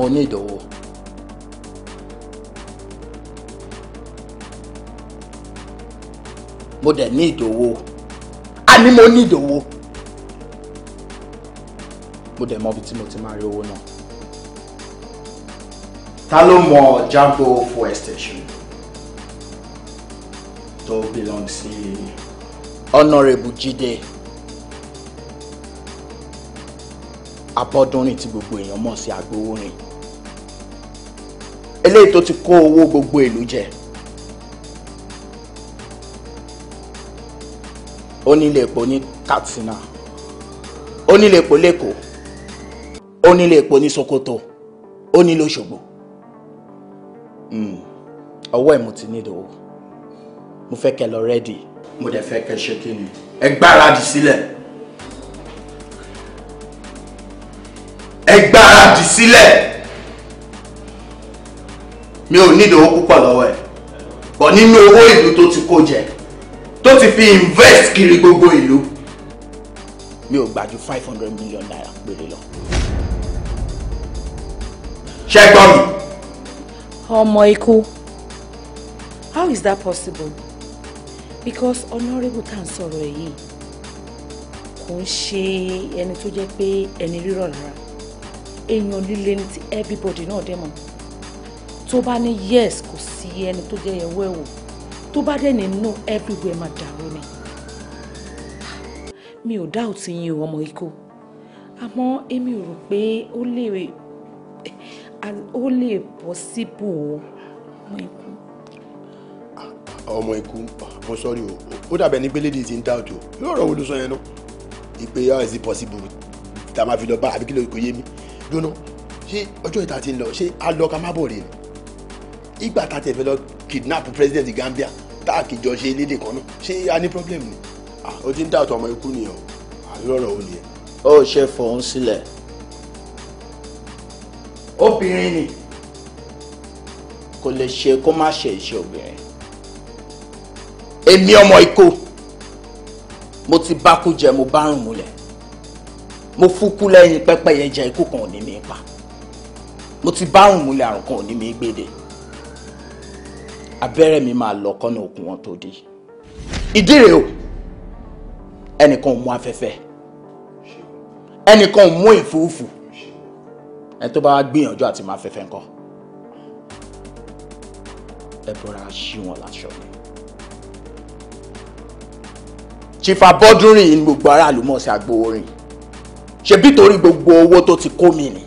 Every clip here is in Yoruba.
mo ní ìdánwò. mo dẹ̀ ní ìdòwò àní mo ní ìdòwò mo dẹ̀ mọ ibi tí mo ti máa rí owó náà. ta ló mọ Jambo fuel station tó belong sí honourable Jídé Abọ́dúnrin tí gbogbo èèyàn mọ̀ sí Agbowórin eléyìí tó ti kó owó gbogbo ìlú jẹ oníléèpo ní Katsina oníléèpo lẹ́kọ̀ọ́ oníléèpo ní Sokoto onílòṣogbo hmm. ọwọ́ ẹ̀ mo ti ní ìdòwò mo fẹ́ kẹ́ lọ rẹ́dì. mo dẹ̀ fẹ́ kẹ́ ṣe kí ni ẹ gbáradì sílẹ̀ ẹ gbáradì sílẹ̀ mi ò nílò owó púpọ̀ lọ́wọ́ ẹ̀ bọ̀ nínú owó ìlú tó ti kó jẹ tó ti fi invest kiri gbogbo ìlú mi ò gbà five hundred million naira péré lọ. ṣé gbọ́ mi. ọmọ ikú how is that possible because honourable tá à ń sọ̀rọ̀ yìí kò ń ṣe ẹni tó jẹ́ pé ẹni rírọ̀ lára èèyàn líle ní ti everybody náà dẹ̀ tó bá ní yes kò sí ẹni tó jẹ́ ìyàwó ẹ̀wò tó bá dẹ̀ ní no everywhere máa dàrú ni mi ò dá òtí yín ọmọ ikó àmọ́ èmi ò rò pé ó lè ó lè possible ọmọ ikú. ọmọ ikú mo sọ́rí o ó dàbẹ̀ ní pé lady ti ń dá òjò yóò rọ̀ wo yẹn náà ìpè how ah, is it possible tá a máa fi lọ bá àbí kí ló kò yé mi gbóná ṣé ọjọ́ ìta ti ń lọ ṣé a lọ ká má bọ̀ rè ni ìgbà tá a tẹ̀ fẹ́ lọ kidnap president Gambia tá a kìjọ ṣe lédè kan náà ṣé a ní problem ni ah, o ti ń dàtọ̀ ọmọ ikú nìyẹn o àlọ́rọ̀ ah, ò nìyẹn. ó ṣe fòun sílẹ̀ obìnrin ni kò lè ṣe kó má ṣe iṣẹ́ obìnrin èmi ọmọ ikó mo ti bákú jẹ mo bá rùn múlẹ̀ mo fúkú lẹ́yìn pẹ́pẹ́yẹ jẹ ikú kan ò ní mi pa mo ti bá rùn múlẹ̀ àrùn kan ò ní mi gbèdè abẹ́rẹ́ mi máa lọ kọ́nà òkun wọn tó dé ìdí rèé o ẹnìkan ò mú afẹ́fẹ́ ẹnìkan ò mú ìfúùfù ẹni tó bá wá gbìyànjú àti máa fẹ́fẹ́ ńkọ́ ẹ bọ́ra ṣí wọn láṣọ mi. chifa bọ́dúnrìn ni gbogbo aráàlú mọ̀ sí agbowó rìn ṣebí torí gbogbo owó tó ti kó mi ni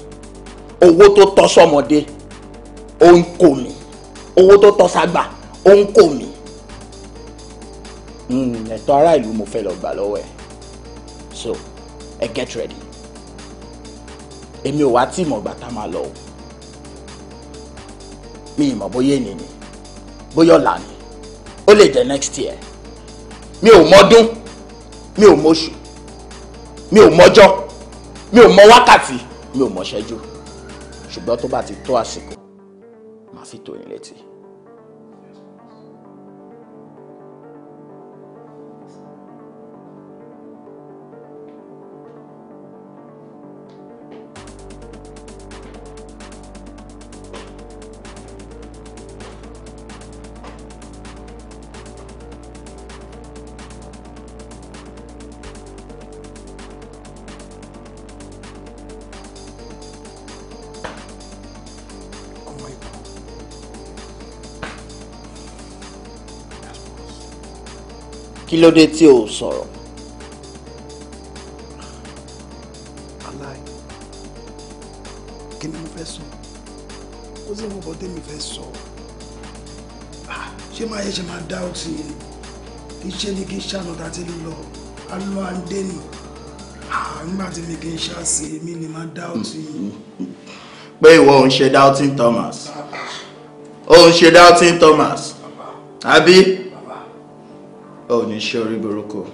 owó tó tọ́ sọ́mọdé ó ń kó mi owó tó tọ́ ságbà ó ń kò mí hmm, ẹ̀tọ́ ará ìlú mo fẹ́ lọ gbà lọ́wọ́ ẹ̀ so ẹ get ready èmi ò wá tí ìmọ̀ gbà tá máa lọ o mi ìmọ̀ bóyá ènìyàn ni bóyá ọ̀la ni ó lè jẹ́ next year mi ò mọ́dún mi ò mọ́ṣù mi ò mọ́jọ́ mi ò mọ wákàtí mi ò mọ̀ṣẹ́jú ṣùgbọ́n tó bá ti tó àsìkò màá sì tó yín létí. ló dé tí o sọ̀rọ̀. aláì kí ni mo fẹ́ sọ ó sì mú bọ́ tẹ́mi fẹ́ sọ ṣé máa yẹ ṣe máa dá òsì yìí kí ṣe ni kí ṣàánú tá a ti lọ a lọ à ń dé nì nígbà tí mi kì í ṣàṣe èmi ni máa dá òsì yìí. pé ìwọ ò ṣe doubting Thomas ò ń ṣe doubting Thomas àbí ó ní ṣe orí burúkú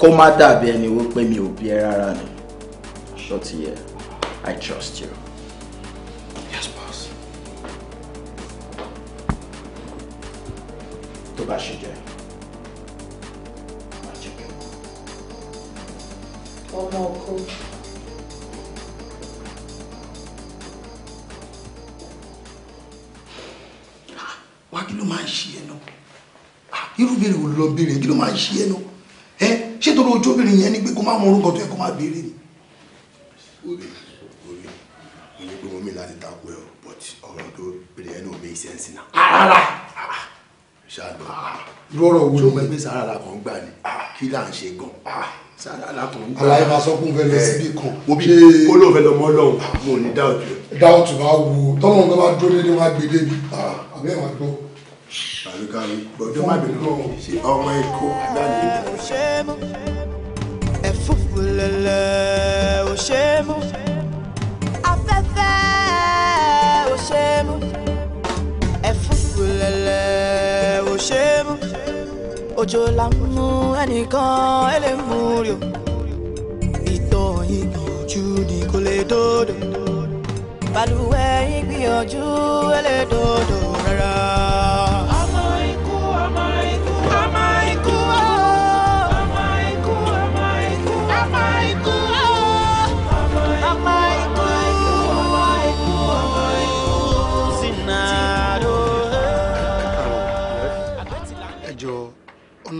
kó má dàbí ẹni wípé mi ò bí ẹ rárá ni ṣó ti yẹ I trust you. Yes, boss. tó bá ṣe jẹ́. ọmọ ọkọ. kí ló máa ń ṣe ẹnu ẹ ṣé torí ojú obìnrin yẹn ni pé kó má mọ orúkọ tó yẹ kó má béèrè ni. orí orí mo ní pé mo mìíràn láti takò ẹ but ọ̀rọ̀ tó bèrè ẹ náà make sense na. rárá ṣáàdùn lọ́rọ̀ ah, wo ló mọ̀ pé sàrà la gbà ni kí là ń ṣe gan ah, sàrà la kàn gbà. àlàyé máa sọ fún fẹlẹ eh, síbi kan. mo bí olóòfẹ lọmọ Ọlọ́run mo ní dáòtù. dáòtù bá wo tọ́lọ́run bá dúró dédé wá gbé débi ah, àbí gbọ́ àlùkàlù gbọ́dọ̀ má bínú ṣe ọmọ èkó àdáni ìbẹ̀rẹ̀. ẹ̀fúùfù lẹ̀lẹ̀ ò ṣe é mú afẹ́fẹ́ ò ṣe é mú ẹ̀fúùfù lẹ̀lẹ̀ ò ń mú ẹnìkan ẹ ìtọ̀ yìí jù kò lè dòdò balùwẹ̀ yìí gbìyànjú rárá.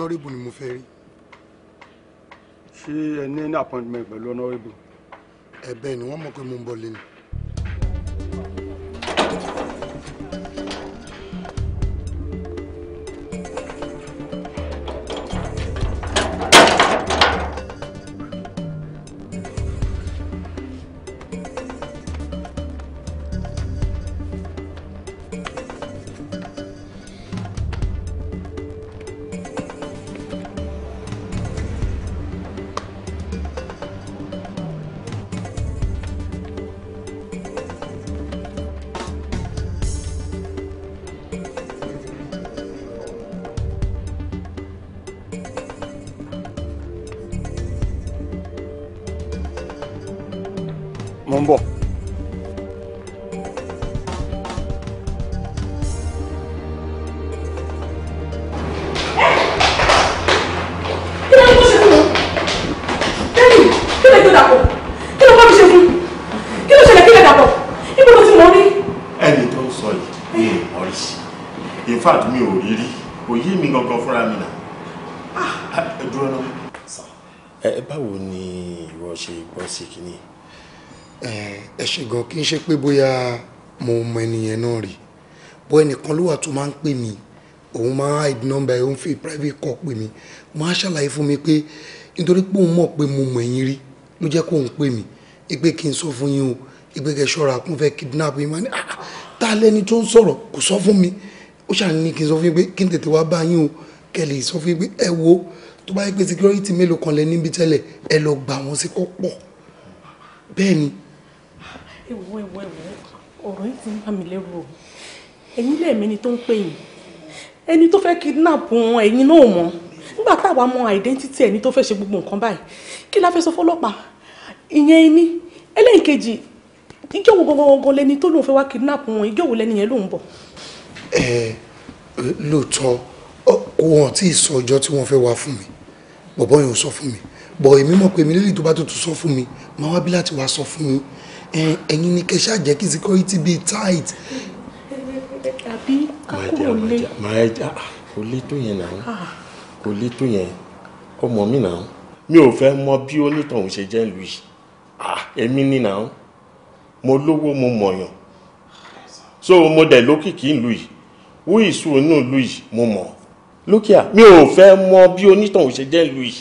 honourable ni mo fẹ́ rí. ṣé ẹ ní ní appointment pẹ̀lú honourable. ẹ bẹ́ẹ̀ ni wọ́n mọ̀ pé mo ń bọ̀ lẹ́nu. kì í ṣe pé bóyá mo mọ ẹnìyẹn náà rí bó ẹnìkan ló wà tó máa ń pè mí òun máa hide number òun fi private call pè mí máa ṣàlàyé fún mi pé nítorí pé òun mọ̀ pé mo mọ̀ ẹ̀yìn rí ló jẹ́ kóun pè mí ìpè kí n sọ fún yín o ìpè kẹ́ ṣọ́ra kún fẹ́ kidnap yín máa ní ah, tá a lẹ́ni tó ń sọ̀rọ̀ kò sọ fún mi ó ṣàn ní kí n sọ fún yín pé kí n tètè wá bá yín o kẹ́ sọ fún yín pé ẹ wo tó bá yẹ pé security mélòó kan lẹ níbi tẹ́lẹ̀ ẹ lọ gbà wọ́n sí kọ́ pọ̀ bẹ́ẹ̀ ni èwo èwo èwo ọ̀rọ̀ yìí ti ń bà mí lẹ́rù o ẹ̀yin lẹ́ẹ̀mí ni tó ń pè yín ẹni tó fẹ́ kidnap wọn ẹ̀yin náà mọ̀ nígbà táwa mọ identity ẹni tó fẹ́ ṣe gbogbo nǹkan báyìí kí la fẹ́ sọ fọlọ́pàá ìyẹn ni ẹlẹ́ǹkejì ìjọ wo gangan lẹni tó lóun fẹ́ wá kidnap wọn ìjọ wo lẹni yẹn lóun bọ̀. ẹ lóòótọ́ kò wọ́n tí sọ ọjọ́ tí wọ́n fẹ́ wá fún mi bọ̀bọ́ yẹn sọ fún mi bọ̀ èmi mọ̀ pé mi lélẹ̀ tó bá tó tún sọ fún mi máa wá bí láti wá sọ fún mi ẹ̀yin ni kẹ́ ṣáà jẹ́ kí security be tight. àbí akúrò lé. máa jà kò lé tó yẹn náà ah. kò lé tó yẹn ọmọ mi náà mi ò fẹ́ mọ bí onítọ̀hún ṣe jẹ́ lu yìí ah, èmi ni náà mo lówó mo mọ̀yàn so mo dẹ̀ lókìkí ìlú yìí wú ìṣù inú ìlú yìí mo mọ̀ lókìá mi ò fẹ́ mọ bí onítọ̀hún ṣe jẹ́ lu yìí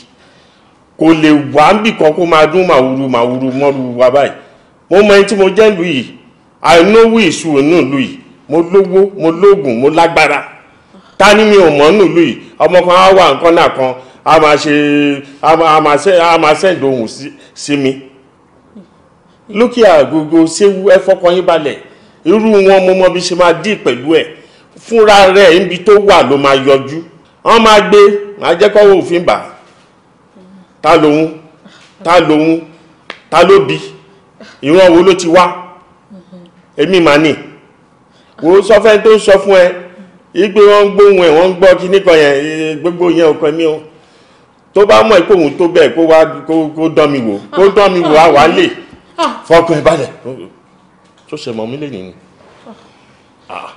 kò lè wá níbìkan kó máa dún màwúru màwúru mọ́ru wa báyìí mo mọ ẹni tí mo jẹ́ ìlú yìí I know who is who nù ìlú yìí mo lówó mo lóògùn mo lágbára ta ni mi ò mọ̀ nù ìlú yìí ọmọ kan á wà nǹkan náà kan a máa ṣe a máa sẹ́ǹdì ohun sí mi lókè àgógó séwu ẹ fọkàn yín balẹ̀ irú wọn mo mọ bí ṣe máa dì pẹ̀lú ẹ̀ fúnra rẹ̀ níbi tó wà ló máa yọjú wọ́n máa gbé máa jẹ́ kọ́wọ́ òfin bà ta lòun ta lòun ta ló bi ìran wo ló ti wá èmi mà ní wo sọfẹ́ tó ń sọ fún ẹ igbe wọn ń gbóhùn ẹ wọn ń gbọ́ kíní kan yẹn gbogbo yẹn ò kan o tó bá mọ̀ pé òun tó bẹ́ẹ̀ kó wá kó dán mi wò kó dán mi wò á wà á lè fọkàn ẹ balẹ̀ tó ṣe mọ̀ mí lè nìyí ah,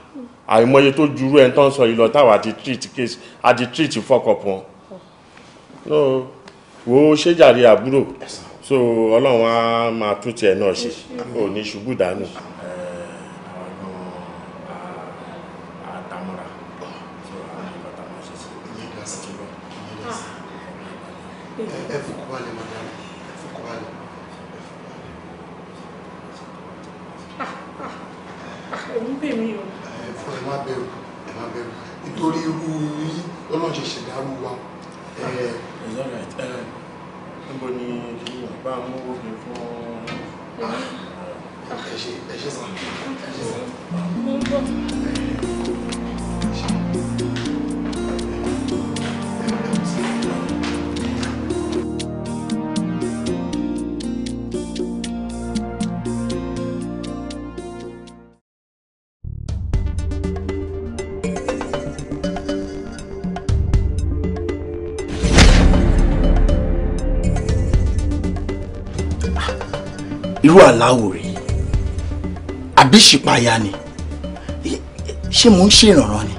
àìmọye tó jurú ẹ̀ tó ń sọ yìí lọ táwọn àti treat case àti treat fọkàn pọ̀ no wo ṣéjàre àbúrò. Yes, so ọlọ́run á máa tún tiẹ̀ náà ṣe ò ní ṣubú dànù. nítorí irú yín ọlọ́run ṣe ṣẹ̀dá wa níbo ni bá ń mú òfin fún ẹ ṣe ẹ ṣe sàn ẹ ṣe sàn. irú aláwò rèé àbí ṣìpayà ni ṣé mò ń ṣèrànràn ni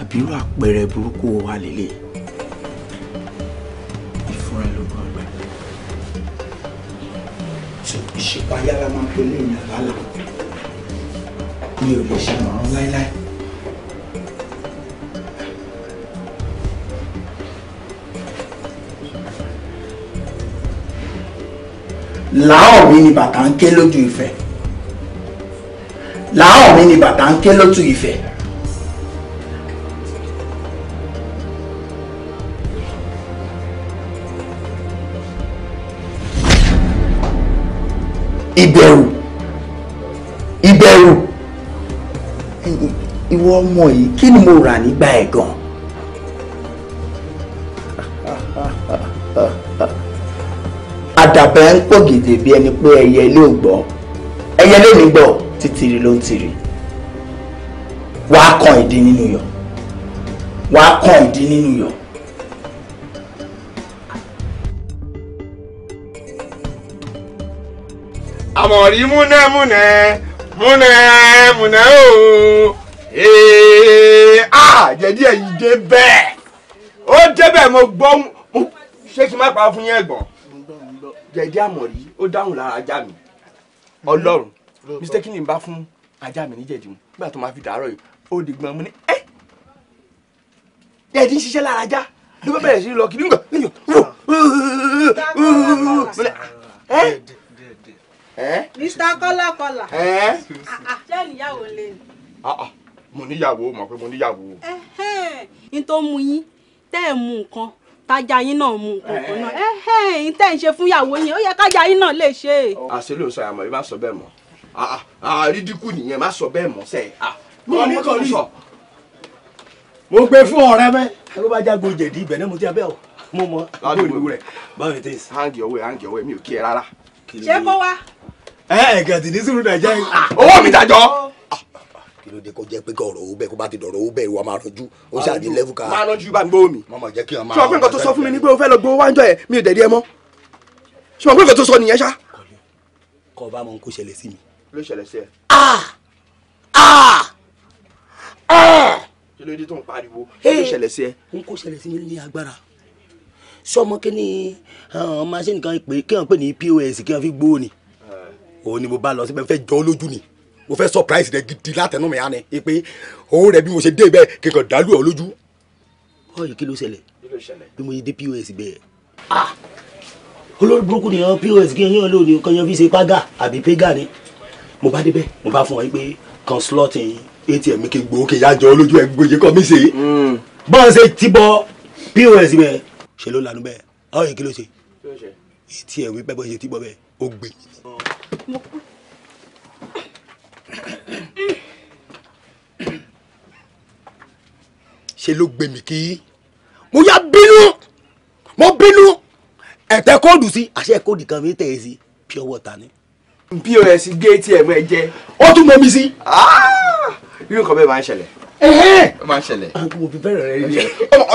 àbí irú àpẹẹrẹ burúkú wa lélẹ̀ ìfúnra ló gbọ́n gbà ìṣèpayà la máa ń pè ní ìyàrá là mi ò lè ṣèrànràn láéláé. láhàn mi ni bàtà ń ké lójú ìfẹ́ láhàn mi ni bàtà ń ké lójú ìfẹ́. ìbẹ̀rù ìbẹ̀rù ìwọ ọmọ yìí kí ni mo rà nígbà ẹ̀ gan-an. àdàbẹ̀ ń pò gèdè bí ẹni pé ẹyẹ ilé ò gbọ́ ẹyẹ lè mí gbọ́ títìrì ló ń tìrì wàá kan ìdí nínú yọ wàá kan ìdí nínú yọ. àmọ̀rí múnẹ́múnẹ́ múnẹ́múnẹ́ o ee a jẹ̀dí ẹ̀yìn dé bẹ́ẹ̀ ó débẹ̀ mo gbọ́ ṣé kí n má pa fún yín ẹ̀gbọ́n jẹ̀dí àmọ̀rí ó dáhùn lára ajá mi ọlọ́run mistake ni n bá fún ajá mi níjẹ̀dí mu nígbà tó máa fi dàárọ̀ yìí ó di gbọ́n mu ní ẹ́ jẹ̀dí ń ṣiṣẹ́ lára ajá ló bá bẹ̀rẹ̀ sí lọ kiri nǹkan ẹ̀yọ̀ ẹ́ ẹ́ Mr. kọ́lákọ́lá ṣé ìyàwó lè ní. mo níyàwó mọ̀ pé mo níyàwó. n tó mu yín tẹ́ ẹ̀ mú nǹkan tájà yín náà mú nǹkan eh, eh. náà ẹ eh, ẹ ẹ̀yin tẹ́ ń ṣe fún ìyàwó yín ó yẹ kájà yín náà lè ṣe. Oh. àṣẹ ló ń sọ àmọ́ ẹ má sọ bẹ́ẹ̀ mọ́ àrídìkù nìyẹn má sọ bẹ́ẹ̀ mọ́ sẹ́ẹ̀ ah, mo ní kò ní mo gbé fún ọ̀rẹ́ mẹ́ ẹ ló bá jágo jẹ̀dí ibẹ̀ náà mo ti abẹ́ ọ̀ mo mọ àgbòlù rẹ̀ báwo ni tẹ́sí. hangi ọwọ́ hangi ọwọ́ mi ò kí ẹ rárá. ṣé kó wá. ẹ ẹ̀gẹ̀ kí ló dé kó jẹ́ pé kí ọ̀rọ̀ owó bẹ́ẹ̀ kó bá ti dọ̀rọ̀ owó bẹ́ẹ̀ wà máa rọjú ó ṣáà di level ká. máa rọjú bá mi bó mi. mọ̀mọ́ jẹ́ kí wọ́n máa. sọ pé nǹkan tó sọ fún mi ni pé o fẹ́ lọ gbowó wájọ ẹ̀ mi ò dẹ̀ di ẹ mọ́. sọ pé nǹkan tó sọ nìyẹn ṣá. kọ́ bá mọ ohun ṣẹlẹ̀ sí mi. ló ṣẹlẹ̀ sí ẹ. kí ló dé tó ń pariwo kí ló ṣẹlẹ̀ sí ẹ. ohun ṣẹlẹ̀ sí mi ní agbára sọmọ kí ni machine kan pè kí wọn pè ní POS kí wọn fi gbóò ni òun ni mo bá lọ síbẹ̀ fẹ́ jọ́ lójú ni mo fẹ́ surprise rẹ gidi látẹnu mi hàní pé owó rẹ bí mo ṣe dé bẹ́ẹ̀ kékeré dàlú ẹ̀ lójú. ọyọ kí ló ṣẹlẹ̀ bí mo ṣe dé pos bẹ́ẹ̀. ah olórí burúkú nìyẹn pos kí ẹyàn lónìí kan yẹn fi ṣe paga àbí pega ni mo bá débẹ̀ mo bá fún ọ yín pé kan slot atm mi kì í gbowó kì í yájọ olójú ẹ gbòye kọ́ mi ṣe. Hmm. bọ́n ṣe ti bọ pos bẹ́ẹ̀ ṣe ló lanu bẹ́ẹ̀ ọyọ kí ló ṣe atm mi pẹ́ bọ́ ṣe ti bọ́ bẹ́ẹ̀ ó gbé hmm. ṣe ló gbé mi kí mo yá bínú mo bínú ẹ̀tẹ́ kóòdù sí àṣẹ kóòdù kan mi tẹ̀ ẹ́ sí pure water ni. pos géètì ẹ̀mú ẹ jẹ́. ó tún mọ mi sí. Ah! irú nǹkan bẹ́ẹ̀ máa ń ṣẹlẹ̀. ó máa ń ṣẹlẹ̀. Ah, mo fi bẹ̀rẹ̀ rẹ rí ẹ.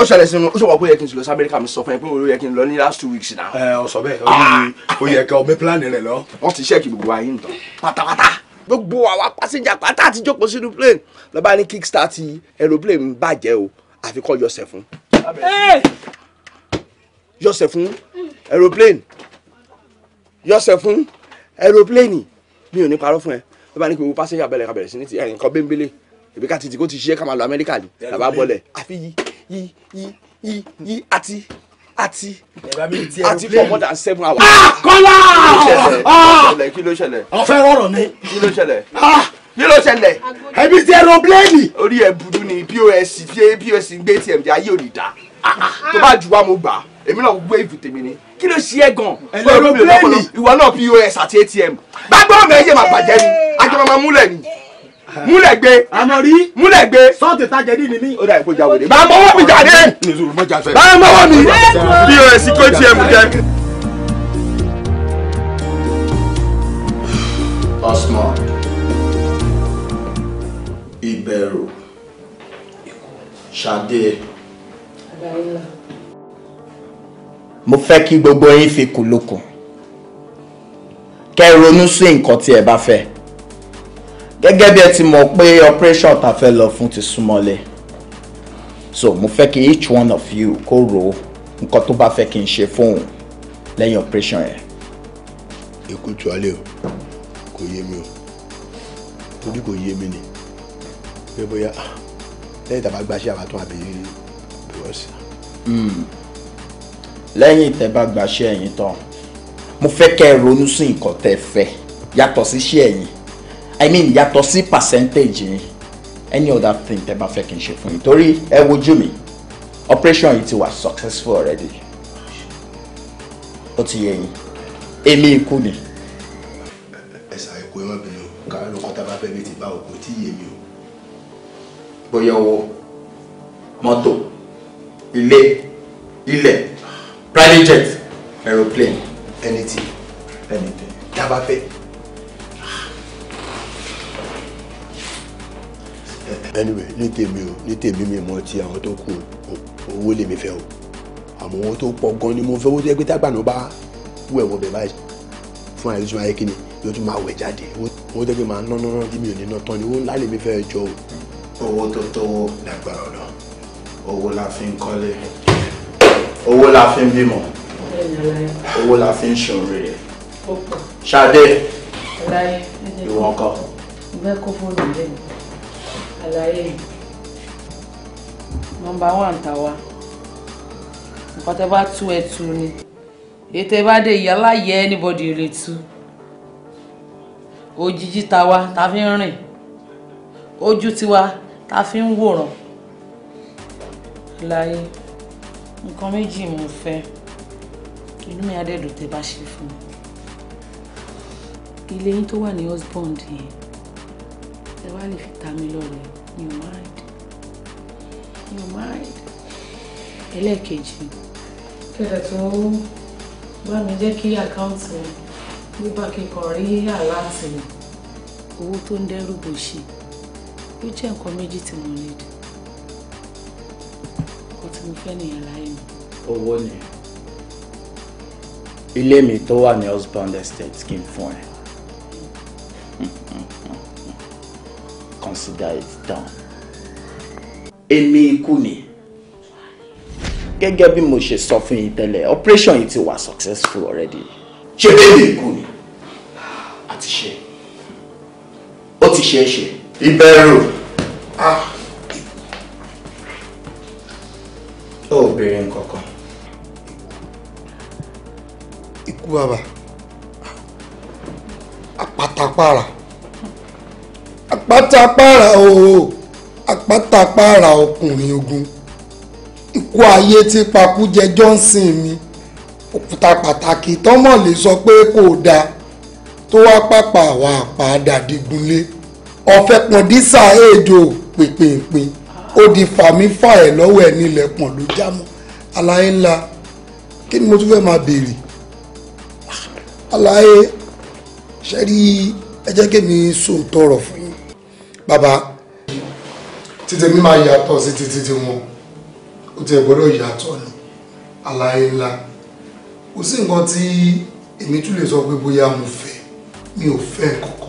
ó ṣẹlẹ̀ sínú ó ṣọwọ́ pé ó yẹ kí n lọ sí amẹ́ríkà mi sọ fún ẹ pé ó yẹ kí n lọ ní last two weeks náà. ẹ ọ sọ bẹ́ẹ̀ ah! ó yẹ kí ọmọ pílánì rẹ lọ. wọ́n ti ṣẹ́ẹ̀kì gbogbo ayé ń tán pátápátá gbogbo àwa pásíjà pátá àti jókòó sínú plane lọ́ba ní kickstart aeroplane bàjẹ́ o àfi kọ́ yọsẹ̀ fún yọsẹ̀ fún aeroplane yọsẹ̀ fún aeroplane mi ò ní parọ́ fún ẹ ló bá ní kí gbogbo pásẹ́jà bẹ̀rẹ̀ ká bẹ̀rẹ̀ sí ní ti ẹ̀yìn kan bẹ́ńbélé ìbí ká títí kó ti ṣiṣẹ́ ká máa lọ amẹ́ríkà ni làbá bọ́lẹ̀ àfi yí yí yí yí yí àti àti àti for more than seven hours. Ah, kọ́lá kí ló ṣẹlẹ̀ ah! ọ̀fẹ́ rọrọ̀ ni kí ló ṣẹlẹ̀. Ah! kí ló ṣẹlẹ̀. ẹbí ti aeroplane. orí ẹ burú ni pos pos ń gbé atm jẹ ayé ò ní dá ah, ah, tó bá ah. jù wá mo gbà èmi náà gbé ìfù tèmi ni kí ló ṣe é gan. aeroplane ìwọ náà pos àti atm gbàgbọ́ mi ẹ ṣe máa bàjẹ́ ni àjọmọ́ máa múlẹ̀ ni múlẹ̀ gbé. àmọ́ rí múlẹ̀ gbé. sọ́ọ̀tì tajẹ ní nìní. ó dà ìfọ̀ ìjà wèrè. báyọ̀ mọ́wọ́ mi jáde. báyọ̀ mọ́wọ́ mi. pos kó atm jẹ. Osman. Bẹ́rò Ṣadé. Mo fẹ́ kí gbogbo yín fi kùlùkùn kẹ́ ronú sí nǹkan tí ẹ bá fẹ́ gẹ́gẹ́ bí ẹ ti mọ̀ pé operation ta fẹ́ lọ fún ti súnmọ́lé so mo fẹ́ kí each one of you kó ro nǹkan tó bá fẹ́ kí n ṣe fóun lẹ́yìn operation yẹn. èkó tí wàá lè o kò yé mi o torí kò yé mi ni pé bóyá lẹ́yìn tàbá gbaṣẹ́ àwọn tó àbí bíwọ́sì. Hmm. lẹ́yìn tẹ́ bá gbaṣẹ́ ẹ̀yìn tán mo fẹ́ kẹ́ ẹ ronú sí nǹkan tẹ́ fẹ́ yàtọ̀ sí iṣẹ́ ẹ̀yìn i mean yàtọ̀ sí percentage yín any other thing tẹ́ bá fẹ́ kí n ṣe fún yín torí ẹ wojú mi operation yìí ti wà successful already ó ti yẹ yín èmi ikú ni. ẹ̀sà ikú ẹ má bínú kàánú kọ́tà bá fẹ́ mi ti bá òkú tí yèmi o bóyá owó mọ́tò ilé ilẹ̀ private jet aeroplane anything anything dábàá fẹ́. anyway ní tèmi o ní tèmi mi mọ ti àwọn tó kù owó lèmi fẹ́ o àmọ́ owó tó pọ̀ gan ni mo fẹ́ owó tó yẹ pé tágbà náà bá wú ẹ̀wọ̀n bẹ̀ báyìí fún àìsàn ayé kí ni yóò tún máa wẹ̀ jáde owó tó yẹ pé máa ná ná ná tí mi ò ní ná tán ni owó ńlá lèmi fẹ́ jọ o owó tó tówó lẹ́gbàá ọ̀dọ̀ owó la fi ń kọ́lé owó la fi ń bímọ owó la fi ń ṣòro rẹ̀ ṣadé ìwọ̀n kan. bẹ́ẹ̀ kó fóònù lẹ́nu àlàyé nọ́mbà one tàwa nǹkan tẹ́ bá tú ẹ tú ni èyí tẹ́ bá dé ìyá láyé anybody lè tú òjijì tàwa ta fi ń rìn ojú tiwa tá a fi ń wòran láyé nǹkan méjì mo fẹ́ inú mi adẹ́dùn tẹ́ bá ṣe fún mi ilé yín tó wà ní husband yẹn ẹ wá lè fi ta mi lọ́rẹ ní mind ní o mind ẹlẹ́ẹ̀kejì kẹ̀dẹ̀ tó bá mi jẹ́ kí àkáǹtì mi nígbà kíkan rí àláǹtì mi owó tó ń dẹ́rù bò ṣe ó jẹ́ nǹkan méjì tí mo ní dùn kò tí mo fẹ́ nìyẹn láyé mi. owó ni ilé mi tó wà ní husband estate kí n fún ẹ consider it done èmi ikú ni gẹ́gẹ́ bí mo ṣe sọ fún yín tẹ́lẹ̀ operation yìí ti wà successful already ṣe bébí ikú ni àti ṣe ó ti ṣe ṣe ìbẹ̀rù. Ah. ó béèrè nǹkan kan. ikú bàbà àpátápàrà àpátápàrà ooo àpátápàrà ọkùnrin ogun ikú ayé tí pakú jẹ Johnson mi òkúta pàtàkì tọmọ lè sọ pé kò dáa tó wá pàpà wà pàdà digunlé ọ̀fẹ́ pọ̀ndísà èèdò pèpèpè ó di fàmí fà ẹ̀ lọ́wọ́ ẹ̀ nílẹ̀ pọ̀n ló já mọ́ aláyé ńlá kí ni mo tún fẹ́ máa béèrè aláyé ṣẹ́rí ẹ jẹ́ kémi sóòótọ́ ọ̀rọ̀ fún yín bàbá títí mi máa yàtọ̀ sí títí tí wọn ó ti ẹ̀ gbọ́dọ̀ yàtọ̀ ni aláyé ńlá kò sí nǹkan tí èmi tún lè sọ pé bóyá mo fẹ́ mi ò fẹ́ kọ́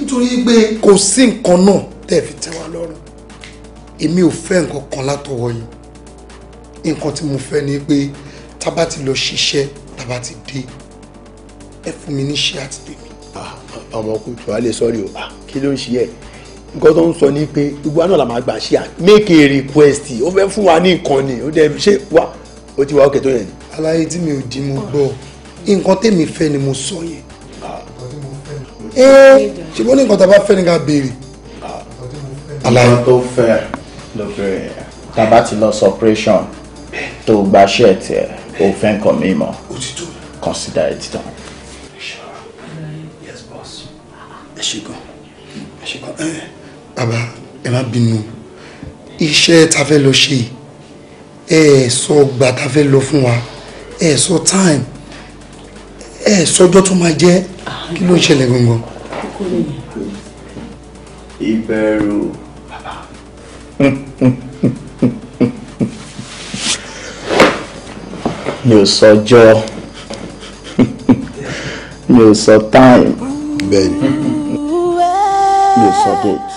nítorí pé kò sí nǹkan náà tẹ́ fi tẹ́ wa lọ́rùn èmi ò fẹ́ nǹkan kan látọwọ́ yín nǹkan tí mo fẹ́ ni pé tá bá ti lọ ṣiṣẹ́ tá ti dé ẹ fún mi níṣẹ́ àti bèbí. ọmọ kùtù wa sọrí o kí ló ń ṣe ẹ nǹkan tó ń sọ ni pé gbogbo àná la máa gbà ṣe make a request ó fẹ́ fún wa ní nǹkan ni ó dẹ̀ ṣe wá ó ti wá òkè tó yẹn ni. aláyé tí mi ò dín mo gbọ́ nǹkan tèmi fẹ́ ni mo sọ yẹn ee eh, ṣe wọ́n ní nǹkan tá a bá fẹ́ ni ká béèrè. aláì tó fẹ́ ló bẹ̀rẹ̀ tábà ti lọ sọpẹ́rẹ́sọ̀n tó gba ṣẹ́ẹ̀tì ẹ̀ kó fẹ́ nǹkan mímọ́ consider it done. yes boss ẹ ṣe gan ẹ ṣe gan. Eh, bàbá ẹ má bínú iṣẹ́ ta fẹ́ lọ ṣe ẹ sọ gbà ta fẹ́ lọ fún wa ẹ sọ time ẹ sọjọ́ tó máa jẹ́ kí ló ń ṣẹlẹ̀ gangan. ìbẹ̀rù bàbá. mi ò sọjọ́ mi ò sọ time. bẹ́ẹ̀ni. mi ò sọ date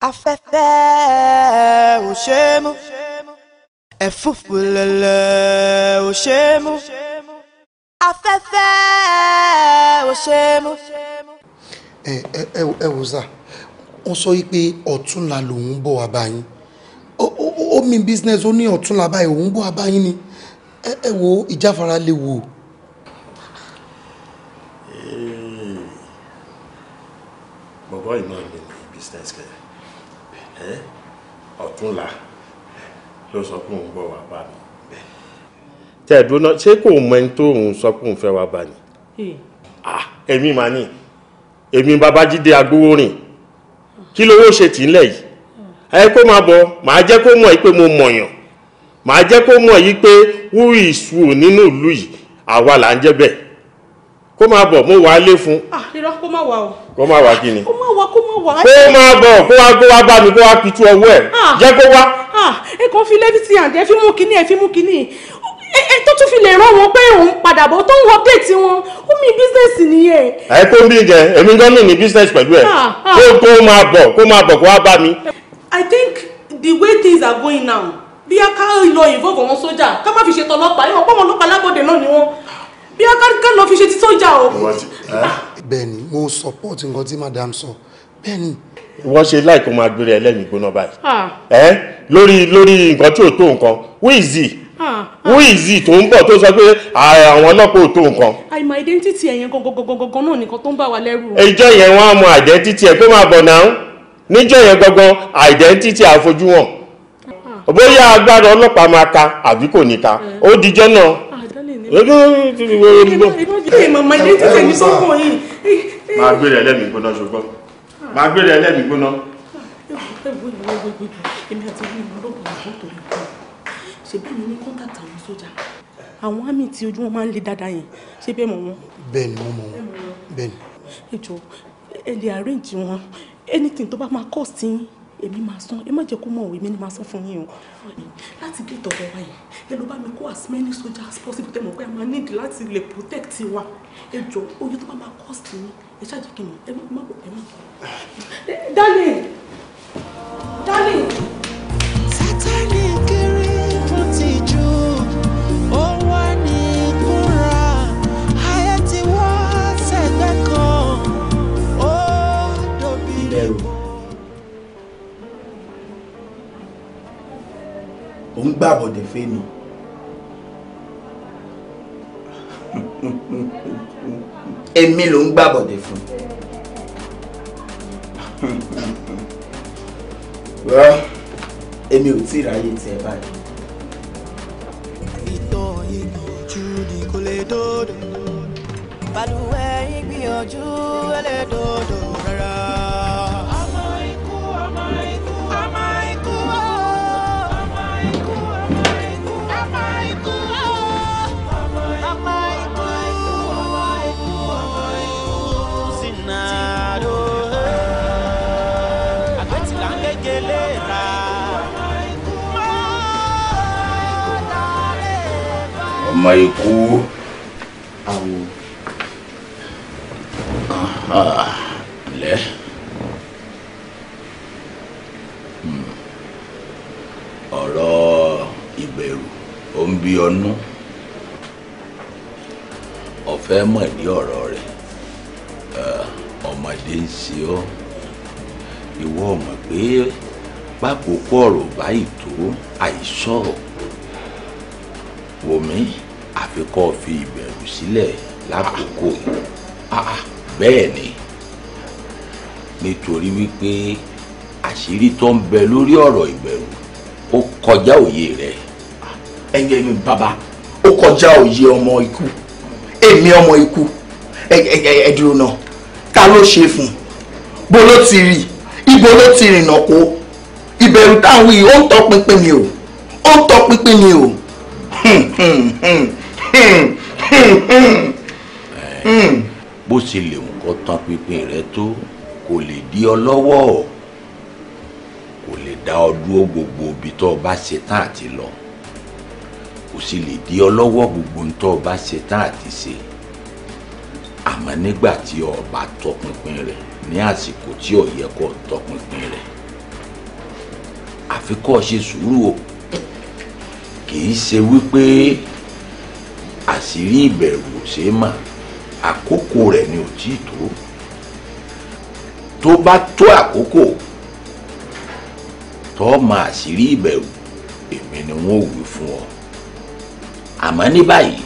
afẹ́fẹ́ ò ṣe é mú ẹ̀fúùfù lẹ̀lẹ̀ ò ṣe é mú afẹ́fẹ́ ò ṣe é mú. ẹ ẹ ẹ wò sá wọn sọ yìí pé ọ̀túnla lòun bọ̀ wá báyìí ó mi business ó ní ọ̀túnla báyìí òun bọ̀ wá báyìí ni ẹ wo ìjáfara lè wò. bọ̀bọ̀ ìmọ̀ ni business kẹ́ ọ̀túnla ló sọ pé òun bọ̀ wá bá mi. tẹ ẹ dúró náà ṣé kò mọ ẹni tó òun sọ pé òun fẹ́ wá bá ni. èmi mà ní èmi babájídé agbowó rìn kí lówó ṣe tì í lẹ̀ yìí ẹ kó máa bọ̀ màá jẹ́ kó mọ̀ yìí pé mo mọ̀yàn màá jẹ́ kó mọ̀ yìí pé wúrì ìṣù nínú ìlú yìí àwa là ń jẹ́ bẹ́ẹ̀ kó máa bọ̀ mo wà á lé fún. Ah, irọ́ kó má wà o. kó má wà kí ni. kó má wà kó má wà. kó máa bọ̀ kó wá kó wá bá mi kó wá pitú ọwọ́ ẹ̀ ah. jẹ́ kó wá. Ah, ẹ kàn fi lẹ́fìtì àǹdẹ́ fi mú kínní ẹ fi mú kínní ẹ tó tún fi lè rán wọn pé òun padà bọ̀ tó ń update wọn ó mi bísínẹ́sì nìyẹn. ẹ kó bí jẹ èmi gan ní ní bísínẹ́sì pẹ̀lú ẹ kó máa bọ̀ kó máa bọ̀ kó wá bá mi. I think the way things are going now bí a ká lọ involve àwọn sójà ká má fi ṣe tọlọ́pàá ìwọ̀n pọ́n ọlọ́pàá lágbọ́dẹ náà ni wọ́n bí akẹ́kọ̀ọ́ lọ fi ṣe títọ́ ìjà o. bẹ́ẹ̀ni mo support nǹkan tí madam sọ bẹ́ẹ̀ni. wọ́n ṣe láìpẹ́ máa gbére ẹlẹ́mìí gbóná báyìí lórí lórí nǹkan tí ò tó nǹkan wíìzì wíìzì tó ń bọ̀ tó sọ pé àwọn ọlọ́pàá ò tó nǹkan. àìmọ̀ identity ẹ̀yẹn gangan náà nìkan tó ń bà wá lẹ́rù. ìjọ yẹn wọn á mọ identity ẹ pé máa bọ̀ náà níjọ yẹn gangan identity àfojúwọ̀n bóyá agbára ọlọ́pàá máa ka àbí kò ní ka ó dijọ́ náà máa gbére ẹlẹ́mìí gbóná ṣùgbọ́n máa gbére ẹlẹ́mìí gbóná. èmi àti orí ìlú ọlọ́pàá ọ̀gbọ́n tó lè kọ́ ṣebí mi ní kọ́ńtàtì àwọn sójà àwọn àmì tí ojú wọn máa ń le dáadáa yẹn ṣé bẹ́ẹ̀ mọ̀ wọ́n. bẹ́ẹ̀ni mo mọ̀ wọ́n bẹ́ẹ̀ni. ẹ jọ ẹ lè arrange wọn anything tó bá máa cost yín èmi máa san ẹ má jẹ́ kó mọ̀ ọ́ èmi ni máa san fún yín o láti gé ìtọ̀rọ̀ wa yẹn ẹ ló bá mi kó as many soldiers as possible tẹ́ mọ̀ pé a máa need láti lè protect wa ẹ jọ oye tó bá máa cost yín ẹ ṣáàjì kí n mọ̀ ẹ má ẹ má bọ̀. darling darling. ò ń gbàbọ̀dẹ̀ fẹ́ mi. èmi ló ń gbàbọ̀dẹ̀ fún. wọ́n èmi ò tí ì ráyè tiẹ̀ báyìí. ìtọ̀ ìgbìyànjú ni kò lè dòdò balùwẹ̀ ìgbìyànjú ẹlẹ́dòdò rárá. ọmọ ikú ọmọ ikú. ọmọ ikú. àwò. Ah, ah, lẹ́. Hmm. ọ̀rọ̀ ìbẹ̀rù ó ń bí ọnú ọ̀fẹ́ mọ̀ ní ọ̀rọ̀ rẹ̀ eh, ọmọdé ń ṣe ọ́ ìwọ mọ̀ pé pápákọ̀ ọ̀rọ̀ báyìí tó àìsọ̀rọ̀ wòmí àfi kọ́ fi ìbẹ̀rù sílẹ̀ lákòókò yìí ah, ah, bẹ́ẹ̀ ni nítorí wípé àṣírí tó ń bẹ lórí ọ̀rọ̀ ìbẹ̀rù ó kọjá òye rẹ̀. Ah, ẹyẹ mi bàbá ó kọjá òye ọmọ ikú èmi ọmọ ikú ẹ dúró náà ta ló ṣe fún bó ló ti rí ibo ló ti rìnà kó ìbẹ̀rù táwọn yìí ó ń tọpinpin ni o ó ń tọpinpin ni o. Hmm, hmm, hmm bó ṣe lè nǹkan tán pinpin rẹ tó kò lè dí ọ lọ́wọ́ kò lè dá ọ dúró gbogbo ibi tó o bá ṣe tán àti lọ kò sì lè dí ọ lọ́wọ́ gbogbo ohun tó o bá ṣe tán àti ṣe àmọ́ nígbà tí o bá tọpinpin rẹ ní àsìkò tí ó yẹ kó tọpinpin rẹ àfi ṣe sùúrù o kì í ṣe wípé àṣírí ìbẹ̀rù ò ṣe é mà àkókò rẹ̀ ni ò tí ì tó tó bá tó àkókò tó máa àṣírí ìbẹ̀rù èmi ni wọ́n ò wí fún ọ àmọ́ ní báyìí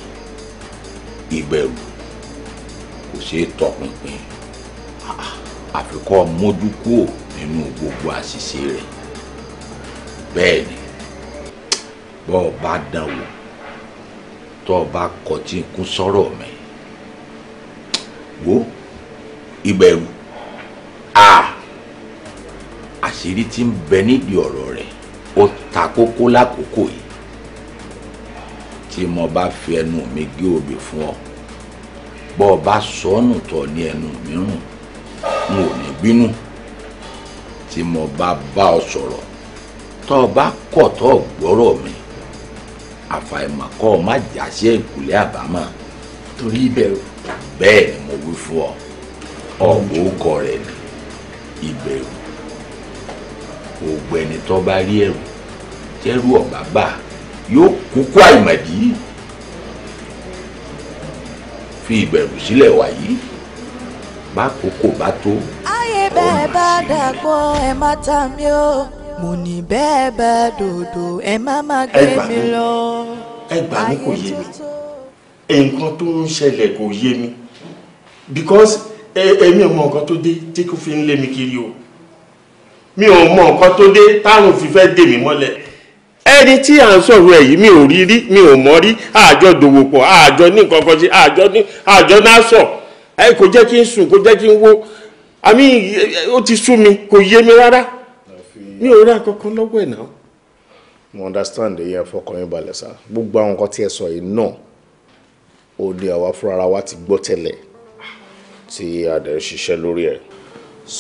ìbẹ̀rù kò ṣeé tọpinpin àfikọ́ mójú nínú gbogbo àṣìṣe rẹ̀ bẹ́ẹ̀ ni bọ́ọ̀ bá dán tó o bá kọtí ikú sọ̀rọ̀ mi wo ìbẹ̀rù a àṣírí tí ń bẹ nídìí ọ̀rọ̀ rẹ̀ ó ta kókó lákòókò yìí tí mo bá fi ẹnu mi gé obì fún ọ bọ́ ọ bá sọnù tọ̀ ní ẹnu mìíràn n ò ní bínú tí mo bá bá ọ sọ̀rọ̀ tọ́ ọ bá kọ̀ tọ́ ọ gbọ́rọ̀ mi àfàìmọ̀ kọ́ ọ má jàṣẹ ìkùlẹ̀ àbámọ̀. torí ìbẹ̀rù. bẹ́ẹ̀ ni mo wí fún ọ ọ̀gbọ́ ọkọ rẹ̀ ni ìbẹ̀rù ògbẹ́ tó bá rí ẹ̀rù tẹ́rù ọ̀bá bà yóò kúkú àìmọ̀dí fi ìbẹ̀rù sílẹ̀ wàyí bá kókó bá tó. ayé bẹ́ẹ̀ bá dàpọ̀ ẹ̀ má ta mi o mo ní bẹ́ẹ̀ bá dòdò ẹ má má gbé mi lọ. ẹ gbà mí kò yé mi nǹkan tó ń ṣẹlẹ̀ kò yé mi because èmi ò mọ nǹkan tó dé tí kò fi ń lé mi kiri o mi ò mọ nǹkan tó dé táwọn fi fẹ́ dè mí mọ́lẹ̀ ẹni tí à ń sọ̀rọ̀ ẹ̀ mi ò rí rí mi ò mọ̀ rí àjọ dòwòpọ̀ àjọ ní nǹkan kan sí àjọ ní àjọ náà sọ̀ ẹ kò jẹ́ kí n sùn kò jẹ́ kí n wo àmì ó ti sú mi kò yé mi rárá mi ò rà kankan lọ́wọ́ ẹ̀ náà. mo understand èyí ẹ fọkàn yín balẹ̀ sá gbogbo àwọn nǹkan tí ẹ sọ yìí náà ó ní àwa fúnra wa ti gbọ́ tẹ́lẹ̀ tí a dẹ̀ ṣiṣẹ́ lórí ẹ̀.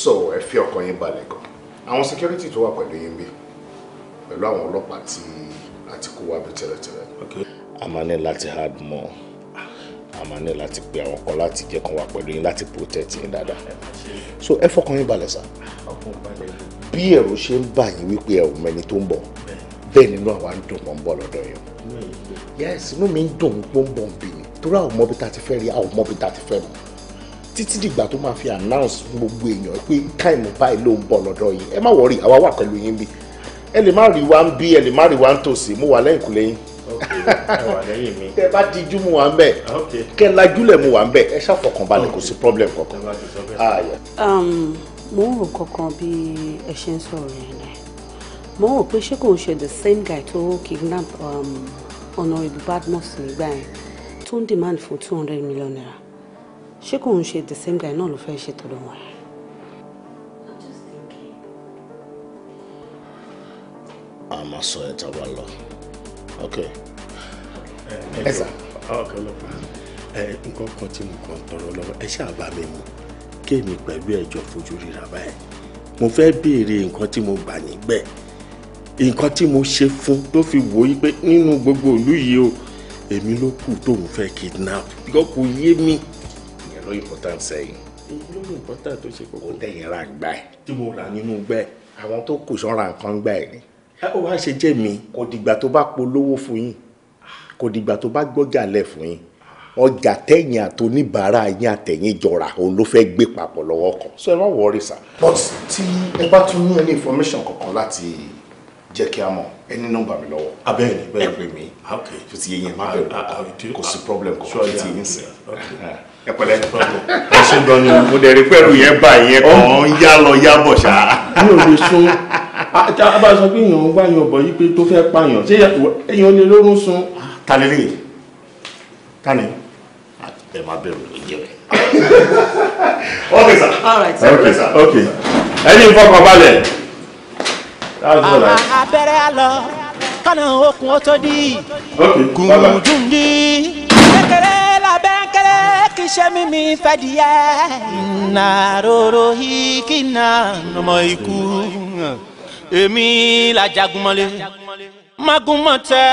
so ẹ fi ọkàn yín balẹ̀ gan àwọn security tó wà pẹ̀lú yín bí pẹ̀lú àwọn ọlọ́pàá tí a ti kó wá bí tẹ́lẹ̀tẹ́lẹ̀. a máa ní láti hard mọ́ a máa ní láti pe àwọn kan láti jẹ́ kan wá pẹ̀lú yín láti protect yín dáadáa so ẹ fọkàn yín balẹ̀ sá. ọkùnrin balẹ̀ ló bí ẹ̀rù ṣe ń bà yín wípé ẹ ò mẹni tó ń bọ̀ bẹ́ẹ̀ nínú àwa ń dùn pọ̀ ń bọ̀ lọ́dọ̀ yẹn yẹ́sì inú mi ń dùn pé ń bọ̀ ń bì ní torí àwọn ọmọbi tá a ti fẹ́ rí àwọn ọmọbi tá a ti fẹ́ mọ̀ títí dìgbà tó máa fi announce gbogbo èèyàn pé káìmù báyìí ló ń bọ̀ lọ́dọ̀ yìí ẹ má wọrí àwa wà pẹ̀lú yín bí ẹ lè má rí wa ń bí ẹ lè má rí wa ń tòsí mo wà lẹ́yìn kùlẹ́yìn tẹ bá dijú mu wà ń bẹ kẹ lajúlẹ̀ mu wà ń bẹ ẹ ṣàfọkànbalẹ̀ kò sí problem kankan mo ń rò kankan bí ẹ ṣe ń sọ̀rọ̀ yẹn lẹ mo ń rò pé ṣé kò ń ṣe the same guy tó kidnap um, honorable Badmus nígbà yẹn tó ń demand for two hundred million naira ṣé kò ń ṣe the same guy náà ló fẹ́ ṣe tọ́lọ́ wọn. a máa sọ ẹ̀ tá a bá lọ ok. Eh, ẹ sà eh, eh, nǹkan kan tí mo kàn tọrọ lọ́wọ́ ẹ ṣáà bá mi mú kémi pẹ̀lú ẹ̀jọ̀ fojú ríra báyìí mo fẹ́ béèrè nǹkan tí mo gbà nígbẹ̀ nǹkan tí mo ṣe fún tó fi wò ó pé nínú gbogbo ìlú yìí o èmi ló kù tóun fẹ́ kidnap yóò kú yé mi. ìyẹn ló important sẹ́yìn. èyí ló ní important tó ṣe kókó. ó tẹ̀yìn ra gbà ẹ̀. tí mo rà nínú gbẹ́. àwọn tó kù sọ́ra nǹkan gbà ẹ̀ ni. ẹ ó wá ṣe jẹ́ mi kò dìgbà tó bá polówó fún yín kò dìgbà tó bá gbọ́jà lẹ̀ fún yín ọjà tẹ̀yìn àtòníbàárà yín àtẹ̀yìn jọra òun ló fẹ́ gbé papọ̀ lọ́wọ́ kan so ẹ má wọrí sà. but tí ẹ bá tún ní any information kankan láti jẹ́ kí a mọ̀ ẹ ní nọ́mbà mi lọ́wọ́. abẹ́ẹ̀ni ah, bẹ́ẹ̀ ẹ pè mí tó ti yé yẹn má bẹ̀rù ah, ah, kò sí problem kò sí ti yín sìn. ẹ pẹ̀lẹ́ ẹ ṣe ń dọ́ni mo dẹ̀ rí pẹ̀lú yẹn bá yẹn kàn ń yá lọ yá bọ̀ ṣá. mi ò lè sún a bá sọ pé èèyàn ń gbàyàn bọ̀ yí pé tó fẹ́ pààyàn ṣé èèyàn lè lórun sun. ta ni lè ta ni ẹ má bẹ̀rù ló jẹ́ rẹ̀. okay sir okay sir okay ẹni ìfọkànbalẹ̀. abẹ́rẹ́ àlọ́ kánà okùn ó tó di gùndùn di kékeré lábẹ́ kéré kì í ṣe mímí fẹ́ díẹ̀ nàróró yìí kì í nà ọmọ ikú èmi làjàgùnmọ́lé magunmọ́tẹ́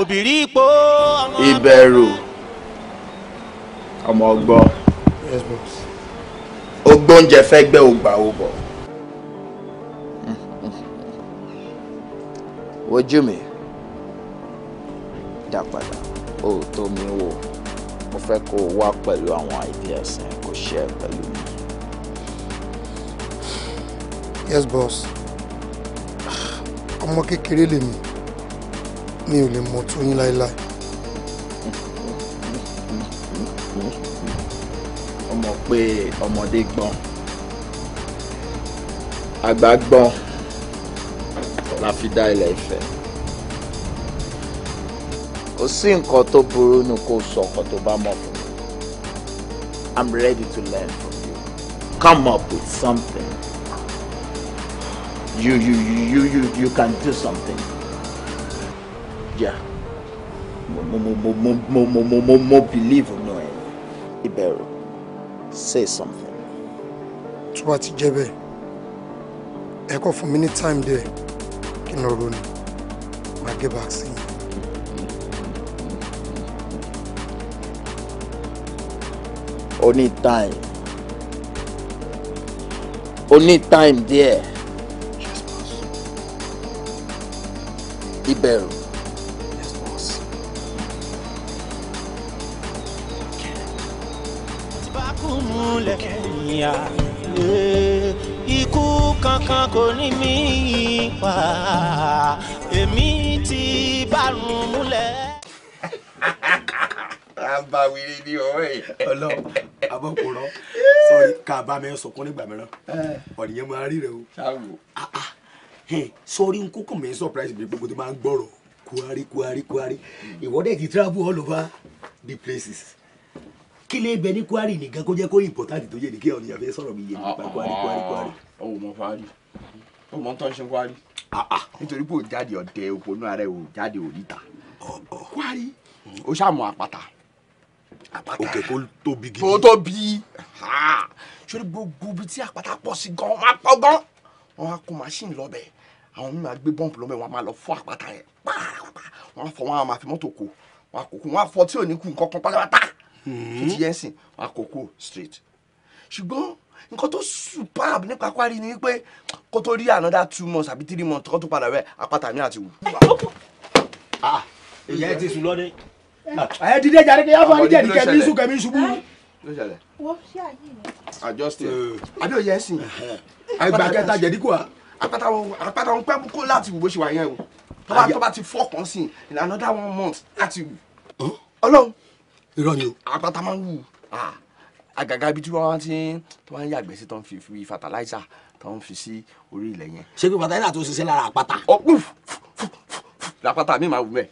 òbírí ipò. ìbẹ̀rù ọmọ ọgbọ ogbóúnjẹ fẹ́ gbẹ́ ògbà òbọ. wojú mi dá padà ó tó mi wò mo fẹ́ kó o wá pẹ̀lú àwọn ideas yẹn kó share pẹ̀lú mi. yes boss ọmọ kékeré lèmi mi ò lè mọ̀ tó yín láéláé. mọ̀ pé ọmọdé gbọ́n àgbà gbọ́n la fi dá ilẹ̀ Ifẹ̀ kò sí nǹkan tó burú nu kó sọ ọkọ tó bá mọ̀ fún mi I'm ready to learn from you come up with something you you you you you can do something yeah mo mo mo mo mo mo mo mo believe nù ẹ ìbẹ̀rù say something. tó bá ti jẹ́ bẹ́ẹ̀ ẹ kọ́ time there. kí n lọ ronú back sí Only time. Only time there. ní time díẹ̀ gúnlẹ̀ ìyá ikú kankan kò ní mí pa èmi ti bárùn múlẹ̀. abawiri ni ọwọ́ yìí. ọlọ abọkùnrán sọrí ká a bá mi sọkún nígbà mìíràn ọ̀nìyẹn máa rí rẹ o. sọrí nkú kò mí surprise mi gbogbo tó máa ń gbọ́rọ̀ kuari kuari kuari hmm. ìwọ́dẹ̀ ti travel all over the places kí lè ní kwari nìkan kó jẹ́ kó important tó yẹ ní kí ọ̀nà ìyàfẹ́ sọ̀rọ̀ mi yé nípa ah, kwari kwari kwari. ọwọ ah, mọ kwari ọwọ mọ tó ń ṣe kwari. Ah, nítorí pé o jáde ọdẹ òponú ara ẹ o jáde òríta oh, oh. kwari o ṣàmù àpáta àpáta òkè kó tóbi gidi kó tóbi sórí gbogbo ibi tí àpáta pọ̀ sí gan wọ́n á gan wọ́n á kó machine lọ́bẹ̀ àwọn mímọ́ gbé bọ́ǹpù lọ́bẹ̀ wọ́n á máa lọ fọ́ àpáta yẹn pàápàá wọ́n á fọ́ wọn á máa fi mọ́tò kó wọ́n á kó kó wọ́n á fọ́ tí ò ní kú nǹkan kan pátápátá fifty years in street. àkókò straight ṣùgbọ́n nǹkan tó superb nípa Kwari ni wípé kó tó rí another two months àbí three months kó tó padà rẹ apáta mi àti wù. Ah, ìyá ẹ ti sùn lọ́dẹ. Ah, ẹ dìde jàre kí yàtọ̀ àníjẹ̀ ní kẹ́mi sùn kẹ́mi ṣubú. wọ́n ṣe àyè rẹ̀. adjust eh, àbí àgbà kẹta jẹ̀díkù wa. apáta wọn pẹ́ kó láti wù bó ṣe wà yẹn o tó bá ti fọkàn sí in another one month láti wù. ọlọ́run irọ́ ni o àpáta máa ń wù àgàgà ibi tí wọ́n ti ń tó máa ń yàgbẹ́ sí tó ń fi fi fertilizer tó ń fi sí orí ilẹ̀ yẹn. ṣé pé fertilizer tó ṣiṣẹ́ lára àpáta. ọ̀pọ̀ làpáta mi máa wù mẹ́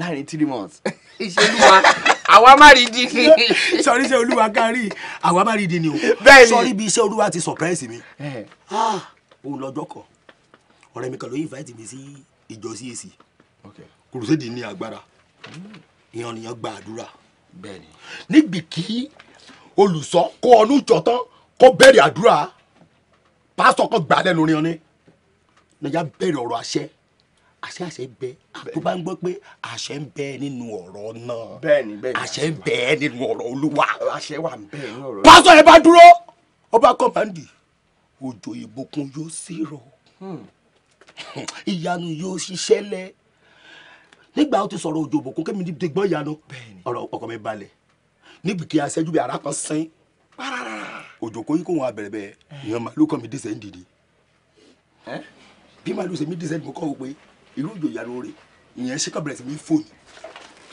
láàrin three months. ìṣèlúwa àwa má rí di ni. sọrí iṣẹ́ olúwa kárí àwa má rí di ni o. bẹ́ẹ̀ ni sọrí bí iṣẹ́ olúwa ti surprise mi. òun lọ́jọ́ kọ̀ ọ̀rẹ́ mi kan ló invite mi sí ìjọ CAC kùrùsẹ́dì ní agbára ìyànnìyàn gba àdúrà bẹ́ẹ̀ni. nígbì kí olùsọ kó ọnú jọ tán kó bẹ̀rẹ̀ àdúrà pásítọ̀ kan gbà lẹ́nu rin ni nàìjà bẹ̀rẹ̀ ọ̀rọ̀ àṣẹ àṣẹ àṣẹ bẹ tó bá ń gbọ́ pé àṣẹ ń bẹ nínú ọ̀rọ̀ náà bẹ́ẹ̀ni bẹ́ẹ̀ni àṣẹ ń bẹ nínú ọ̀rọ̀ olúwa àṣẹ wà ń bẹ nínú ọ̀rọ̀ pásítọ̀ yẹn bá dúró ọba kọ́mándì òjò ìbùkún yóò sí rọ hmm. ìyanu yóò ṣiṣẹ́ lẹ́ẹ̀ nígbà ó ti sọ̀rọ̀ òjò òbòkó kémi ní gbọ́ ìyanu ọ̀rọ̀ ọkọ mi balẹ̀ níbi kí aṣẹ́jú bí arákan sẹ́yìn òjò kò yí kó wọn abẹ̀rẹ̀bẹ̀ ìyẹn màálù kan mi dísẹ̀ ń dìde bí màálù ṣe mi dísẹ̀ mo kọ́ wò pé irú òjò ìyanu rẹ̀ ìyẹn ṣe kọ́ bẹ̀rẹ̀ sí mi fò ní.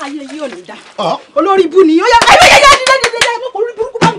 ayé yìí ò ní dá olórí ibú ni ó yà ayé yẹn yẹn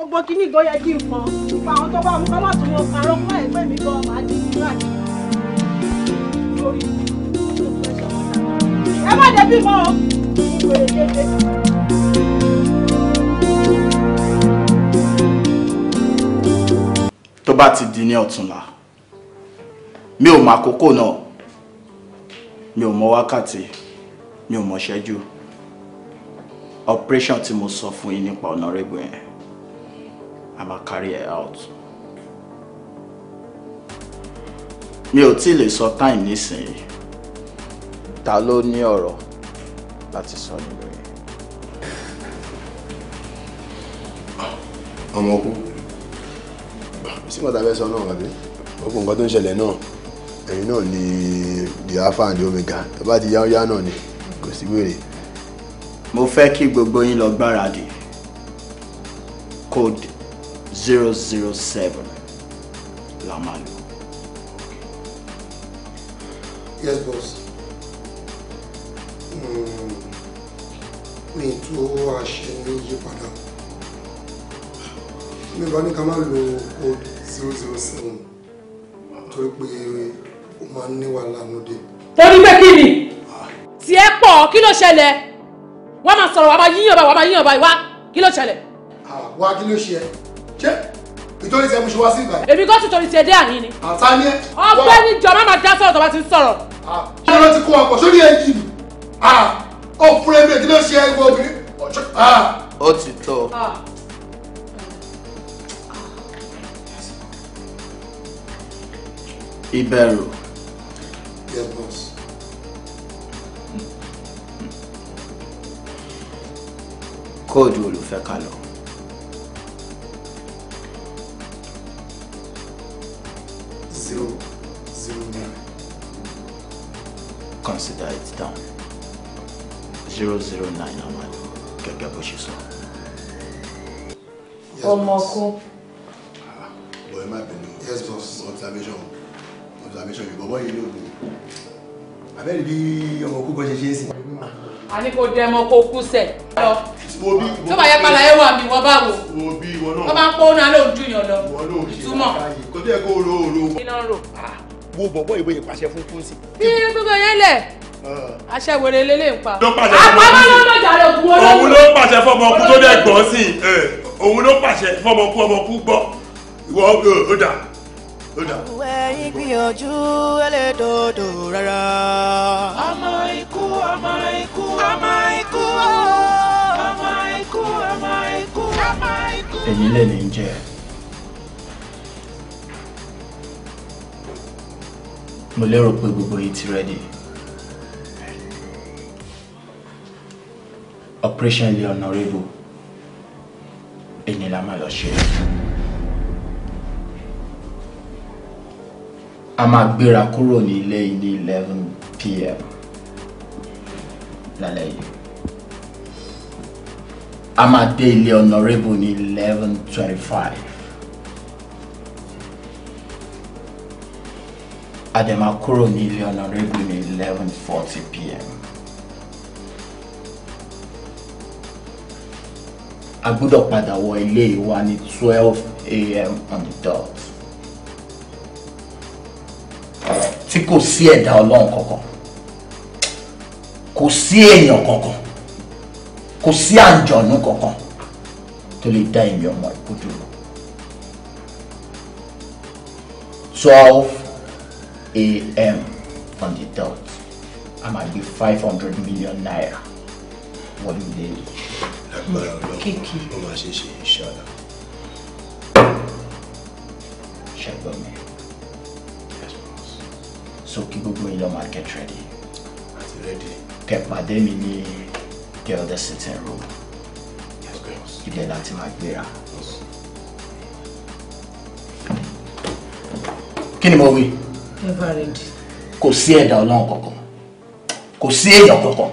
gbogbo kíní gan yẹ kí n mọ nípa àwọn tó bá mú kọ́mọ̀ tó wọn parọ́ fún ẹgbẹ́ mi gan máa di nínú àti lórí ẹ má débi mọ́ ọ ìwé kéde. tó bá ti di ní ọ̀túnla mi ò mọ àkókò náà mi ò mọ wákàtí mi ò mọ ṣẹ́jú operation tí mo sọ fún yín nípa ọ̀nà rẹ̀ gbọ̀nyẹn I'ma carry her out. Mi ò tí lè sọ time nísìnyí. Ta ló ní ọ̀rọ̀ láti sọ nínú yẹn? Ọmọ kú. Sí mọ̀tà fẹ́ sọ náà wà bí? Ogun nǹkan tó ń ṣẹlẹ̀ náà, ẹ̀yin náà ni the alpha and the omega. Ẹ bá ti yá yá náà ni, kò sí wèrè. Mo fẹ́ kí gbogbo yín lọ gbáradì. Code zero zero seven la yes boss hmm. mi tó àṣẹ ní yípadà mi bá ní ká má lo code zero zero seven torí pé ó máa ń ní wàhálà lóde. torí pé kí ni ah. tí ẹ pọ̀ kí ló ṣẹlẹ̀ wọ́n máa sọ̀rọ̀ wàá máa yíyàn báyìí wàá máa yíyàn báyìí wá kí ló ṣẹlẹ̀. àwa ah, ṣé ìtòrí tiẹ̀ mo ṣe wá sí ìgbà. èmi kò tìtorí tiẹ̀ dé àní ni. àtàní ẹ. ọgbẹ́ni jọ má máa já sọ̀rọ̀ tó bá ti ń sọ̀rọ̀. ṣé ló ti kó wa pọ̀ sórí ẹ̀jìn ni ó fún ẹ̀mí kí ló ṣe ẹgbẹ́ obìnrin. ó ti tó. ìbẹ̀rù. yes boss. kóòdù olùfẹ́ ká zero zero nine. Consider it done. Zero zero nine amadu gẹ́gẹ́ bó ṣe sọ. Ọmọ ọkọ. Ah, Bọ̀ ẹ má Yes boss. Observation. Observation yìí bọ̀bọ̀ yìí You dùn. Àbẹ́rẹ́ bí ọmọ ọkọ kan ṣe ṣe é sìn a ní kò dẹmọ kó kú sẹ̀ lọ tó bá yẹ pala ẹ wà mí wọ́n bá wò wọ́n bá ń pọ́n náà ló ń dùnyàn lọ ìtumọ̀ ah, wo bọ̀bọ̀ ìwé ìpàṣẹ fún fúnsì. bí gbogbo yẹn lẹ̀ aṣẹ́wèrè ah. lélẹ̀ ń pa. àpamọ́ ló ń bàjá rẹ̀ kú olóògùn. òun ló ń pàṣẹ fọmọ ọkú tó dẹ̀ gbọ́ sí i eh, òun ló ń pàṣẹ fọmọ ọkú ọmọ ọkú gbọ́ ìwọ eh, ó dà gbogbo ẹ̀yin gbìyànjú ẹlẹ́dọ̀dọ̀ rárá. ọmọ ikú ọmọ ikú ọmọ ikú ọmọ ikú ọmọ ikú ọmọ ikú. ẹ̀yin lè ní jẹ́ mo lérò pé gbogbo yìí ti rẹ́dì. operation ilé honorable ẹ̀yin la máa lọ ṣe. a máa gbéra kúrò ní ilé ní eleven pm lálẹ́ yìí a máa dé ilé honourable ní eleven twenty five a dẹ̀ máa kúrò ní ilé honourable ní eleven forty pm a gbọ́dọ̀ padà wọ ilé yìí ní twelve am on the dot tí kò sí ẹ̀dá ọlọ́run kankan kò sí èèyàn kankan kò sí àǹjọ̀nú kankan tó lè dá èmi ọmọ ikú dúró twelve a.m. on the dot a máa gbé five hundred million naira wọlé ilé rẹ. lágbára ọlọ́run ó máa ṣe ṣe ìṣọ́ra. ṣàgbọ́n mi so kí gbogbo yín lọ máa get ready. àti ready. kẹ pàdé mi ní girl the sitting room ibẹ̀ láti máa gbéra. kí ni mo wí. never ready. kò sí ẹ̀dá ọlọ́run kankan kò sí èèyàn kankan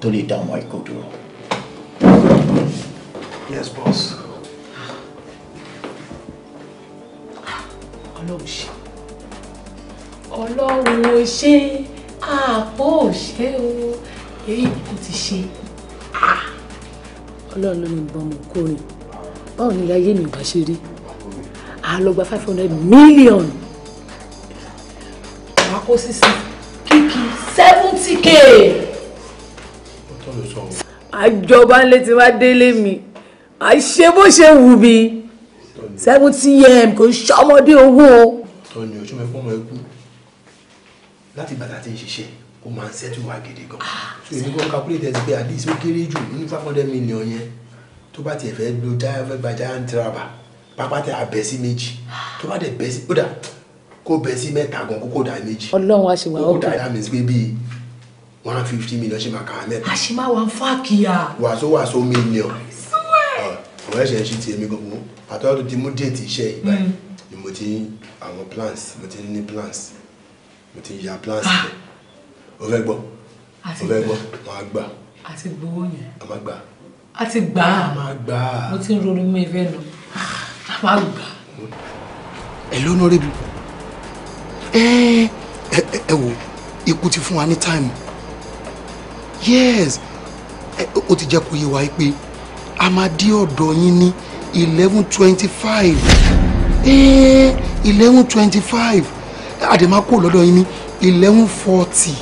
tó lè dá ọmọ ikú dúró. yes boss. ọlọ́run ṣe ọlọ́run ò ṣe àpò òṣè o èyí kò ti ṣe. ọlọ́run ló ní bọ́mọ kórìn báwo ni ayé mi bá ṣe rí àlọ́gba five hundred million àwa kó sísìn kìkì seventy k. àjọba ńlẹ tí wàá délé mi àṣe bó ṣe wù mí seventy m kò ṣọmọdé owó. tọ́ni ojú mi fún ọmọ ẹ kú láti bàtà tí ń ṣiṣẹ́ o máa ń ṣẹ́tù wá gidi gan ah, so èmi kò calculate ẹsẹ̀ pé at least ó kéré jù nínú five hundred million yẹn tó bá tiẹ̀ fẹ́ lo fẹ́ gba giant raba pápá tẹ abẹ́ sí méjì tó bá tẹ bẹ́ sí kódà kó bẹ́ sí mẹ́ta gan kókó dà méjì ọlọ́run àṣewà ọ̀gbìn kókó dà yà mí pé bíi one fifty million ṣe máa kà á mẹ́ta. àṣìmá wa ń fà kíyà. wàásù wàásù million ọ̀rẹ́ ṣe ń ṣe ti èmi gbogbo àtọ́jú ti mú déètì iṣẹ́ ìgbà mm. ni mo mo ti ya plan sílẹ̀ o fẹ́ gbọ́ o fẹ́ gbọ́ máa gbà. a ti gbowó yẹn. a máa gbà. a ti gbà á. a máa gbà á. mo ti ń ronú mi ìfẹ́ lọ a máa gbà. ẹ ló nọ rébi ẹ ẹ wo ikú ti fún wa ní táìmù yes ó ti jẹ́ kó yé wa pé a máa dé ọ̀dọ̀ yín ní eleven twenty five eleven twenty five àdèmá kò lọ́dọ̀ yín ní eleven forty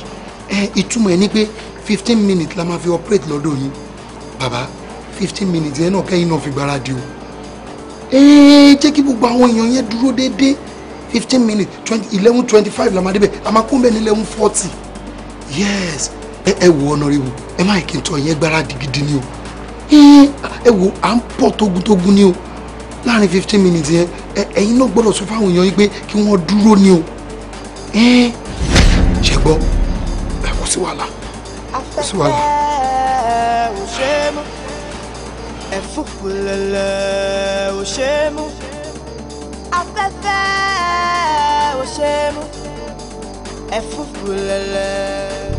ẹ ìtumọ̀ ẹ ní pé fifteen minutes la máa fi operate lọ́dọ̀ yín bàbá fifteen minutes yẹn náà kẹ́yìn náà fi gbáradì o ee jẹ́ kí gbogbo àwọn èèyàn yẹn dúró déédéé fifteen minutes twenty eleven twenty five la máa débẹ̀ a máa kún bẹ́ẹ̀ ní eleven forty yes ẹ ẹ wo honorable ẹ má kí n tọ́ yẹn gbáradì gidi ni o ẹ wo à ń pọ̀ tógúntógún ni o láàrin fifteen minutes yẹn ẹ̀yin náà gbọ́dọ̀ sọ fáwọn èèyàn yín pé kí wọ́n dúró ni o ṣe gbọ́ ẹ kò sí wàhálà kò sí wàhálà. ẹ̀fúnpẹ̀lẹ̀lẹ̀ ò ṣe mú afẹ́fẹ́ ò ṣe mú ẹ̀fúnpẹ̀lẹ̀lẹ̀.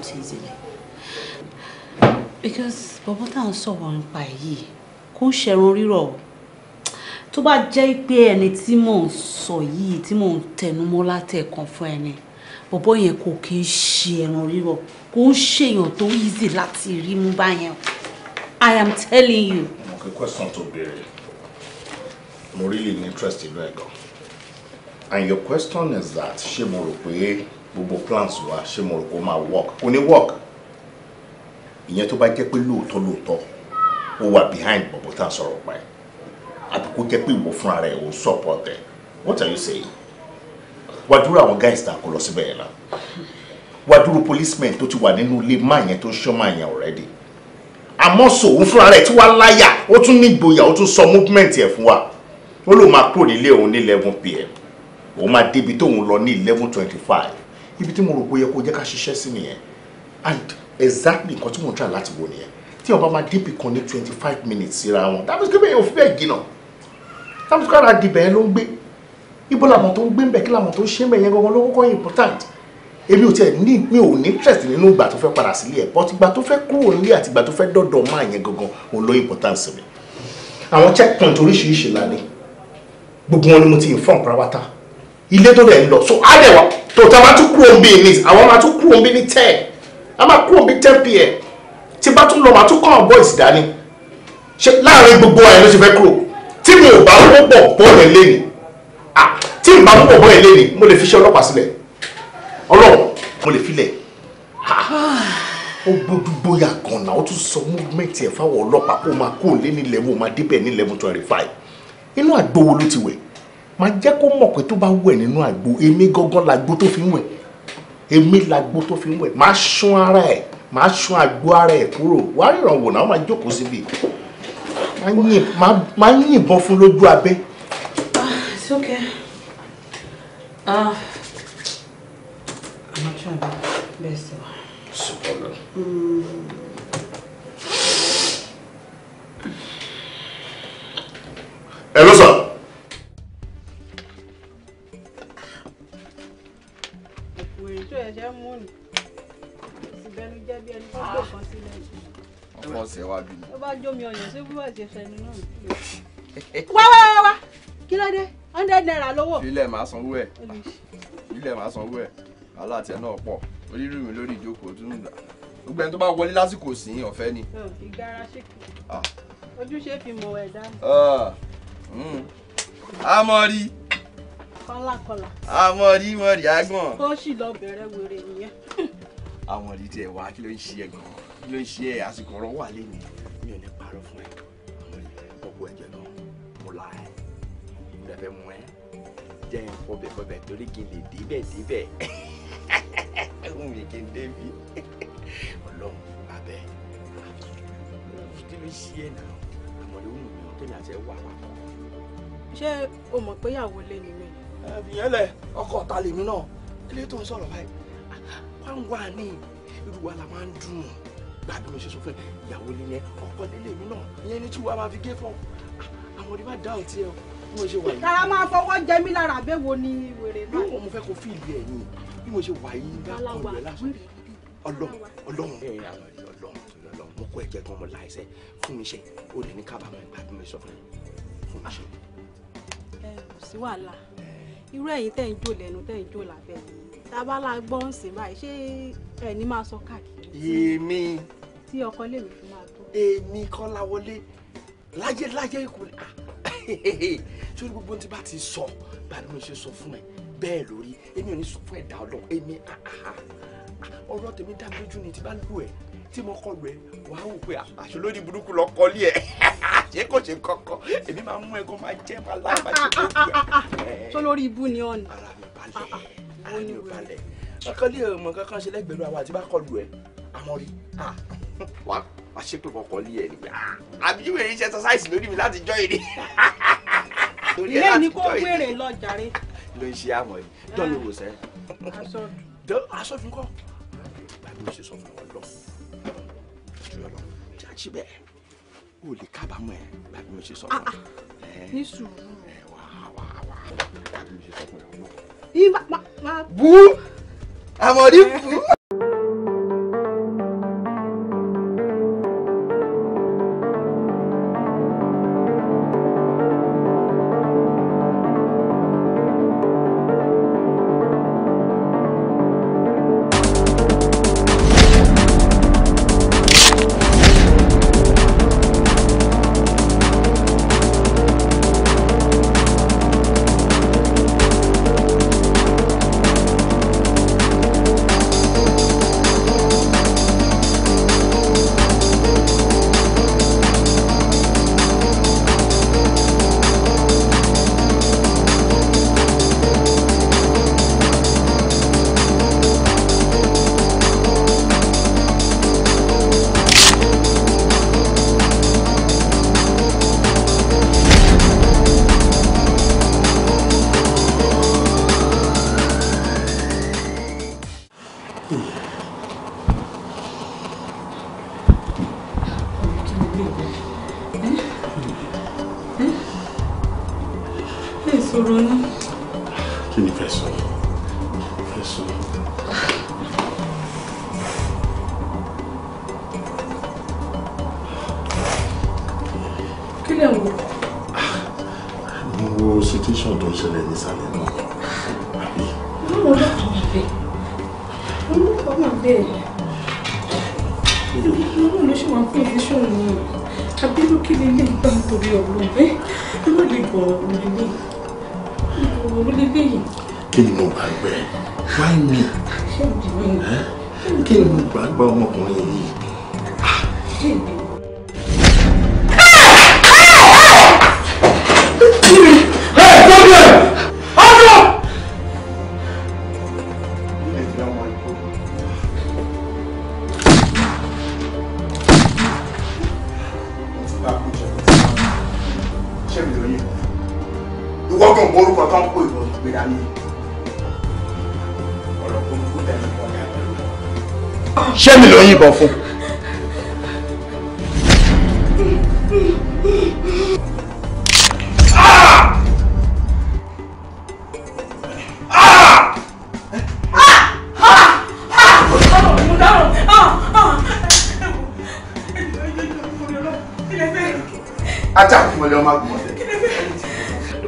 out easily because bọ́bọ́ Tan à ń sọ̀rọ̀ nípa èyí kò ń ṣẹ̀rùn rírọ̀ o tó bá jẹ́ pé ẹni tí mò ń sọ yìí tí mò ń tẹnumọ́ látẹ̀kan fún ẹni bọ́bọ́ yẹn kò kí ń ṣe ẹ̀rùn rírọ̀ kò ń ṣèyàn tó easy láti rí mú I am telling you. mo kí question to be. mo really interested interest inú and your question is that she mo rò pé gbogbo plans wa ṣé mo rò kó máa work kò ní work ìyẹn tó bá jẹ́ pé lóòótọ́ lóòótọ́ ó wà behind bọ̀bọ̀ tá à ń sọ̀rọ̀ pa ẹ̀ àbí kó jẹ́ pé ìwọ fúnra rẹ̀ ò support ẹ̀ what are you saying wàá dúró àwọn guys tá a kó lọ síbẹ̀ yẹn náà wàá dúró policemen tó ti wà nínú ilé máa yẹn tó ń ṣọ́ máa yẹn already àmọ́ sòun fúnra rẹ̀ tí wàá láyà ó tún ní ìgboyà ó tún sọ movement ẹ̀ fún wa ó lòun máa kúrò nílé òun ní eleven pm òun máa débi tóun lọ ní eleven twenty five ibi tí mo rò pé yẹ kó jẹ́ ká ṣiṣẹ́ sí nìyẹn and exactly nǹkan tí mo ń try láti wò nìyẹn tí ọba máa dìbì kan ní twenty five minutes síra wọn that means kébé yẹn ò fi bẹ́ẹ̀ gínà that means kára dìbẹ̀ yẹn ló ń gbé ibo làwọn tó ń gbé ń bẹ̀ kí làwọn tó ń ṣe ń bẹ̀ yẹn gangan ló kọ́kọ́ important èmi ò tiẹ̀ ní mi ò ní interest nínú ìgbà tó fẹ́ padà sílé ẹ̀ but ìgbà tó fẹ́ kúrò nílé àti ìgbà tó fẹ́ dọ́dọ̀ máa yẹn gangan òun ló important mi àwọn checkpoint oríṣiríṣi la gbogbo wọn ni mo ti inform pàrọ̀wátà ilé tó dẹ̀ ń lọ so á dẹ̀ wá tó tá a bá tún kúrò ń bí ní àwọn máa tún kúrò ń bí ní ten a máa kúrò ń bí ten pm tí bá tún lọ máa tún kọ́ àwọn boys dání ṣe láàrin gbogbo ayé ló ṣe fẹ́ kúrò tí mi ò bá mú bọ̀ bọ́ọ̀lù lé ni tí mi bá mú bọ̀ bọ́ọ̀lù lé ni mo lè fi ṣe ọlọ́pàá sílẹ̀ ọlọ́run mo lè filẹ̀ ó gbódúgbóyà gan na ó tún sọ movement ẹ̀ fáwọn ọlọ́pàá kó máa kó lé ní level máa débẹ̀ ní level twenty five inú àgbowó ló ti wẹ̀ máa jẹ́ kó mọ̀ pé tó bá wẹ̀ nínú àgbo èmi gangan làgbo tó fi ń wẹ̀ èmi làgbo tó fi ń wẹ̀ máa sún ara ẹ̀ máa sún àgbo ara ẹ̀ kúrò wàá ríran náà máa jókòó síbi máa yìnbọn fún lójú abẹ́. Ah, it's okay. Uh... gbàgbé fẹmi náà. wá wá wá wá kí ló dé hundred naira lówó. ilé màá sanwó ẹ ilé màá sanwó ẹ wàhálà tiẹ̀ náà pọ̀ onírú mi lórí ìjókòó tún gbà gbogbo ẹni tó bá wọlé lásìkò sí ọ̀fẹ́ ni. ìgara ṣèkì ojúṣe fi mọ̀ ẹ̀ dá. Hmm. amọ̀rí. kọ́lákọ́lá. amọ̀rí mọ̀rí agbọ̀n. ó sì lọ bẹ̀rẹ̀ wèrè nìyẹn. amọ̀rí tiẹ̀ wá kí ló ń ṣe ẹ̀ gan-an kí ló ń ṣe ẹ̀ àsìkò ọ̀rọ̀ wà lẹ́nu mi ò ní parọ́ fún ẹ. fẹ́ mú ẹ jẹ́ ń fọbẹ̀ fọbẹ̀ torí kí n lè débẹ̀ débẹ̀ ń mi kí n débi ọlọ́run fún abẹ́ kí ló ṣí ẹ̀ náà àmọ́ ló wù mí kí ni àti ẹ̀ wà papọ̀. ṣé o mọ̀ pé ìyàwó lé ni mí. ẹ fìyẹn lẹ ọkọ ọ̀tá lèmi náà kí ló tó ń sọ̀rọ̀ báyìí wá ń wá ní irú wa la máa ń dùn gbà bí mo ṣe sọ fún ẹ ìyàwó lé yẹn ọkọ lé lèmi náà ìyẹn ní tí wàá máa fi gé fún àwọn ọdẹ má dá òtí ẹ o bí mo ṣe wà kára máa fọwọ́ jẹ mí lára àbẹ̀wò ni wèrè náà. bí mo fẹ́ kó fíìlì ẹ̀ yìí bí mo ṣe wà yìí lákọ̀ọ́ rẹ̀ lásán ọlọ́run ọlọ́run ọlọ́run mo kó ẹ̀jẹ̀ gan mo la fún mi ṣe ó lè ní kábàámọ̀ ìgbà bí mo sọ fún mi ṣe. ẹ kò sí wàhálà irú ẹ̀yin tẹ́ ń jò lẹ́nu tẹ́ ń jò lábẹ́ tábàlà gbọ́n sí báyìí ṣé ẹni máa sọ káàkiri. èmi. tí ọkọ lèmi fi máa tó. èmi kọ́ láwọlé láyé ìkùnrin sórí gbogbo tí bá ti sọ báyìí mo ṣe sọ fún ẹ bẹ́ẹ̀ lórí èmi ò ní sọ fún ẹ̀dá ọlọ́run èmi ah, ah, ah. ọ̀rọ̀ tèmi dá lójú ni tí bá lù ẹ tí mo kọ lù ẹ wàá wò pé àṣọ lórí burúkú lọ kọ́lé ẹ ṣé kò ṣe kọ́kọ́ èmi máa mú ẹ̀gọ́ máa jẹ́ máa láì máa ṣe gbogbo ẹ. tó ibú ni ọ̀nà. ara mi balẹ̀ ara mi balẹ̀ ọkọ lè mọ kankan ṣe lẹ́gbẹ̀ẹ́ lọ àwọn àti bá kọ lù ẹ àmọ́ rí wàá wàá ṣépè lé ẹ nìyà ah, àbí yóò rí exercise lórí mi láti jọ èdè. ilé ní kó wéré lọ́jà rẹ. ló ń ṣe àmọ́ yìí dọ́ọ̀lù wò sẹ́. aṣọ fi kọ́ báyìí ló ṣe sọ fún ọ lọ ṣe bẹ́ẹ̀ o lè kábàámọ̀ ẹ̀ ah, ah. báyìí mo ṣe sọ fún ẹ. ní sùúrù. ẹ wá wá wá báyìí mo ṣe sọ fún ẹ. yí má má. bú ṣé mi ló yìnbọn fún.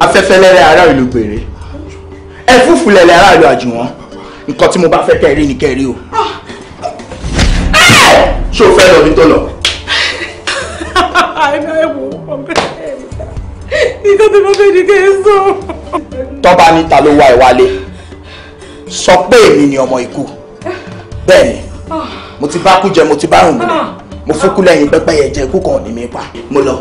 afẹ́fẹ́ lẹ́rẹ́ ará ìlú gbèrè ẹ̀fúfù lẹ́rẹ́ ará ìlú àjùwọ̀n nǹkan tí mo bá fẹ́ kẹ́rí ni kẹ́rí o ṣó fẹ́ lọ bí tó lọ. àìná ẹ̀wò ọ̀gá ẹ̀dá nǹkan tó bá fẹ́ ni kẹ́ ẹ sọ. tọ́ba níta ló wá ẹ wálé sọ pé èmi ni ọmọ ikú bẹ́ẹ̀ ni mo ti bá kú jẹ mo ti bá rùn mú mo fún kú lẹ́yìn pẹ́pẹ́yẹ jẹ kú kan ò ní mi pa mo lọ.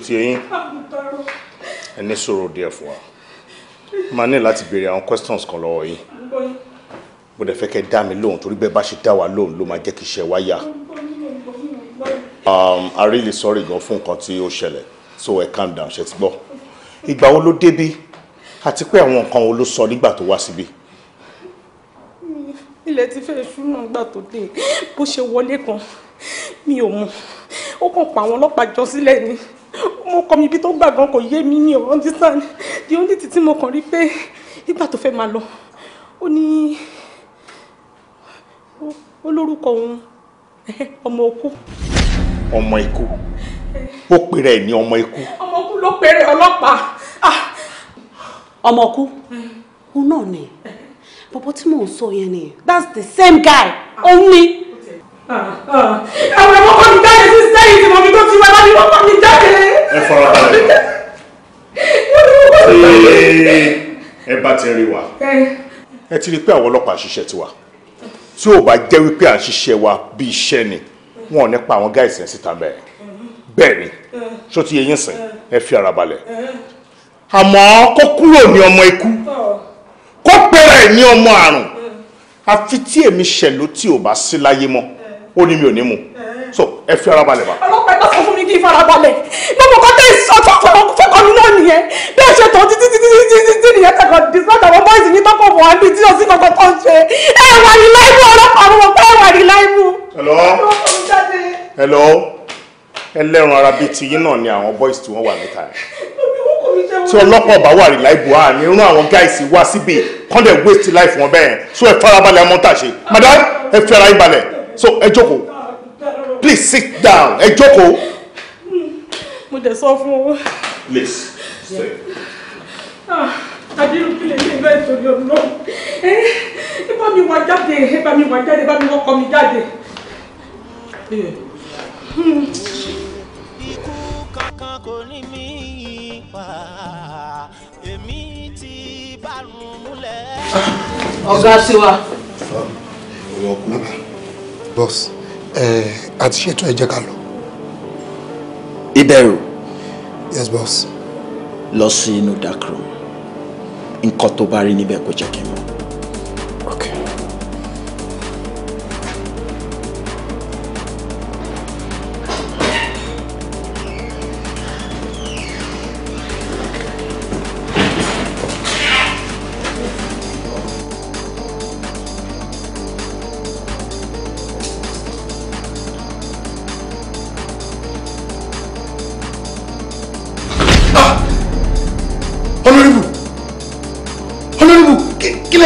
ti eyín ẹ ní sọ̀rọ̀ fún wa máa ní láti béèrè àwọn questions kan lọ́wọ́ yìí mo dẹ̀ fẹ́ kẹ́ dá mi lóhùn torí bẹ́ẹ̀ bá ṣe dá wa lóhùn ló máa jẹ́ kí iṣẹ́ wa yá um, I'm really sorry gan fún nǹkan tí ó ṣẹlẹ̀ so ẹ calm down ṣe ti gbọ́ ìgbà wo ló débí àti pé àwọn nǹkan wo ló sọ nígbà tó wá síbí ilẹ̀ ti fẹ́ ṣúná gbà tó dé bó ṣe wọlé kan mi ò mọ̀ ó kàn pa àwọn ọlọ́pàá jọ sílẹ̀ ni mú ọkọ mi ibi tó gbà kò yé mi ní ọ̀rọ̀ understand the only thing tí mo kàn rí pé nígbà tó fẹ́ máa lọ ó ní ó lórúkọ òun ọmọ òkú. ọmọ ikú ó pèrè ẹ ní ọmọ ikú. ọmọ ikú ló pèrè ọlọ́pàá. Ah! ọmọ ikú hmm. òun náà ni bọ̀bọ̀ tí mò ń sọ yẹn ni that's the same guy ah. òun ni. Ah ah, ọmọ kọ́ mi jáde sí sẹ́yìn tí mo mi tó ti wá láti wọ́n kọ́ mi jáde. ẹ Et balẹ̀ tí ẹ bá ti Et wa ẹ ti Et pé àwọn ọlọ́pàá ṣiṣẹ́ tiwa tí ò bá jẹ́ wípé à ń ṣiṣẹ́ wa bí iṣẹ́ ni wọn ò ní pa àwọn gáìsì yẹn síta bẹ́ẹ̀ bẹ́ẹ̀ ni ṣó ti yẹ Et sìn ẹ fi ara balẹ̀ àmọ́ kó kúrò ní ọmọ ikú kó pẹ́rẹ́ ní ọmọ àrùn àfi tí èmi ṣẹ̀lú tí ò bá sí láyé mọ́ ó ní mi ò ní mu so ẹ fi ara balẹ̀ bá. ọlọ́pàá ẹgbẹ́ sọ fún mi kí n fara balẹ̀ gbogbo kan tẹ ọ̀tọ̀kọ̀lù náà nìyẹn bẹ́ẹ̀ ṣe tó títí títí títí títí nìyẹn tẹ̀kọ̀ dismọ́tò àwọn bọ́ìsì ní tọ́pọ̀ fún wa bíi tí o sì kankan tó ń ṣe ẹ wà ní láìpù ọlọ́pàá àwọn ọ̀pá ẹ wà ní láìpù. hello hello ẹlẹ́run ara bíi tiyín náà ni àwọn bọ́ìsì tí wọ́n wà níta tí ọlọ́pàá bá wà reliable à ní irun àwọn guys wá síbi kọ́ndẹ̀ waste life wọn bẹ́ẹ̀ so ẹ farabalẹ̀ ọmọ tàṣe madam ẹ fẹ́ra yín balẹ̀ so ẹ jókòó please sit down ẹ jókòó. mo dẹ̀ sọ fún o. please stay. Ah, àdínú kí lè ní ìgbà ìtòlè ọ̀nà ẹ bá mi wá jáde ẹ bá mi wá jáde ẹ bá mi wọ́kọ̀ mi jáde. ikú kankan kò ní mí pa èmi ti bá rùn múlẹ̀. ọ̀gá tiwa. ọ̀rọ̀ ọkùnrin boss ẹ àti ṣètò ẹ jẹ́ ká lọ. yes boss. lọ sí inú dark room nǹkan tó bá rí níbẹ̀ kó jẹ́ kí n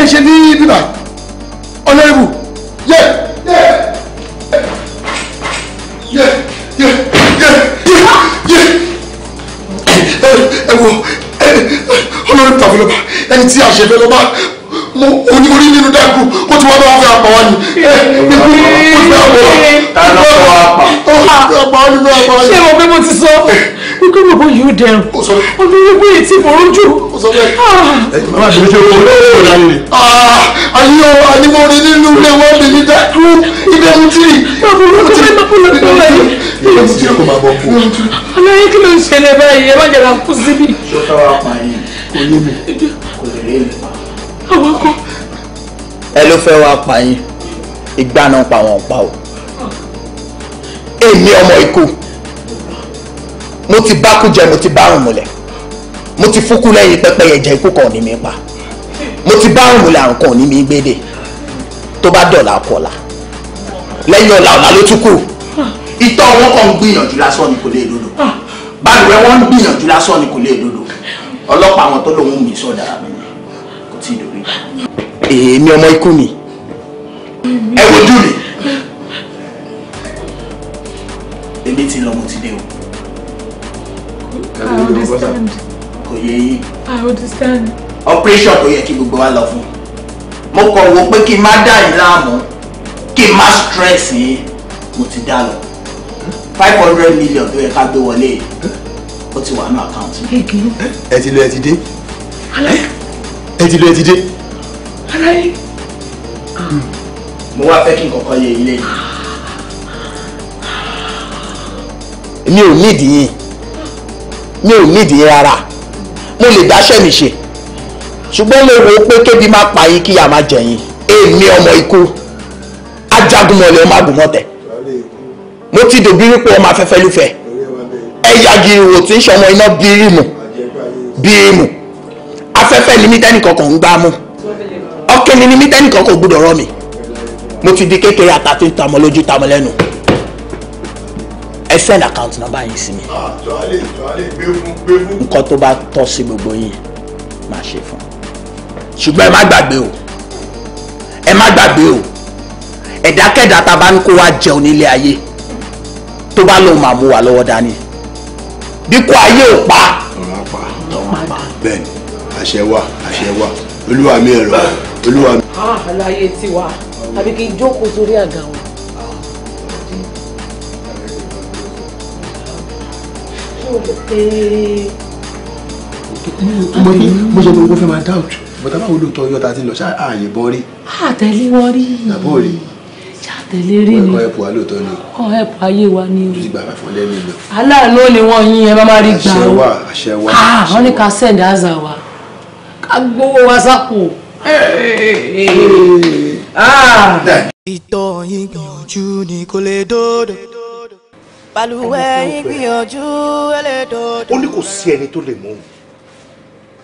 ń ṣe ní bíbá ọ̀nẹ́rẹ́bù yẹ yẹ yẹ yẹ yẹ yẹ ẹ wo olórí pàfẹ́lọ́bà ẹni tí a ṣe fẹ́ lọ́ba mo orí nínú dáàbò ó ti wá bá wọn fẹ́ apá wa ni ikú ó ti fẹ́ apá wa nínú apá ó ti fẹ́ apá wa nínú apá wa ni. ṣé mo pé mo ti sọ ikú mi kò yóò dẹrùn olórí pé mo rújú. ó sọ bẹ́ẹ̀. ẹ̀jẹ̀ máa bẹ̀rẹ̀ ṣe owó lọ́wọ́ láyé rẹ̀. Ah, ayé o ànímọ́ni nínú ilé wọn lè ní dákú ibẹ̀ mú tì. ọlọ́yẹ kí ló ń ṣẹlẹ̀ báyìí ẹ má jẹ̀rọ àkú síbi. ṣọ́ká wa pa yín kò yé mi kò lè rí pa. àwọn kan. ẹ ló fẹ́ wá pa yín ìgbà náà pa wọn pa o èmi ọmọ ikú mo ti bá kú jẹ mo ti bá rùn mọ́lẹ̀ mo ti fúkú lẹ́yìn pẹ́pẹ́yẹ jẹ ikú kan ní mi pa mo ti bá òun là nǹkan ní mi gbédè tó bá dọ̀là kọ̀là lẹ́yìn ọ̀la ọ̀la ló tún kù ìtọ́ wọn kàn ń gbìyànjú lásán ni kò lè dodo báyìí wọn ń gbìyànjú lásán ni kò lè dodo ọlọ́pàá àwọn tó lòun mi sọ̀dà mi kò tí ì dòrí. èmi ọmọ ikú mi ẹ wojú mi. understand. operation tó yẹ kí gbogbo wa lọ fún mo kàn wò pé kí n má dá yín láàmú kí n má stress yín mo ti dá lọ five hundred million tó yẹ ká gbé wọlé ó ti wà ní àkáǹtì. ẹ ti lọ ẹ ti dé ẹ ti lọ ẹ ti dé. mo wá fẹ́ kí n kọ́kọ́ yẹ ilé yìí. mi ò nídìí yín mi ò nídìí yín rárá mo lè dáṣẹ́ mi ṣe ṣùgbọ́n mo wò ó pé kébi máa pa yín kíyà máa jẹ yín èmi ọmọ ikú ajagunmọ̀lẹ̀ ọmọ agùnmọ̀tẹ̀ mo ti dòbí wípé ọmọ afẹ́fẹ́ lúfẹ́ ẹ̀yà gírìwò tí ń ṣọmọ iná bírìmù bírìmù afẹ́fẹ́ ni mí tẹ́nìkan kan ń gbá mú ọ̀kẹ́ni ni mí tẹ́nìkan kan gbúdọ̀ rọ́ mi mo ti di kékeré àtàtúntàmọ́ lójú tamọ́ lẹ́nu ẹ send account number yín sí mi. tọ́lẹ̀ ah, tọ́lẹ̀ gbé fún gbé fún. nǹkan tó bá tọ́ sí gbogbo yín máa ṣe fún un ṣùgbọ́n ẹ má gbàgbé o ẹ má gbàgbé o ẹ̀dákẹ́dá tá a bá ní kó wá jẹun nílé ayé tó bá lóun máa mú wa lọ́wọ́ dání dípò ayé ò pa. ọ̀rọ̀ pa ọ̀rọ̀ pa bẹ́ẹ̀ ni àṣẹ wà àṣẹ wà olúwa mi ẹ̀rọ olúwa mi. Ah, aláyé tiwa àbí kí n jókòó sórí àga mo ṣe gbogbo fẹ́ máa doubt bọ́tà báwo lóòótọ́ yọ ta ti lọ ṣáàyè bọ́ rí. àtẹ̀lé wọn rí àbọ̀ rí àtẹ̀lé rí ni ọ̀ ẹ̀pù alóòótọ́ ni ọ̀ ẹ̀pù ayé wa ni o. ti gba àbá fún lẹ́nu ìlọ. aláàánú ni wọ́n yín ẹ bá má rí gbà ó ah, wọ́n ní ká sẹ́ǹdì àzà wa ká gbowó wa sápò. ìtọ̀ yín gbìyànjú ni kò lè dòdò balùwẹ̀ yín gbìyànjú ẹlẹ́dọ̀ọ́dọ̀. ó ní kò sí ẹni tó lè mú òun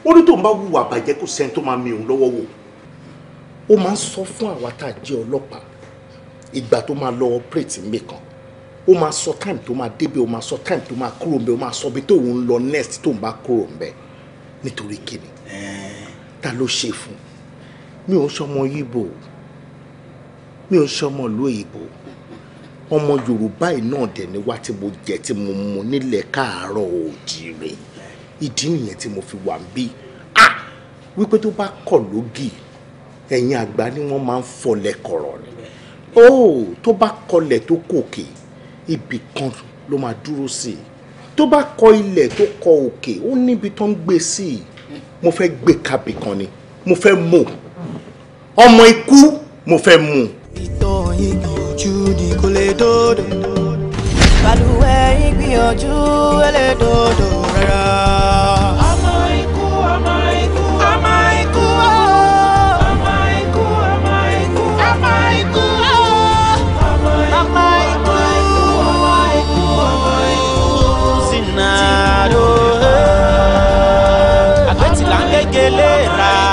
ó ní tóun bá hùwà bàjẹ́ kò sẹ́ni tó máa mi òun lọ́wọ́ wò ó máa ń sọ fún àwa tá a jẹ́ ọlọ́pàá ìgbà tó máa lọ operate mi kan ó máa sọ time tó máa débẹ̀ ó máa sọ time tó máa kúrò ńbẹ̀ ó máa sọ bí tóun ń lọ next tóun bá kúrò ńbẹ̀ nítorí kíni ta ló ṣe fún mi ò ń sọmọ yíbo mi ò ń sọmọ ìlú òyìnbó ọmọ yorùbá yìí náà dẹ̀ ni wá tí mo jẹ tí mo mu nílẹ̀ káàárọ̀ òjìrè ìdí nìyẹn tí mo fi wà ń bí ah wípé tó bá kọ̀ lógì ẹ̀yìn àgbà ni wọ́n máa ń fọlẹ̀ kọ̀rọ̀ ni ó oh! tó bá kọlẹ̀ tó kòkè ibì kan ló máa dúró sí i tó bá kọ ilẹ̀ tó kọ òkè ó níbi tó ń gbé sí i mo fẹ́ gbé kabì kan ni mo fẹ́ mú ọmọ ikú mo fẹ́ mú. ìtọ́ ìgbìyànjú ni kò lè dòdò. balùwẹ̀ ìgbìyànjú lè dòdò rárá. ọmọ ikú ọmọ ikú ọmọ ikú ọmọ ikú ọmọ ikú ọmọ ikú ọmọ ikú ọmọ ikú ọmọ ikú sinado. àgbẹ̀tìlá ń gẹ́gẹ́ lè ra.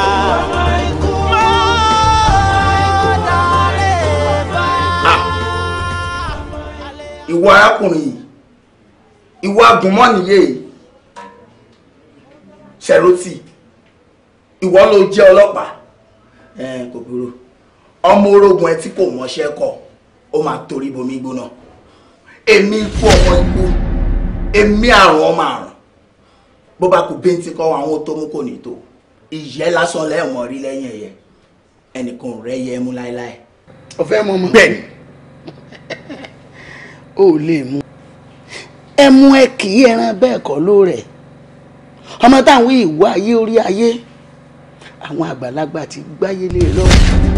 ìwọ arákùnrin yìí ìwọ agùnmọ́ nìyé yìí ṣẹ̀rọ̀tì ìwọ ló jẹ́ ọlọ́pàá kò burú ọmọ orogun ẹ tí kò mọṣẹ́ kọ ó máa torí bomi gbóná èmi ikú ọmọ igbó èmi àrùn ọmọ àrùn bó bá kú bíntín kọ́ àwọn tó mú kò ní tó ìyẹ́ lásán lẹ́wọ̀n rí lẹ́yìn ẹ̀yẹ ẹnìkan rẹ̀ yẹ mú láéláé. ọ̀fẹ́ mọ́ mọ́ bẹ́ẹ̀ ni ó lè mu ẹmu ẹ kì í ẹran bẹ́ẹ̀ kọ́ ló rẹ̀ ọmọ táwọn ìwà ayé orí ayé àwọn àgbàlagbà ti gbáyé lé e lọ́wọ́.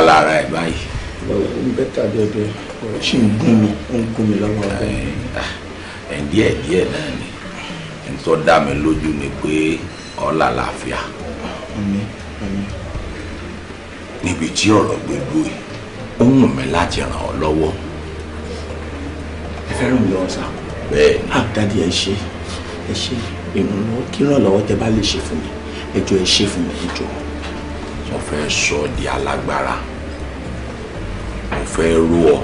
wà lára ẹ̀ báyìí. ó ń bẹ́tà dẹ́dẹ́ ọ̀rọ̀ sì ń gún mi ó ń gún mi lọ́wọ́ rẹ̀. ẹ̀ díẹ̀ díẹ̀ náà ni n tó dá mi lójú ni pé ọ̀la làáfíà. níbi tí ọ̀rọ̀ gbé dúró ó wù mí láti ràn ọ́ lọ́wọ́. ẹ fẹ́ràn mi lọ́wọ́ sá. bẹ́ẹ̀ ni. àdàdì ah, ẹ ṣe ẹ ṣe ìrànlọ́wọ́ kí ìrànlọ́wọ́ tẹ bá lè ṣe fún mi ẹ jọ̀ọ́ ẹ ṣe fún mi ẹ jọ̀ọ́. mo fẹ́ sọ di alágbára fẹ́ rú ọ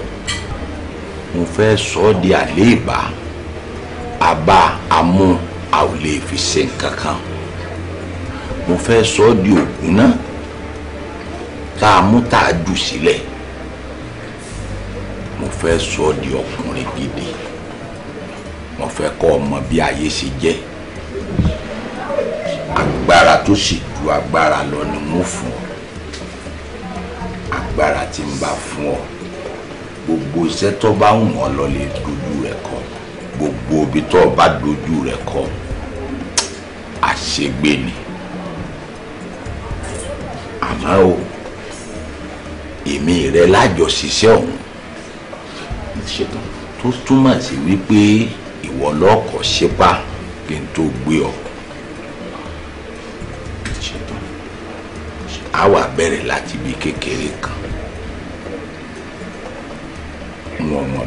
mo fẹ́ sọ ọ́ di àléèbá àbá amú a ò kankan, fi ṣe nǹkan kan mo fẹ́ sọ ọ́ di ògùn náà tá a mú tá a jù sílẹ̀ mo fẹ́ sọ ọ́ di ọkùnrin gidi mo fẹ́ kọ́ ọmọ bí ayé ṣe jẹ́ agbára tó sì ju agbára lọ ni mo fún ọ agbára tí ń bá fún ọ iṣẹ́ tó bá wù wọ́n lọ lè dojú rẹ̀ kọ gbogbo ibi tó o bá dojú rẹ̀ kọ àṣegbè ni àmọ́ o èmi rẹ lájọṣiṣẹ́ ọ̀hún tó túmọ̀ sí wípé ìwọ lọ́kọ̀ ṣepá kí n tó gbé ọ. a wà bẹ̀rẹ̀ láti ibi kékeré kan.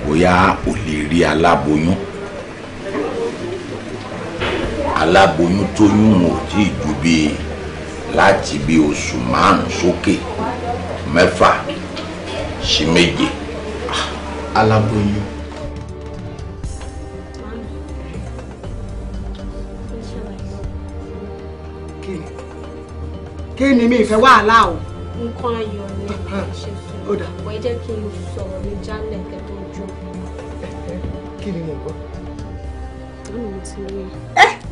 bóyá ò lè rí aláboyún aláboyún tó yún ò tí ì ju bíi láti bí oṣù márùn sókè mẹ́fà sí méje. aláboyún. kí ni mi ìfẹ́ wàhálà o. nǹkan ayọ̀ ni ṣe fún ó dà. ọ̀pọ̀ ẹ jẹ́ kí n sọ̀rọ̀ mi jálẹ̀ kẹ́tọ́ ojú. kí ni mo gbọ́. lónìí mo ti rí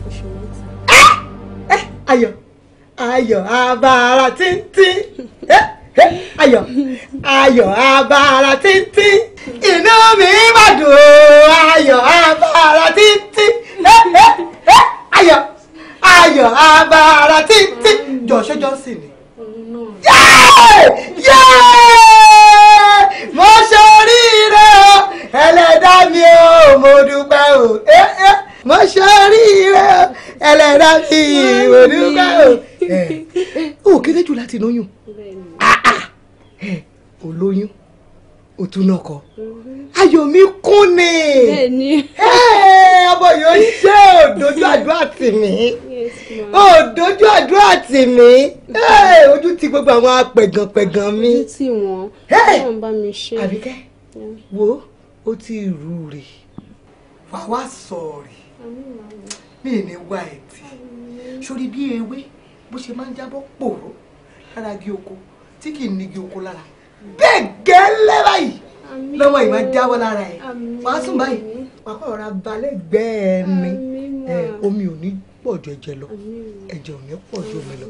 oṣù mẹ́ta. ayọ̀ ayọ̀ abara tíntín ayọ̀ ayọ̀ abara tíntín inú mi mà dùn ayọ̀ abara tíntín ayọ̀ ayọ̀ abara tíntín jọ̀ọ́ṣẹ́jọ́ sì ni. yéé yéé mo ṣe oríire o ẹlẹ́dá mi o mo dúpẹ́ o eh, eh. mo ṣe oríire o ẹlẹ́dá mi mo dúpẹ́ o. o eh. kéré jù láti lóyún olóyún Mhm. ó tún náà kọ ayọ̀ mi kún ni ọmọ yóò ṣe òdojú àdúrà tì mí òdojú àdúrà tì mí ojú ti gbogbo àwọn apẹ̀gànpẹ̀gàn mi ojú tí wọ́n wọ́n mi ṣe àbíkẹ́ wo ó ti rú rè wà wá sọ̀rì mi ní wá ẹ̀tì sórí bí ewé bó ṣe máa ń jábọ́ pòró lára igi oko tí kì í nígi oko lára bẹ́ẹ̀ gẹ́lẹ́ báyìí lọ́wọ́ ìmọ̀ jáwọ́ lára ẹ̀ wàá sùn báyìí wàá kọ́ ọ̀rá balẹ̀ gbẹ́ẹ̀ mi omi ò ní pọ̀ ju ẹ̀jẹ̀ lọ ẹ̀jẹ̀ ò ní pọ̀ ju omi lọ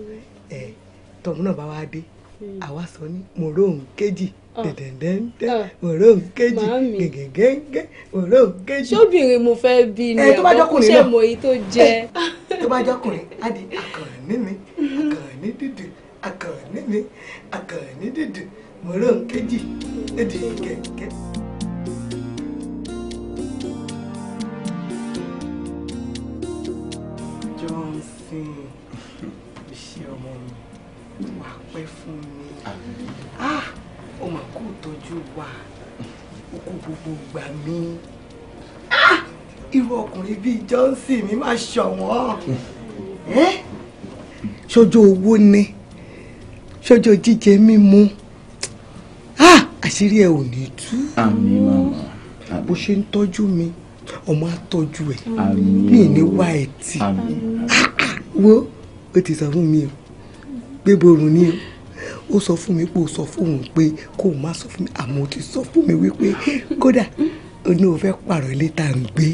tọ̀hún náà bá wá dé hmm. àwa sọ ní mòróhùn kejì ah. dẹ̀dẹ̀dẹ̀dẹ̀ ah. mòróhùn kejì gẹ̀gẹ̀gẹ̀gẹ̀ mòróhùn kejì. sóbìnrin mo fẹ́ bí ni ọkọ ṣe mo èyí tó jẹ. tó bá jọkùnrin á di mi àkànní dídì àkànní mi àkànní dídì mọ̀ràn kejì lédè kẹ̀kẹ́. Johnson iṣẹ́ ọmọ mi ah, ah, irú ọkùnrin bíi Johnson mi máa ṣọ̀wọ́n ṣojú owó ni ṣojú jíjẹ mímu àṣírí ẹ ò ní tú. àmín màmá. bó ṣe ń tọ́jú mi ọmọ á tọ́jú ẹ mi ní wá ẹ tì wo o ti sọ fún mi o pé borun ni o ó sọ fún mi pé o sọ fún pé kó o má sọ fún mi àmọ́ o ti sọ fún mi wípé kódà oní o fẹ́ pààrọ̀ ilé tá à ń gbé.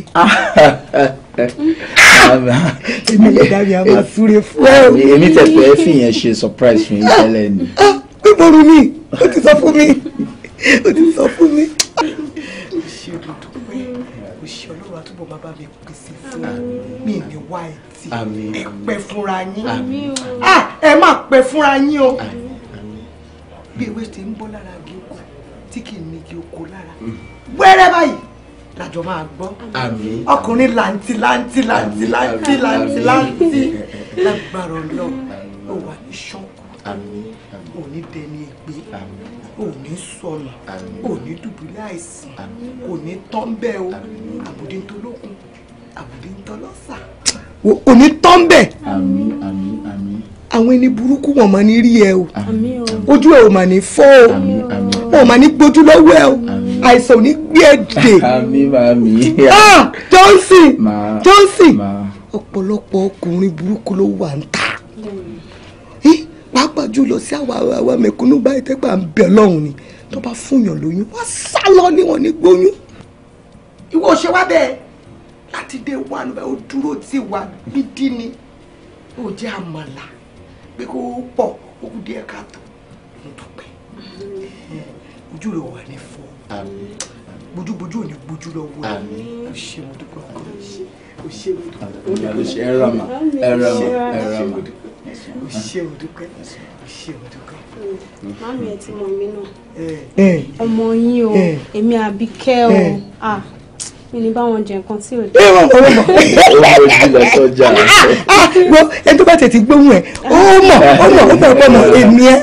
èmi lè dá a máa súre fún ẹ. èmi tẹ̀pẹ́ fìyẹn ṣe surprise fún yín tẹ́lẹ̀ ni. pé borun ni o ti sọ fún mi. o ti sọ fún mi. o ṣe olùdókòwé o ṣe ọlọ́run àtúbọ̀ bàbá mi pèsè fún mi ní wá ẹ pẹ́ fúnra yín ah, ẹ má pẹ́ fúnra yín o bí ewé ti ń bọ́ lára igi oko tí kì í ní igi oko lára mm. wẹ́rẹ́ báyìí làjọ máa gbọ́ ọkùnrin làǹtí làǹtí làǹtí làǹtí làǹtí làǹtí lágbára ọlọ́run ó wà ní ṣọ́kù òní dẹni ẹgbẹ́ ò ní sọnù ò ní dùbúlẹ̀ àìsàn kò ní tọ́ńbẹ́ o àbùdí ntọ́lọ́kun àbùdí ntọ́lọ́sà kò ní tọ́ńbẹ́ àwọn ẹni burúkú wọn mà ní rí ẹ o ojú ẹ ò mà ní fọ́ o wọn mà ní gbójú lọ́wọ́ ẹ o àìsàn ò ní gbé ẹ dè ah, Johnson Johnson ọ̀pọ̀lọpọ̀ ọkùnrin burúkú ló wà ń ta pàápàá jùlọ sí àwa àwa mẹ̀kúnnù báyìí tẹ́pà ń bẹ̀ lọ́hùn ni tó bá fúnyàn lóyún wọ́n sá lọ ní wọn ní gbóyún ìwọ ṣe wá bẹ́ẹ̀ láti dé wà nígbà ó dúró tí wà gidi ni ó jẹ́ àmàlà pé kó pọ̀ ó kú díẹ̀ káàtó ń dúpẹ́ ojú rẹ̀ wà ní fọ́ bójúbójú ò ní gbójú lọ́wọ́ ẹ̀ ṣe mo dúpẹ́ ọkọ ṣe mo dúpẹ́ ọkọ ṣe mo dúpẹ́ ọkọ ṣe mo dúpẹ́ ọkọ ṣe mo dúpẹ́ ọkọ ṣe mo dúpẹ́ ọkọ ṣe mo dúpẹ́ ọkọ ṣe mo dúpẹ́ ọkọ ṣe mo dúpẹ́ ọkọ ṣe mo dúpẹ́ ọkọ ṣe mo dúpẹ́ ọkọ ṣe mo dúpẹ́ ọkọ ṣe mo dúpẹ́ ọkọ ṣe mo dúpẹ́ ọkọ ṣe mo dúpẹ́ ọkọ ṣe mo dúpẹ́ ọkọ ṣe mo dúpẹ́ ọkọ ṣe mo dúpẹ́ ọkọ ṣe mo o ṣé o dúpẹ́ o ṣé o dúpẹ́. mami mm. ẹ ti mọ mi náà ọmọ yín o èmi àbíkẹ́ o mi ní báwọn jẹ nǹkan tí ò dé. ọmọ ìjìnlẹ̀ sọ́jà. gbọ́ ẹ tó bá tètè gbóhùn ẹ̀ ó mọ̀ ó mọ̀ ó mọ̀ ó mọ̀ èmi ẹ̀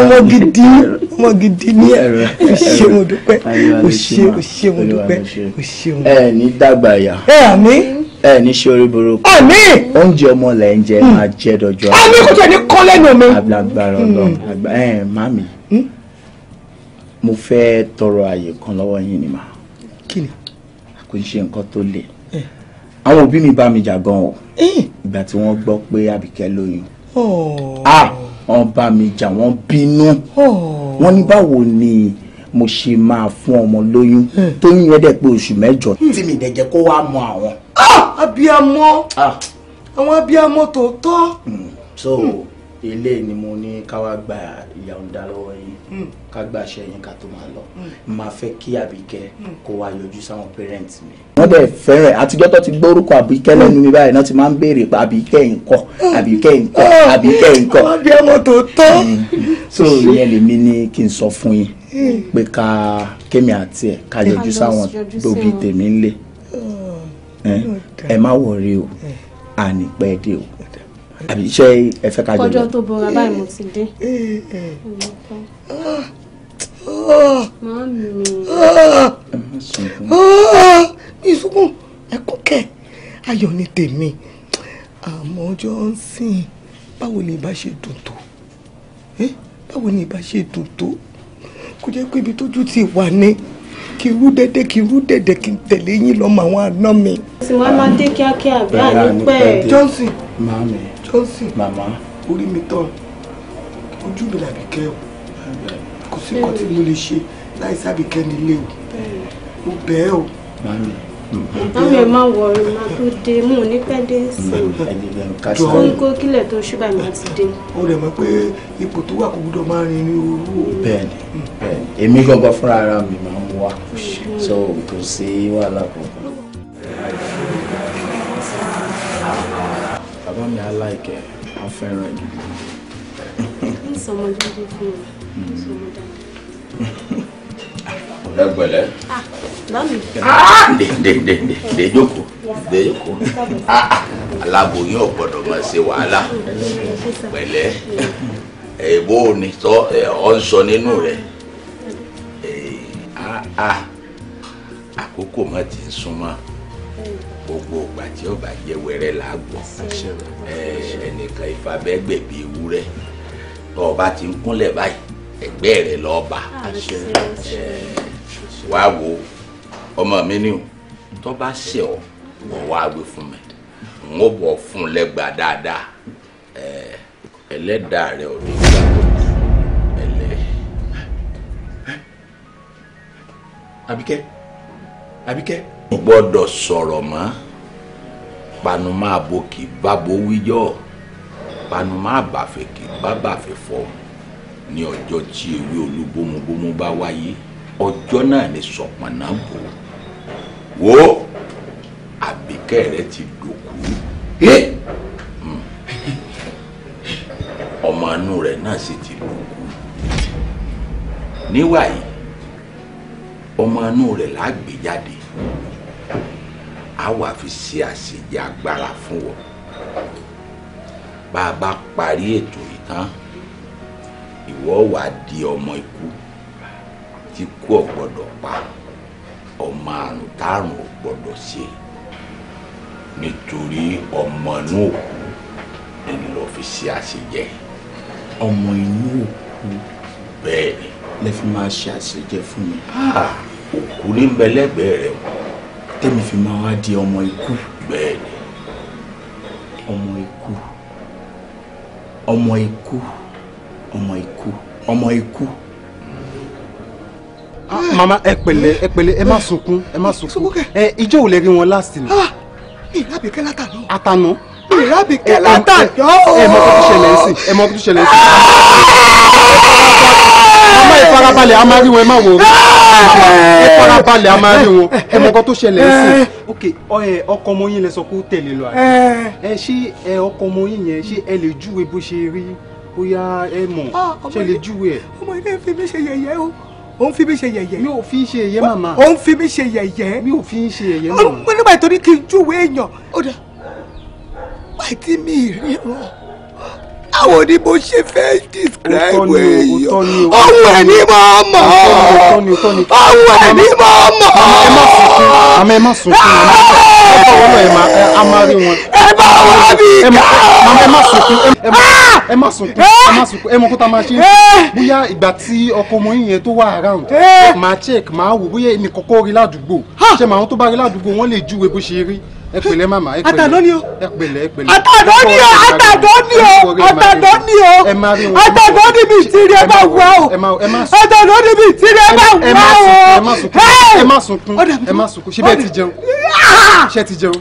ọmọ gidi ọmọ gidi ni ẹ̀ o ṣé mo dúpẹ́ o ṣé o ṣé mo dúpẹ́ o mo. ẹ ní dàgbà yà. ẹ àmín ẹ ní sori burúkú. àmín. oúnjẹ ọmọ lẹ ń jẹ hmm. máa jẹ dọjọ́. àmín kò tẹ̀ ní kọ́ lẹ́nu mi. agbára hmm. Ọlọ́run àgbà ẹ mami hmm. mo fẹ́ tọrọ àyè kan lọ́wọ́ yín ni mà. kí ni. kò ń ṣe nǹkan tó le. Eh. àwọn òbí mi bá mi jà gan o. Eh. ìgbà tí wọ́n gbọ́ pé Àbíkẹ́ lóyún. Oh. wọ́n bá mi jà wọ́n bínú. Oh. wọ́n ní báwo ni mo ṣe máa fún ọmọ lóyún. tóyún yẹn dẹ̀ pé oṣù mẹ́jọ tí mi dẹ̀ jẹ́ kó wá mọ àwọn. Ah! abiyamọ ah! àwọn abiyamọ tòótọ́. Hmm. so hmm. ilé ni mo ní ká wá gba ìyàwó lọ́wọ́ yìí hmm. ká gba àṣẹ yín ká tó máa lọ máa fẹ́ kí àbíkẹ́ kó wá yọjú sáwọn parents mi. wọ́n dẹ̀ fẹ́rẹ̀ àtijọ́ tó ti gbórúkọ àbíkẹ́ lẹ́nu mi báyìí náà ti máa ń béèrè pé àbíkẹ́ ńkọ́ àbíkẹ́ ńkọ́ ah! àbíkẹ́ ńkọ́. àwọn abiyamọ tòótọ́. so ìyẹn lèmi ni kí n sọ fún yín pé ká kémi àti ẹ̀ ká yọjú sáwọn tóbi tèmi ńlẹ̀ ẹ má wọrí o ànípẹ́ dé o àbí ṣé ẹ fẹ́ ká jọ lọ. kọjọ tó bọra báyìí mo ti dé. máa mi. ìsúnkún ẹkún kẹ ayọ̀ ni tèmi àmọ́ ọjọ́ ń sìn báwo ni ìbá ṣe dùn tó báwo ni ìbá ṣe dùn tó kò jẹ́ pé ibi tójú ti wà ní kí irú dédé kí irú dédé kí n tẹ̀lé yín lọ́mọ àwọn àná mi. sì wá máa dé kíákíá àbí ànípẹ́. Johnson màmí Johnson màmá orí mi tán ojú mi làbí kẹ́ o kò sí nǹkan tí mo lè ṣe láì sábì kẹ́ni lé o mo bẹ́ẹ̀ o. màmí àwọn ẹ̀ máa wọ ọ̀rọ̀ máa tó dé mú un ní pẹ́ẹ́dẹ́ sí i kó kó kílẹ̀ tó ṣúgbà mi àti dé. ó lè mọ̀ pé ipò tó wà kò gbúdọ̀ máa rin ní orú o. bẹ́ẹ̀ni bẹ́ẹ̀ni èmi gangan fúnra ara mi máa ń wá so kò sí wàhálà kankan. bàbá mi aláìkẹ́ á fẹ́ràn ẹ̀ gidi. ń sọmọ lórí fún mi ń sọmọ dáadáa ẹ pẹ̀lẹ́. ǹdè ǹdè ǹdè ǹdè jókòó ǹdè jókòó ah, ah, aláboyún ọ̀gbọ́dọ̀ máa ṣe wàhálà pẹ̀lẹ́ èèbó eh, ni tọ́ eh, ọ̀ ń sọ nínú rẹ̀ eh, ah, àkókò má ti ń súnmọ́ gbogbo ìgbà tí ọba jẹ wẹrẹ làágbọ ẹnìkan ìfàbẹgbẹbì ewúrẹ́ ọba ti ń kúnlẹ̀ báyìí ẹgbẹ́ rẹ̀ lọba wàá wò ọmọ mi ni o tó bá ṣe ọ wọ́n wá gbé fún mi n ó bọ̀ fún un lẹ́gbàá dáadáa ẹlẹ́dàá rẹ ò ní gbà tó ẹlẹ́. Àbíkẹ́ Àbíkẹ́. mo gbọ́dọ̀ sọ̀rọ̀ mọ́ panu máa bo kì í bá bo wíjọ́ panu máa ní ọjọ́ tí ewé olúbómúbómú bá wáyé ọjọ́ náà ni sọ̀pọ̀nà bò wò ó àbíkẹ́ rẹ ti dòkú hmm. ọmọ inú rẹ náà sì ti dòkú níwà yìí ọmọ inú rẹ lágbè jáde a wà fi ṣe àṣejì agbára fún wọn bá a bá parí ètò yìí tán ìwọ wà di ọmọ ikú tí kú ò gbọ́dọ̀ pa ọmọ àrùn tárùn ò ṣe nítorí ọmọ inú òkú ẹni lọ fi ṣe àṣejẹ. ọmọ inú òkú. bẹ́ẹ̀ ni. lè fi máa ṣe àṣejẹ fún mi. òkú ní mẹlẹgbẹẹ rẹ o. tẹ́mi fi máa wá di ọmọ ikú. bẹ́ẹ̀ ni. ọmọ ikú ọmọ ikú ọmọ ikú ọmọ ikú. Ah, mama ẹ pẹ̀lẹ́ ẹ pẹ̀lẹ́ ẹ má eh, sunkún ẹ má sunkún ẹ ìjọ ò lè rí wọn last ni. Ah, mi ìlà bèkẹ́ látà náà. àtànà. mi ìlà bèkẹ́ eh, eh, ẹ mọ kó tó ṣẹlẹ̀ ẹ̀sìn ẹ mọ kó tó ṣẹlẹ̀ ẹ̀sìn. mama ẹ farabalẹ̀ a máa rí wọn ẹ má wò ó. ẹ farabalẹ̀ a máa rí wọn ẹ mọ kó tó ṣẹlẹ̀ ẹ̀sìn. ok ọkọ ọmọ yín lẹ sọ pé ó tẹ̀lé lọ àná. ẹ ṣé ọkọ ọmọ yín yẹn ṣé ẹ lè júwe bó ṣe rí bóyá ẹ mọ̀ ah, ṣe lè júwe ẹ. ọmọ ilé fi mi ṣe yẹ̀yẹ́ o ó ń fi mí ṣe yẹ̀yẹ́. mi ò fi ṣe yẹ̀yẹ́ màmá. ó ń fi mí ṣe yẹ̀yẹ́. mi ò fi ṣe yẹ̀yẹ́ màmá. ó ń pẹ́ nígbà tó ní kí n júwèé èèyàn. ó dà bàtí mi ì ríran báwo ni mo ṣe fẹ́ describe èèyàn ọ̀hún ẹ̀ ní máa mọ̀ ọ̀hún ẹ̀ ní máa mọ̀. àmọ́ ẹ má sùn fún mi ẹ bá wọn ẹ a máa rí wọn. ẹ bá wọn mi ká. màmá ẹ má sùn fún ẹ má sùn fún ẹ má sùn fún ẹ mọ kó tá a máa ṣe é bóyá ìgbà tí ọkọ ọmọ yìí yẹn tó wà around máa check máa wò bóyá èmi kọ́kọ́ rí ládùúgbò ṣé màá tó bá rí ládùúgbò wọ́n lè júwe bó ṣe rí ẹ pẹ̀lẹ́ màmá ẹ ni o ẹ pẹ̀lẹ́ ẹ ni o àtàdọ́ ni o àtàdọ́ ni o àtàdọ́ ni mi ti ẹ bá wá o àtàdọ́ ni mi ti ẹ bá wá o ẹ má sunkún ẹ má sunkún ṣé bẹ́ẹ̀ ti jẹun ṣé ti jẹun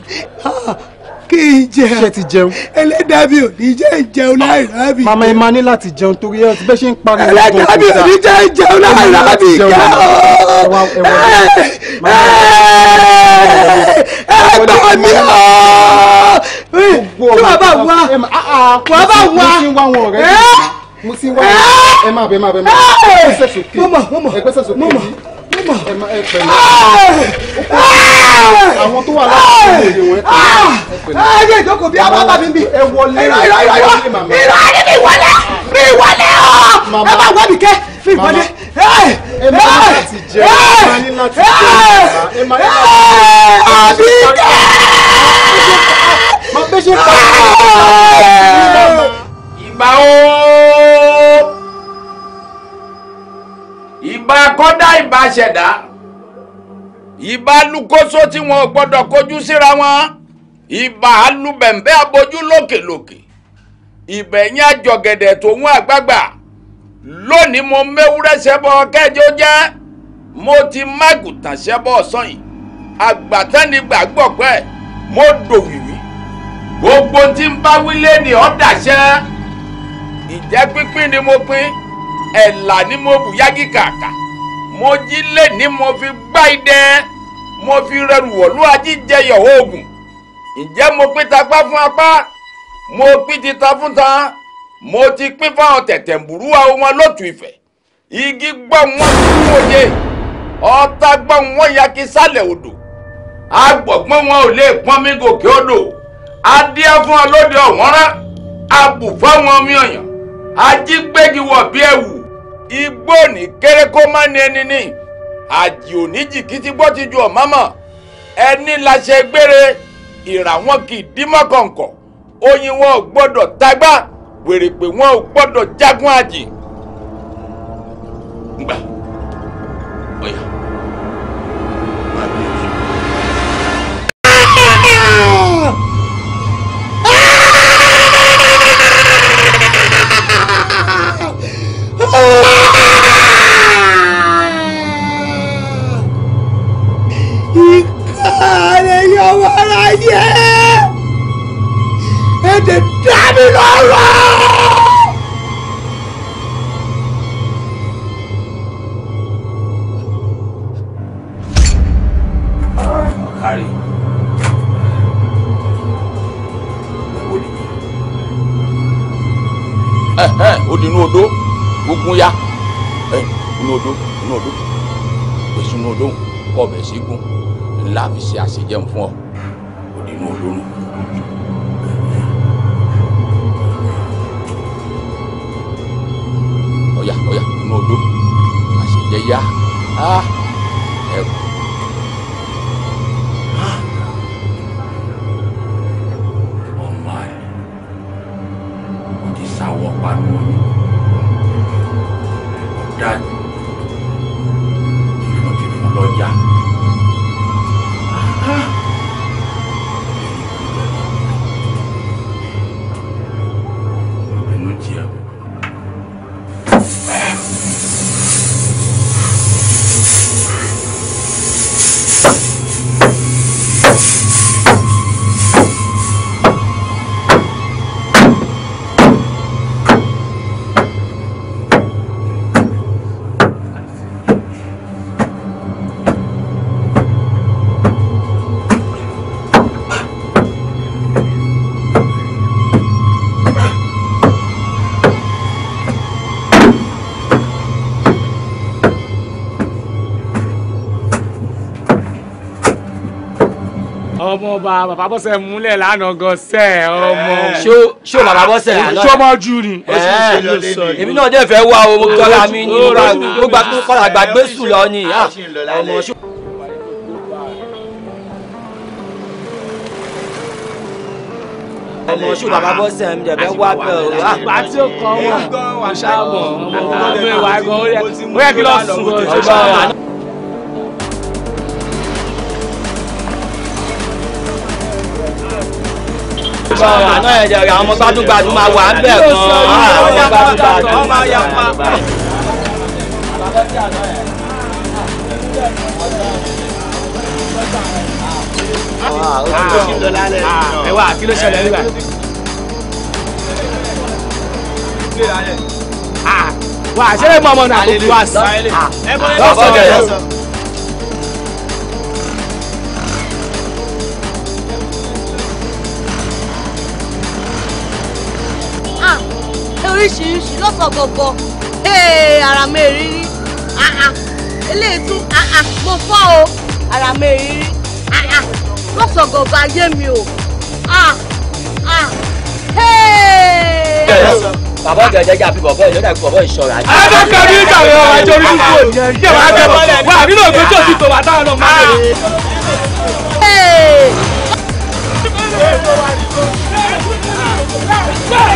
kí n jẹun. ṣé ti jẹun. ẹlẹ́dàá mi ò ní jẹ́ ìjẹun láìra mi. màmá ẹ máa ní láti jẹun torí ẹ bẹ́ẹ̀ ṣe ń pariwo. ẹlẹ́dàá mi ò ní jẹ́ ìjẹun láìra mi ìgbà ooo. ẹgbẹ́ mi ooo. tí ah, ah. wàá bá wá wàá bá wá mo ti wá ẹ má bẹ má bẹ má bẹ ẹgbẹ́ sọ̀sọ̀ kejì ẹgbẹ́ sọ̀sọ̀ kejì ẹ má ẹ pẹ̀lú àwọn tó wà láti ṣe ìwé wọn pè mí. ẹ ẹ ìjókòó bí a bá bá mi bì. ẹ wọlé ẹ irọ́ irọ́ irọ́ irọ́ ni mi wọlé mi wọlé o ẹ bá wọ mi kẹ mi wọlé. ẹ má ní láti jẹ ẹ má ní láti jẹ ẹ má ní láti jẹ. àbí kẹ́. má bẹ́ ṣe pa ìgbà o ìbá kọ́dá ìbá ṣẹ̀dá ìbá lukoso tí wọn ò gbọ́dọ̀ kojú síra wọn ìbà alubẹ̀m̀bẹ́ abojú lókèlókè ìbẹ̀yìn àjọgẹ̀dẹ̀ tòun àgbàgbà lónìí mo méwúrẹ́ ṣẹbọ kẹjọ jẹ́ mo ti mágùtàn ṣẹbọ ọ̀sán yìí àgbàtánìgbà gbọ̀pẹ́ mo dòwìwì gbogbo tí ń bá wílé ni ọ́ dàṣẹ́ ìjẹ́ pínpín ni mo pín ẹ̀là ni mo bù yági kàkà mo jí lé ní mo fi gbá idẹ mo fi rẹrù wọ̀lú ajíjẹyọ̀ oògùn ǹjẹ́ mo pín tapá fún apá mo pín tita fún ta mo ti pín fáwọn tẹ̀tẹ̀ burú àwọn wọn lótú ìfẹ́ igi gbọ́ wọn kú òye ọ̀tá gbọ́ wọn ya kí sálẹ̀ odò agbọ̀gbọ́n wọn ò lè pọ́n mi gòkè odò adíẹ fún ọ lóde ọ̀wọ́n rán abù fáwọn ọmọ ọ̀yàn ajígbégi wọ̀ bí ẹ̀wù igbó ní kéré kó má ní ẹni ní àjì òní jìkìtì gbọ́ ti ju ọ̀ mámọ̀ ẹni la ṣe gbére ìrà wọn kì í dímọ́ kọ̀ǹkọ̀ oyin wọn ò gbọ́dọ̀ tagbá wèrèpè wọn ò gbọ́dọ̀ jagun àjì. Oh! ayé èdè dá mi lọ́rọ̀. ó di inú odó ogun ya inú odó inú odó pèsè inú odó kọ bẹ̀ sí gun ńlá fi ṣe àṣejẹun fún ọ. muhrum. Oh ya, oh ya, nuduh masih jaya. Ah, eh. ọmọ bá bàbá bọ́sẹ̀ múlẹ̀ lánàá gan sẹ́ ọmọ. Eh. ṣó bàbá bọ́sẹ̀ àná. ṣọmọ jù ni. Eh. èmi náà dẹ̀ fẹ́ wá o tọ́lá mi ní mo gbà tó kọ́ra gbàgbé sùn lọ ni. Ah, ọmọ ṣù bàbá bọ́sẹ̀ mi dẹ̀ wá bẹ̀ o. Ah. àgbà tí ó kọ́ wọn ṣáà mọ̀ ọmọ ọmọ ẹ̀wà gan ó yẹ kí lọ́ọ́ sùn. sọ àná ẹ̀jẹ̀ àwọn ọmọ gbádùgbàdù máa wà bẹ̀ gan-an àwọn ọmọ gbádùgbàdù. ẹ wá kí ló ṣẹlẹ̀ nígbà. wà á ṣe é mọ́ náà kó tu wá sí. ẹ bọ́ ẹ lọ sọ. lóríṣiríṣi lọ́sọ̀ gbọ̀gbọ̀ ara mi ah, ah. eléyìí tún ah, mo fọ́ o ara mi lọ́sọ̀ gbọ̀gbọ̀ ayé mi o. bàbá ọ̀gá ọ̀jẹ̀ àfi bọ̀bọ̀ yìí lọ́dà bọ̀bọ̀ ìṣọ̀ra. abẹ́kẹ́ mi gbà wọ àjọ orí fífò yẹ wàá bẹ̀ bọ̀ wà nínú ògbójú òsì tó wà táwọn náà máa lè.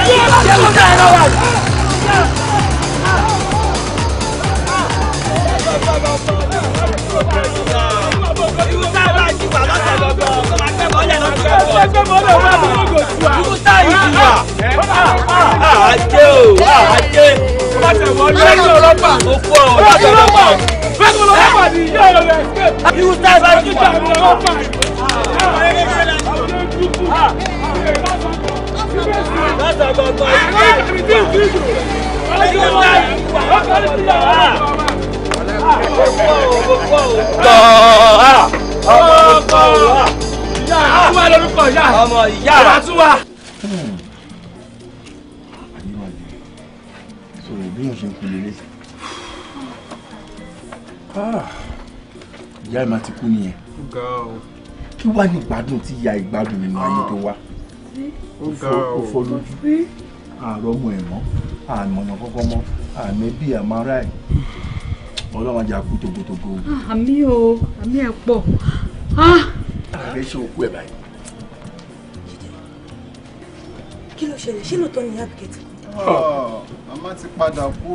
Ṣé o dáná wà? irú táyì ti wà àjẹ o àjẹ lẹ́yìn ọlọ́pàá mo fọ ọ lọ́dọ̀ ọlọ́pàá lẹ́yìn ọlọ́pàá ni yóò rẹ̀ ṣe irú táyì ti wà. Láti àgbàgbà yìí wá. Lẹ́yìn táyì ti wà. Lọ́kàn ti yà wá ọmọ ọkọ wa ìyá àtúwà lórúkọ ìyá ọmọ ìyá àtúwà. sọ̀rọ̀ bí wọ́n ṣe ń kú lélẹ̀. ìyá ẹ̀ máa ti kú nìyẹn. kí wàá ní ìgbádùn tí ìyá ìgbádùn nínú ayé tó wá. ó fọ́ lójú àrọ́mọ ẹ̀ mọ́ àmọ̀nà kọ́kọ́ mọ́ àmì bíi àmàrà ẹ̀ ọlọ́run ajá kú togotogo. àmì o àmì ẹ̀ pọ̀. Ah! ẹgbẹ́ ṣe òkú ẹ̀ báyìí. kí ló ṣẹlẹ̀ ṣé lóòótọ́ ni advocate. Ah. Ah, màmá ti padà kú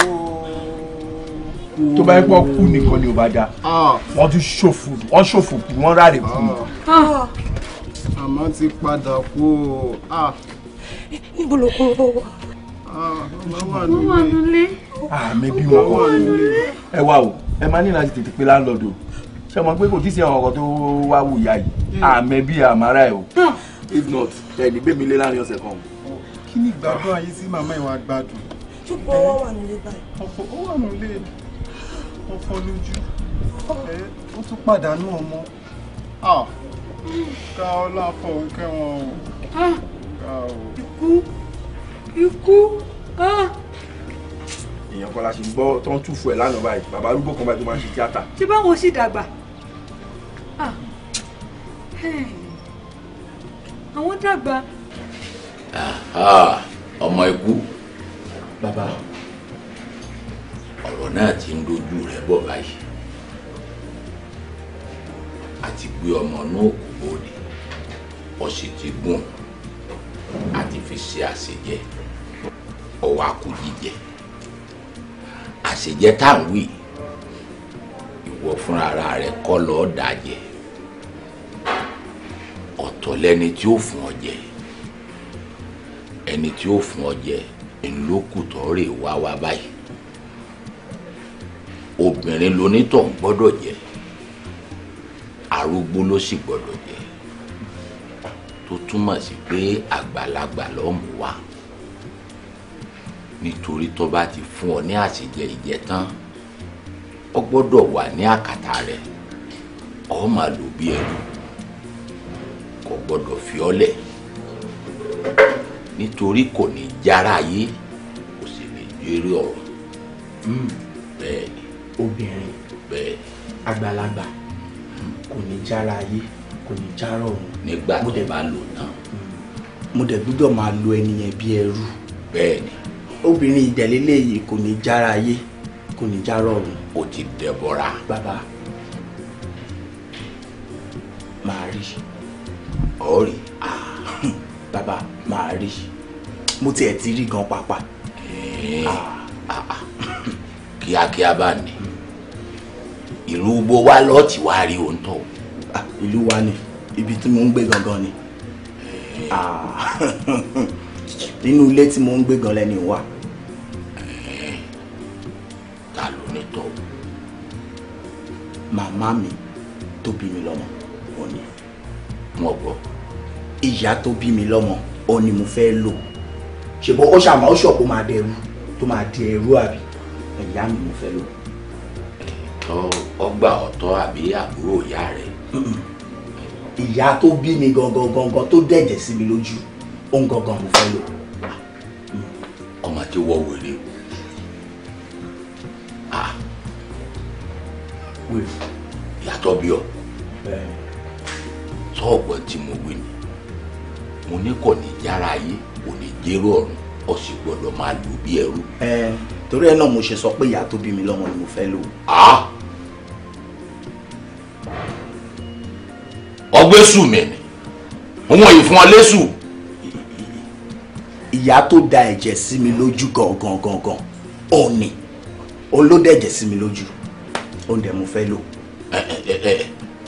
tó bá yẹ kó kú nìkan ni ò bá da ah. wọ́n tún ṣòfò wọ́n ṣòfò kú wọ́n ráre kú. màmá ti padà kú o. níbo ló kó o wà. wọ́n wà nílé. àmì bí wọ́n kọ́ ẹ wá o ẹ máa ní láti tètè pé láńlọ́ọ̀dù ṣé mo pé kò tí ì ṣe ọ̀rọ̀ tó wá wù yá yìí. Hmm. àmẹ́bí àmàrà ẹ̀ o hmm. if not ẹ̀ẹ́dì gbé mi lé láàrin ọ̀sẹ̀ kan. kí ni ìgbàgbọ́ ayé sí màmá ìwà gbádùn. túbọ̀ ó wà nílé báyìí. ọ̀pọ̀ ó wà nílé ọkọ lójú ó tún pàdánù ọmọ ká ọlá fọwọ́ kẹwọn o. ikú ah. èèyàn kan la ṣe ń gbọ́ tó ń túfò ẹ̀ lánàá báyìí bàbá arúgbó kan báyìí tó máa ń ṣe tíátà. ṣé báwo sì dàgbà? àwọn dàgbà. ọmọ ikú bàbá ọ̀rọ̀ náà ti ń dojú rẹ̀ bọ̀ báyìí àti gbé ọmọ náà kò bóde ọ̀sẹ̀ ti gùn àti fi ṣe àṣejẹ ọwọ́ akú jíjẹ àṣejẹ tá à ń wí ìwọ fúnra rẹ kọ́ lọ́ọ́ dàjẹ́ ọ̀tọ̀ lẹni tí ó fún ọ jẹ ẹni tí ó fún ọ jẹ ńlọkùtọ̀ rè wá wá báyìí obìnrin lonítọ̀ gbọ́dọ̀ jẹ arúgbó ló sì gbọ́dọ̀ jẹ tó túmọ̀ sí pé àgbàlagbà lọ́mù wá nítorí tó bá ti fún ọ ní àṣejẹ ìjẹ tán ọ gbọ́dọ̀ wà ní àkàtà rẹ̀ ọ máa lò bí ẹrú kò gbọdọ̀ fi ọ́ lẹ̀ nítorí kò ní jára ayé kò sì lè jèrè ọ̀run. Hmm. bẹ́ẹ̀ ni. obìnrin bẹ́ẹ̀ ni. àgbàlagbà hmm. kò ní jára ayé kò ní jára ọ̀run. nígbà tó bá lò náà. Hmm. mo dẹ̀ gbúdọ̀ máa lo ẹni yẹn bí ẹrú. bẹ́ẹ̀ ni. obìnrin ìdẹ̀lélẹ̀ yìí kò ní jára ayé kò ní jára ọ̀run. o ti dẹ̀bọ̀ra. bàbá màá rí i ọ̀ọ́rì bàbá máa rí mo tiẹ̀ ti rí gan pápá. Eh. Ah, ah, ah. kíákíá bá ní ìlú gbogbo wa lọ́ọ̀tì wá rí òun tọ̀. ìlú wa ni ibi tí mo ń gbé gangan ni eh. nínú ilé tí mo ń gbé gan lẹ́ni wà. Eh. ta ló ní tọ́. màmá mi tó bí mi lọ́mọ wọn gbọ́ ìyá tó bí mi lọ́mọ ọ ni mo fẹ́ lò ṣùgbọ́n ó ṣàmà ó ṣọ̀pọ̀ máa dẹrú tó máa di ẹrú àbí ìyá mi mo fẹ́ lò. ẹ̀tọ́ ọgbà ọ̀tọ̀ àbí àbúrò ìyá rẹ̀. ìyá tó bí mi gangan gangan tó dẹ̀jẹ̀ sí mi lójú òun gangan mo fẹ́ lò. ọmọ tí wọ́n wèrè o ah. wèrè ìyá tó bí ọ. bẹ́ẹ̀ sọ́ọ̀gbọ́n tí mo wí ni mo ní kò ní yára ayé kò ní jẹ́rú ọ̀run ó sì gbọ́dọ̀ máa lò bí ẹrú. ẹ torí ẹ náà mo ṣe sọ pé ìyá tó bí mi lọ́mọ ni mo fẹ́ lò. ọgbẹ́sù mi ni òun yìí fún ọ lẹ́sù. ìyá tó da ẹ̀jẹ̀ sí mi lójú gangan gangan òun ni òun ẹ̀jẹ̀ sí mi lójú òun dẹ̀ mo fẹ́ lò.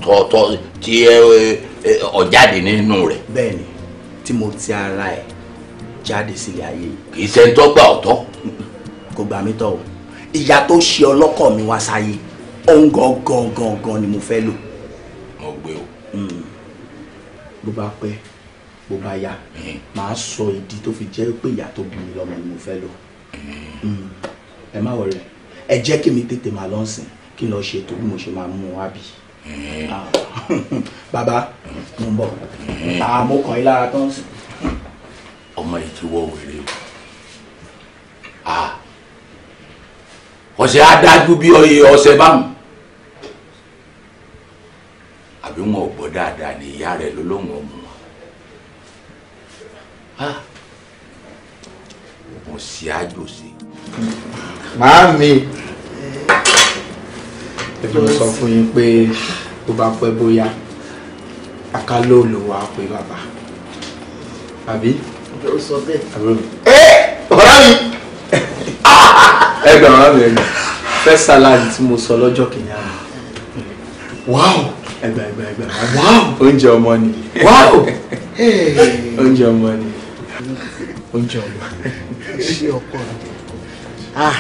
tọ́ tọ́ tí ẹ ọ̀jáde nínú rẹ̀. bẹ́ẹ̀ni tí mo ti ara ẹ jáde sílẹ̀ ayé kì í ṣe ń tọ́gbà ọ̀tọ̀. kò gbà mí tọ̀ o ìyá tó ṣe ọlọ́kọ̀ mi wá sáyé òun gangan gangan ni mo fẹ́ lò. mo gbé o. Hmm. bó bá pẹ́ bó bá yá hmm. màá sọ ìdí tó fi jẹ́ pé ìyá tó bí mi lọ́mọ ni mo fẹ́ lò. Hmm. ẹ má wọrẹ ẹ jẹ́ kí mi tètè máa lọ́sìn kí n lọ ṣètò bí mo ṣe máa mú un bí Ah. bàbá mo ń bọ̀ àmọ́ ah, kàn yín lára tán sí. ọmọ yìí ti wọ wèrè o ah. ọ̀sẹ̀ adájú bí ọyẹ ọ̀sẹ̀ báwọn àbí wọn ò gbọ́ dáadáa ní ìyá rẹ̀ ló ọmọ wọn mo ṣe àjò sí. màámi ebi mo sọ fún yín pé bó bá pẹ́ bóyá akálò ló wà pé bàbá àbí. ó sọ bẹ́ẹ̀. àbúrò mi. ẹ ọ̀rá mi ẹgbẹ́ ọ̀rá mi ẹgbẹ́ first salad tí mo sọ lọ́jọ́ kìíní àná. wáò ẹgbẹ́ ẹgbẹ́ ẹgbẹ́ wáò oúnjẹ ọmọ ni wáò oúnjẹ ọmọ ni oúnjẹ ọmọ. ṣé ọkọ rẹ ah,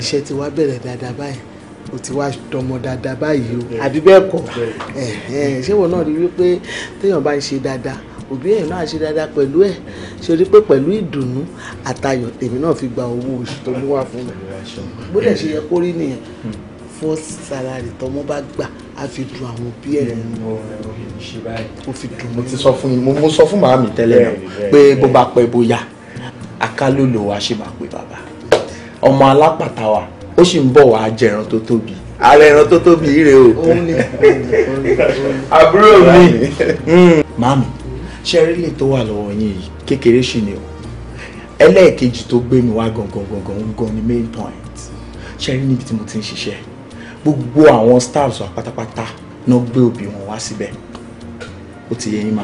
iṣẹ́ ti wá bẹ̀rẹ̀ dáadáa báyìí o ti wá tọmọ dáadáa báyìí o àbí bẹ́ẹ̀ kọ́ ṣé wọn náà rí wípé téèyàn bá ń ṣe dáadáa òbí èèyàn náà ṣe dáadáa pẹ̀lú ẹ̀ ṣe rí pé pẹ̀lú ìdùnnú àtayọ̀ tèmi náà fi gba owó oṣù tó mú wá fún mi bó dẹ̀ ṣe yẹ kó rí nìyẹn first salary tọmọ bá gbà á fi dùn àwọn òbí ẹ̀ ó fi dùn mí. mo ti sọ fún yín mo sọ fún màámi tẹ́lẹ̀ náà pé bó bá pẹ́ bóyá akálòlò wa ṣe máa pè bàbá ọmọ alápàtà ó sì ń bọ̀ wá jẹ ẹran tó tóbi ara ẹran tó tóbi ire o àbúrò mi. Hmm. màmí ṣe rí lè tó wà lọ́wọ́ yín yìí kékeré sì ni o ẹlẹ́ẹ̀kejì tó gbé mi wá gangan gangan gan ni main point ṣe rí níbi tí mo ti ń ṣiṣẹ́ gbogbo àwọn stars wa pátápátá náà gbé òbí wọn wá síbẹ̀ ó ti yẹ yín ma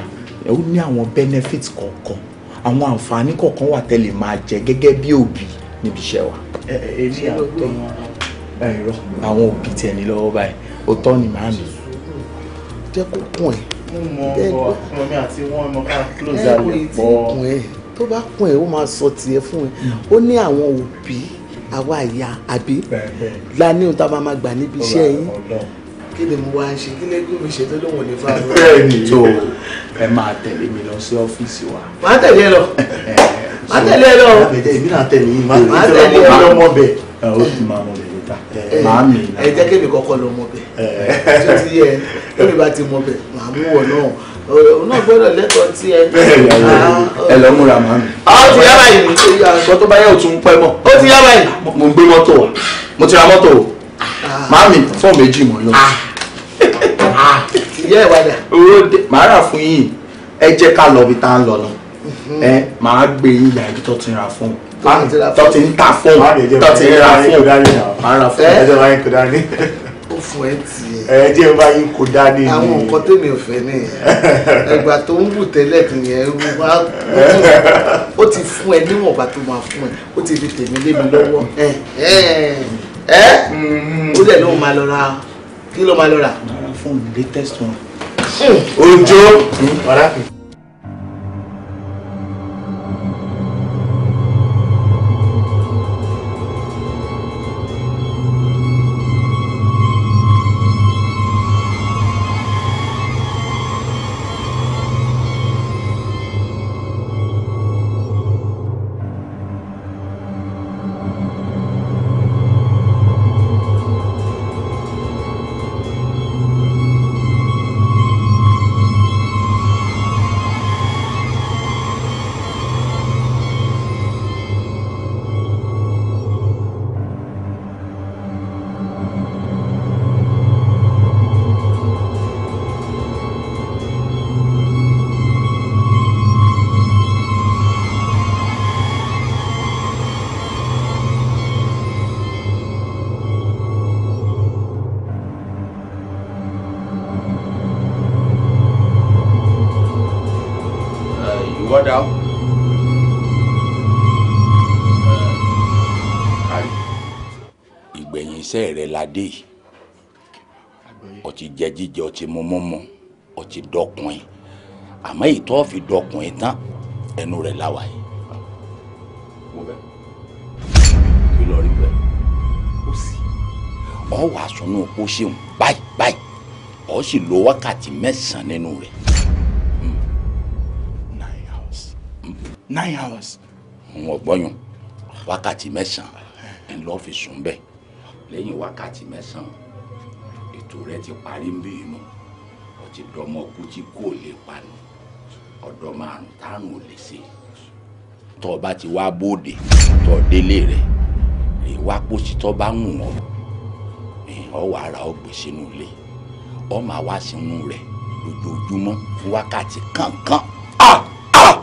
ó ní àwọn benefits kọ̀ọ̀kan àwọn àǹfààní kọ̀ọ̀kan wà tẹ́lẹ̀ máa jẹ gẹ́gẹ́ bí òbí níbi iṣẹ́ wa. èyí àtọ ẹ̀rọ àwọn òbí tiẹ̀ ní lọ́wọ́ báyìí òótọ́ ni màá mi jẹ́ kó kún ẹ̀. mo mọ ọmọ mi àti wọn ọmọ ká close àlẹ pọ. tó bá kún ẹ ó máa sọ tiẹ̀ fún ẹ ó ní àwọn òbí àwa àyà àbí la ohun tá a máa gbà níbi iṣẹ́ yín kí ni mo wá ń ṣe kí lẹ́gbẹ́ mi ṣe tó lóun ò ní fa. bẹ́ẹ̀ ni tó ẹ máa tẹ̀lé mi lọ sí ọ́fíìsì wa. máa tẹ̀lé lọ. máa tẹ̀lé ẹ lọ. èmi náà tẹ̀lé yín máa tẹ̀lé ẹ lọ mọ́ bẹ̀. ó sì máa mọ bẹ̀ níta máa mi. ẹ jẹ́ kébi kọ́kọ́ lọ mọ́ bẹ̀ tó ti yẹ kébi bá ti mọ́ bẹ̀ máa mú wọ̀ náà òun náà gbọ́dọ̀ lẹ́kọ̀ọ́ tí ẹ. ẹ lọ múra màá mi. ó ti yá báyìí àgbọ̀ tó bá yẹ òtún pẹ́ mọ́. ó ti yá báyìí. mo ń gbé mọ́tò wa mo ti ra mọ́tò o ah. màá mi fọ́ méjì mọ́ lọ. Ah. Ah. ìyá ìwádà. màá rà fún yín ẹ jẹ́ ká lọ bí tá a ń lọ náà ẹ máa gbé yín ìyá ibi tó ti ra fóun tó ti ń ta fóun tó ti ra fóun máa ra fóun. ẹ jẹ́ báyìí kò dání. ó fún ẹ tì í. ẹ jẹ́ báyìí kò dání. àwọn nǹkan tèmi ò fẹ́ nìyẹn ẹgbà tó ń bù tẹ́lẹ̀ nìyẹn ó ti fún ẹ níwọ̀nba tó máa fún ẹ ó ti di tèmi lé mi lọ́wọ́ ẹ ẹ ó dẹ̀ ló máa lọ ra kí ló máa lọ rà. fóun latest one. ojo ọ̀rá hmm? mi. dé yìí ọtí jẹ jíjẹ ọtí mọmọmọ ọtí dọkùnrin àmọ́ ìtọ́ fi dọkùnrin tán ẹnu rẹ̀ láwa yìí. kí lọ rí bẹ́ẹ̀ ó sì ọ wà sọnù kó ṣeun báyìí báyìí ọ sì lo wákàtí mẹ́sàn-án nínú rẹ̀. Hmm. nine hours. nine hours. ọgbọ́n yun wákàtí mẹ́sàn-án ẹ̀ ń lọ́ọ́ fi sùn bẹ́ẹ̀ lẹ́yìn wákàtí mẹ́sàn-án ètò rẹ ti parí ń bí inú ó ti dọmọ kú tí kò lè panu ọ̀dọ́ márùn tárùn ò lè ṣe tọ́ ọ bá ti wá bóde tọ́ ọ délé rẹ̀ rè wá pósí tọ́ bá wù wọ́n ọ wà ra ọ sínú ilé ọ máa wá sínú rẹ̀ lójoojúmọ́ fún wákàtí kankan. Ah! Ah!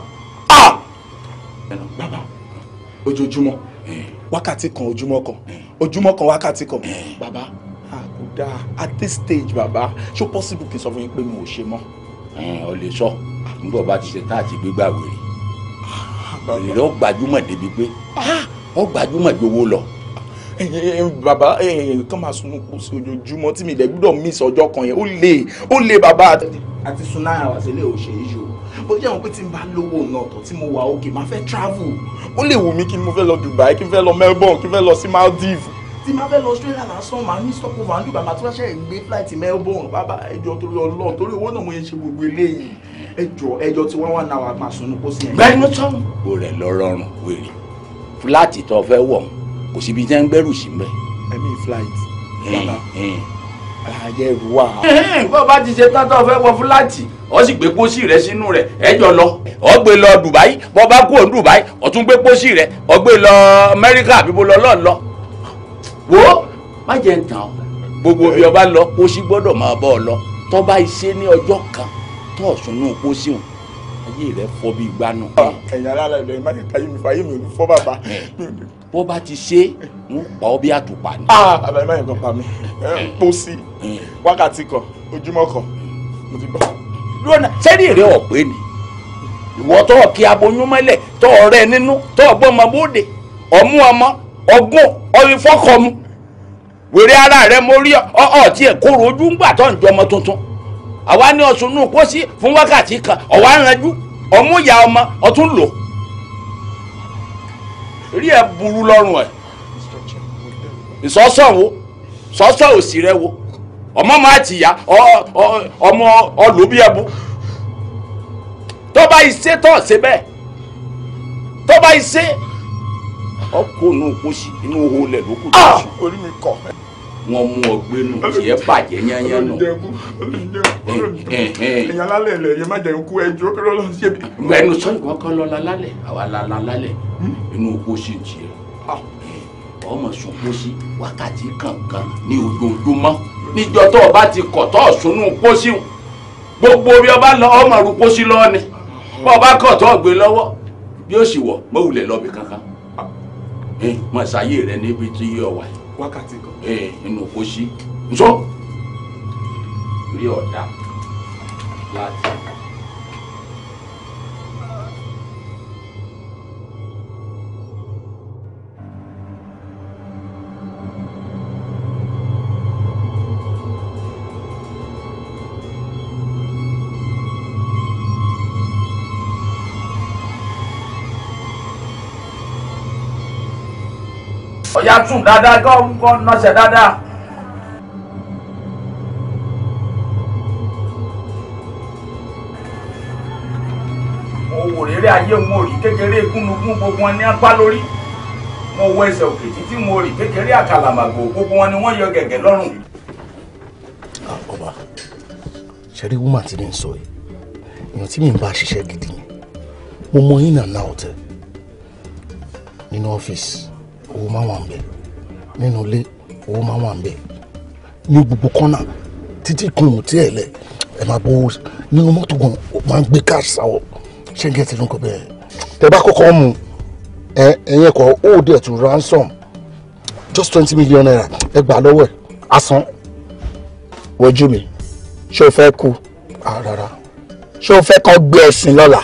Ah! bàbá ojoojúmọ́. Eh wákàtí kan ojúmọ́ kan ojúmọ́ kan wákàtí kan bàbá àkúdà at this stage bàbá ṣó possible kí n sọ fún yín pé mi ò ṣe mọ́. ọ lè sọ nígbà bá ti ṣe tá àti gbégbà wèrè ah, wèrè lọ gbajúmọ̀ débi pé ọ ah! gbajúmọ̀ gbowó lọ eh, eh, eh, bàbá kàn máa sun kó sí ojoojúmọ́ tí mi lè gbọ́dọ̀ miss ọjọ́ kan yẹn ó lè ó lè bàbá. àti sun náírà wà sílé ò ṣe é ṣe o ó jẹ́ àwọn pé tí n bá lówó ọ̀nà ọ̀tọ̀ tí mo wà òkè máa fẹ́ travel ó lè wù mí kí n mo fẹ́ lọ Dubai kí n fẹ́ lọ Melbourne kí n fẹ́ lọ sí Maldives tí máa fẹ́ lọ Australia lásán máa ní stopover ní ìbámu àtúnṣe ìgbé flight Melbourne bàbá ẹjọ torí Ọlọ́run torí owó náà mo yẹn ṣe gbogbo eléyìí ẹjọ ẹjọ tí wọn wà náà wà máa sunú kó sí ẹ. gbẹ́nu tán. o rẹ̀ lọ wèrè fúláàtì tó fẹ́ wọ̀ kò síbi jẹ́ ń gbẹ́rù sí mẹ́. ẹ̀mí flight ààyè wà. bó bá ti ṣe tán tó fẹ́ wọ fúláàtì ó sì gbé pósí rẹ sínú rẹ ẹjọ lọ ọ gbé lọ Dubai bó bá kúrò Dubai ó tún gbé pósí rẹ ọ gbé lọ Amẹ́ríkà àbí bó lọ lọ́ọ̀ lọ. wo má jẹ́ ń tàn ọ́ gbogbo bí ọba lọ pósí gbọ́dọ̀ máa bọ́ ọ lọ tọ́ bá iṣẹ́ ní ọjọ́ kan tó ọ̀sùn náà pósí òun ayé rẹ fọ́ bí igbá nù. ẹ̀yin alára ẹ̀rọ ìmáyé káyé mi fàyè mi ò ní fọ́ bàbá. bó bá ti ṣe ń pa ọ́ bí àtùpà ni. Ah, àbá ìmáyé kan pa mi pósí wákàtí kan ojúmọ́ kan mo ti gbọ́. lónà sẹ́rí èrè ọ̀pẹ ni ìwọ tó kí aboyún mọ́lẹ̀ tó ọ̀rẹ́ nínú tó ọgbọ́n ọmọ bóde ọmú ọmọ ọgbọ́n ọyìn fọ́kọ̀ mu wèrè ara rẹ mo rí ọ ọ tí kóró ojú ń gbà tó ń jọmọ tuntun àwa ní ọ̀sùn nù pósí fún wákàtí kan ọ̀wá ranjú ọmú ìyá ọmọ ọtún lò rí ẹ burú lọ́rùn ẹ̀ ìsọ́sọ́ wo sọ́sọ́ òsì rẹ wo ọmọ máa ti yá ọmọ ọlùbí ẹbu tó bá ìṣe tó ṣe bẹ́ẹ̀ tó ìṣe ọkọ̀ nù pósí inú òhò lẹ̀ lókùtù. Ah! orí mi wọ́n mú ọ gbé nù tiẹ̀ bàjẹ́ yányán nù. ẹ̀yin alálẹ̀ ilẹ̀ yẹn má jẹun kú ẹjọ́ kí lọ́lọ́ ṣe bí. ẹnu sọ ìwọ kan lọ́la lálẹ̀ àwa lálá lálẹ̀ hmm? inú oko sì ń tiẹ̀ ọmọ sunkún wákàtí kankan ní ojoojúmọ́ níjọ tó o bá ti kọ̀ tó o sunnú pósí gbogbo bí o bá lọ ọmọ rú pósí lọ́ọ́ ni bọ́ ọ bá kọ̀ tó o gbé lọ́wọ́ bí ó sì wọ̀ mọ́ wulẹ̀ lọ́bì kankan mọ̀ ṣàyè rẹ níbi tí yóò wà. wákàtí kan inú kò sí nsọ rí ọ̀dà láti. ya sùn dáadáa kọ́ kọ́ nọ́ọ̀sẹ̀ dáadáa. mo wò rere ayé mo rí kékeré gúnugún gbogbo wọn ní apá lórí mo wọ ẹsẹ̀ òkè títí mo rí kékeré àkàlàmàgbò gbogbo wọn ni wọ́n yọ gẹ̀gẹ̀ lọ́rùn. Ah, ọba ṣẹ́rí woman ti ní sọ yìí èèyàn tí mi ń bá ṣiṣẹ́ gidi yẹn mo mọ yín náà náà ọ̀tẹ̀ nínú ọ́fíìsì owó máa wà ń bẹ̀ nínú ilé owó máa wà ń bẹ̀ ní gbogbo kọ́nà títí kun ò tí ẹ̀ lẹ̀ ẹ̀ máa bọ́ nínú mọ́tò gan máa ń gbé cash sáwọ̀ ṣé n kẹ́ ti fi nǹkan bẹ́ẹ̀ tẹ bá kọ́kọ́ mu ẹ ẹ̀yẹn kọ́ ó dẹ̀ tún ransom just twenty million naira ẹ gbà lọ́wọ́ ẹ̀ asán. wojú mi ṣé o fẹ́ kú. rárá. ṣé o fẹ́ kán gbé ẹ̀sìn lọ́la.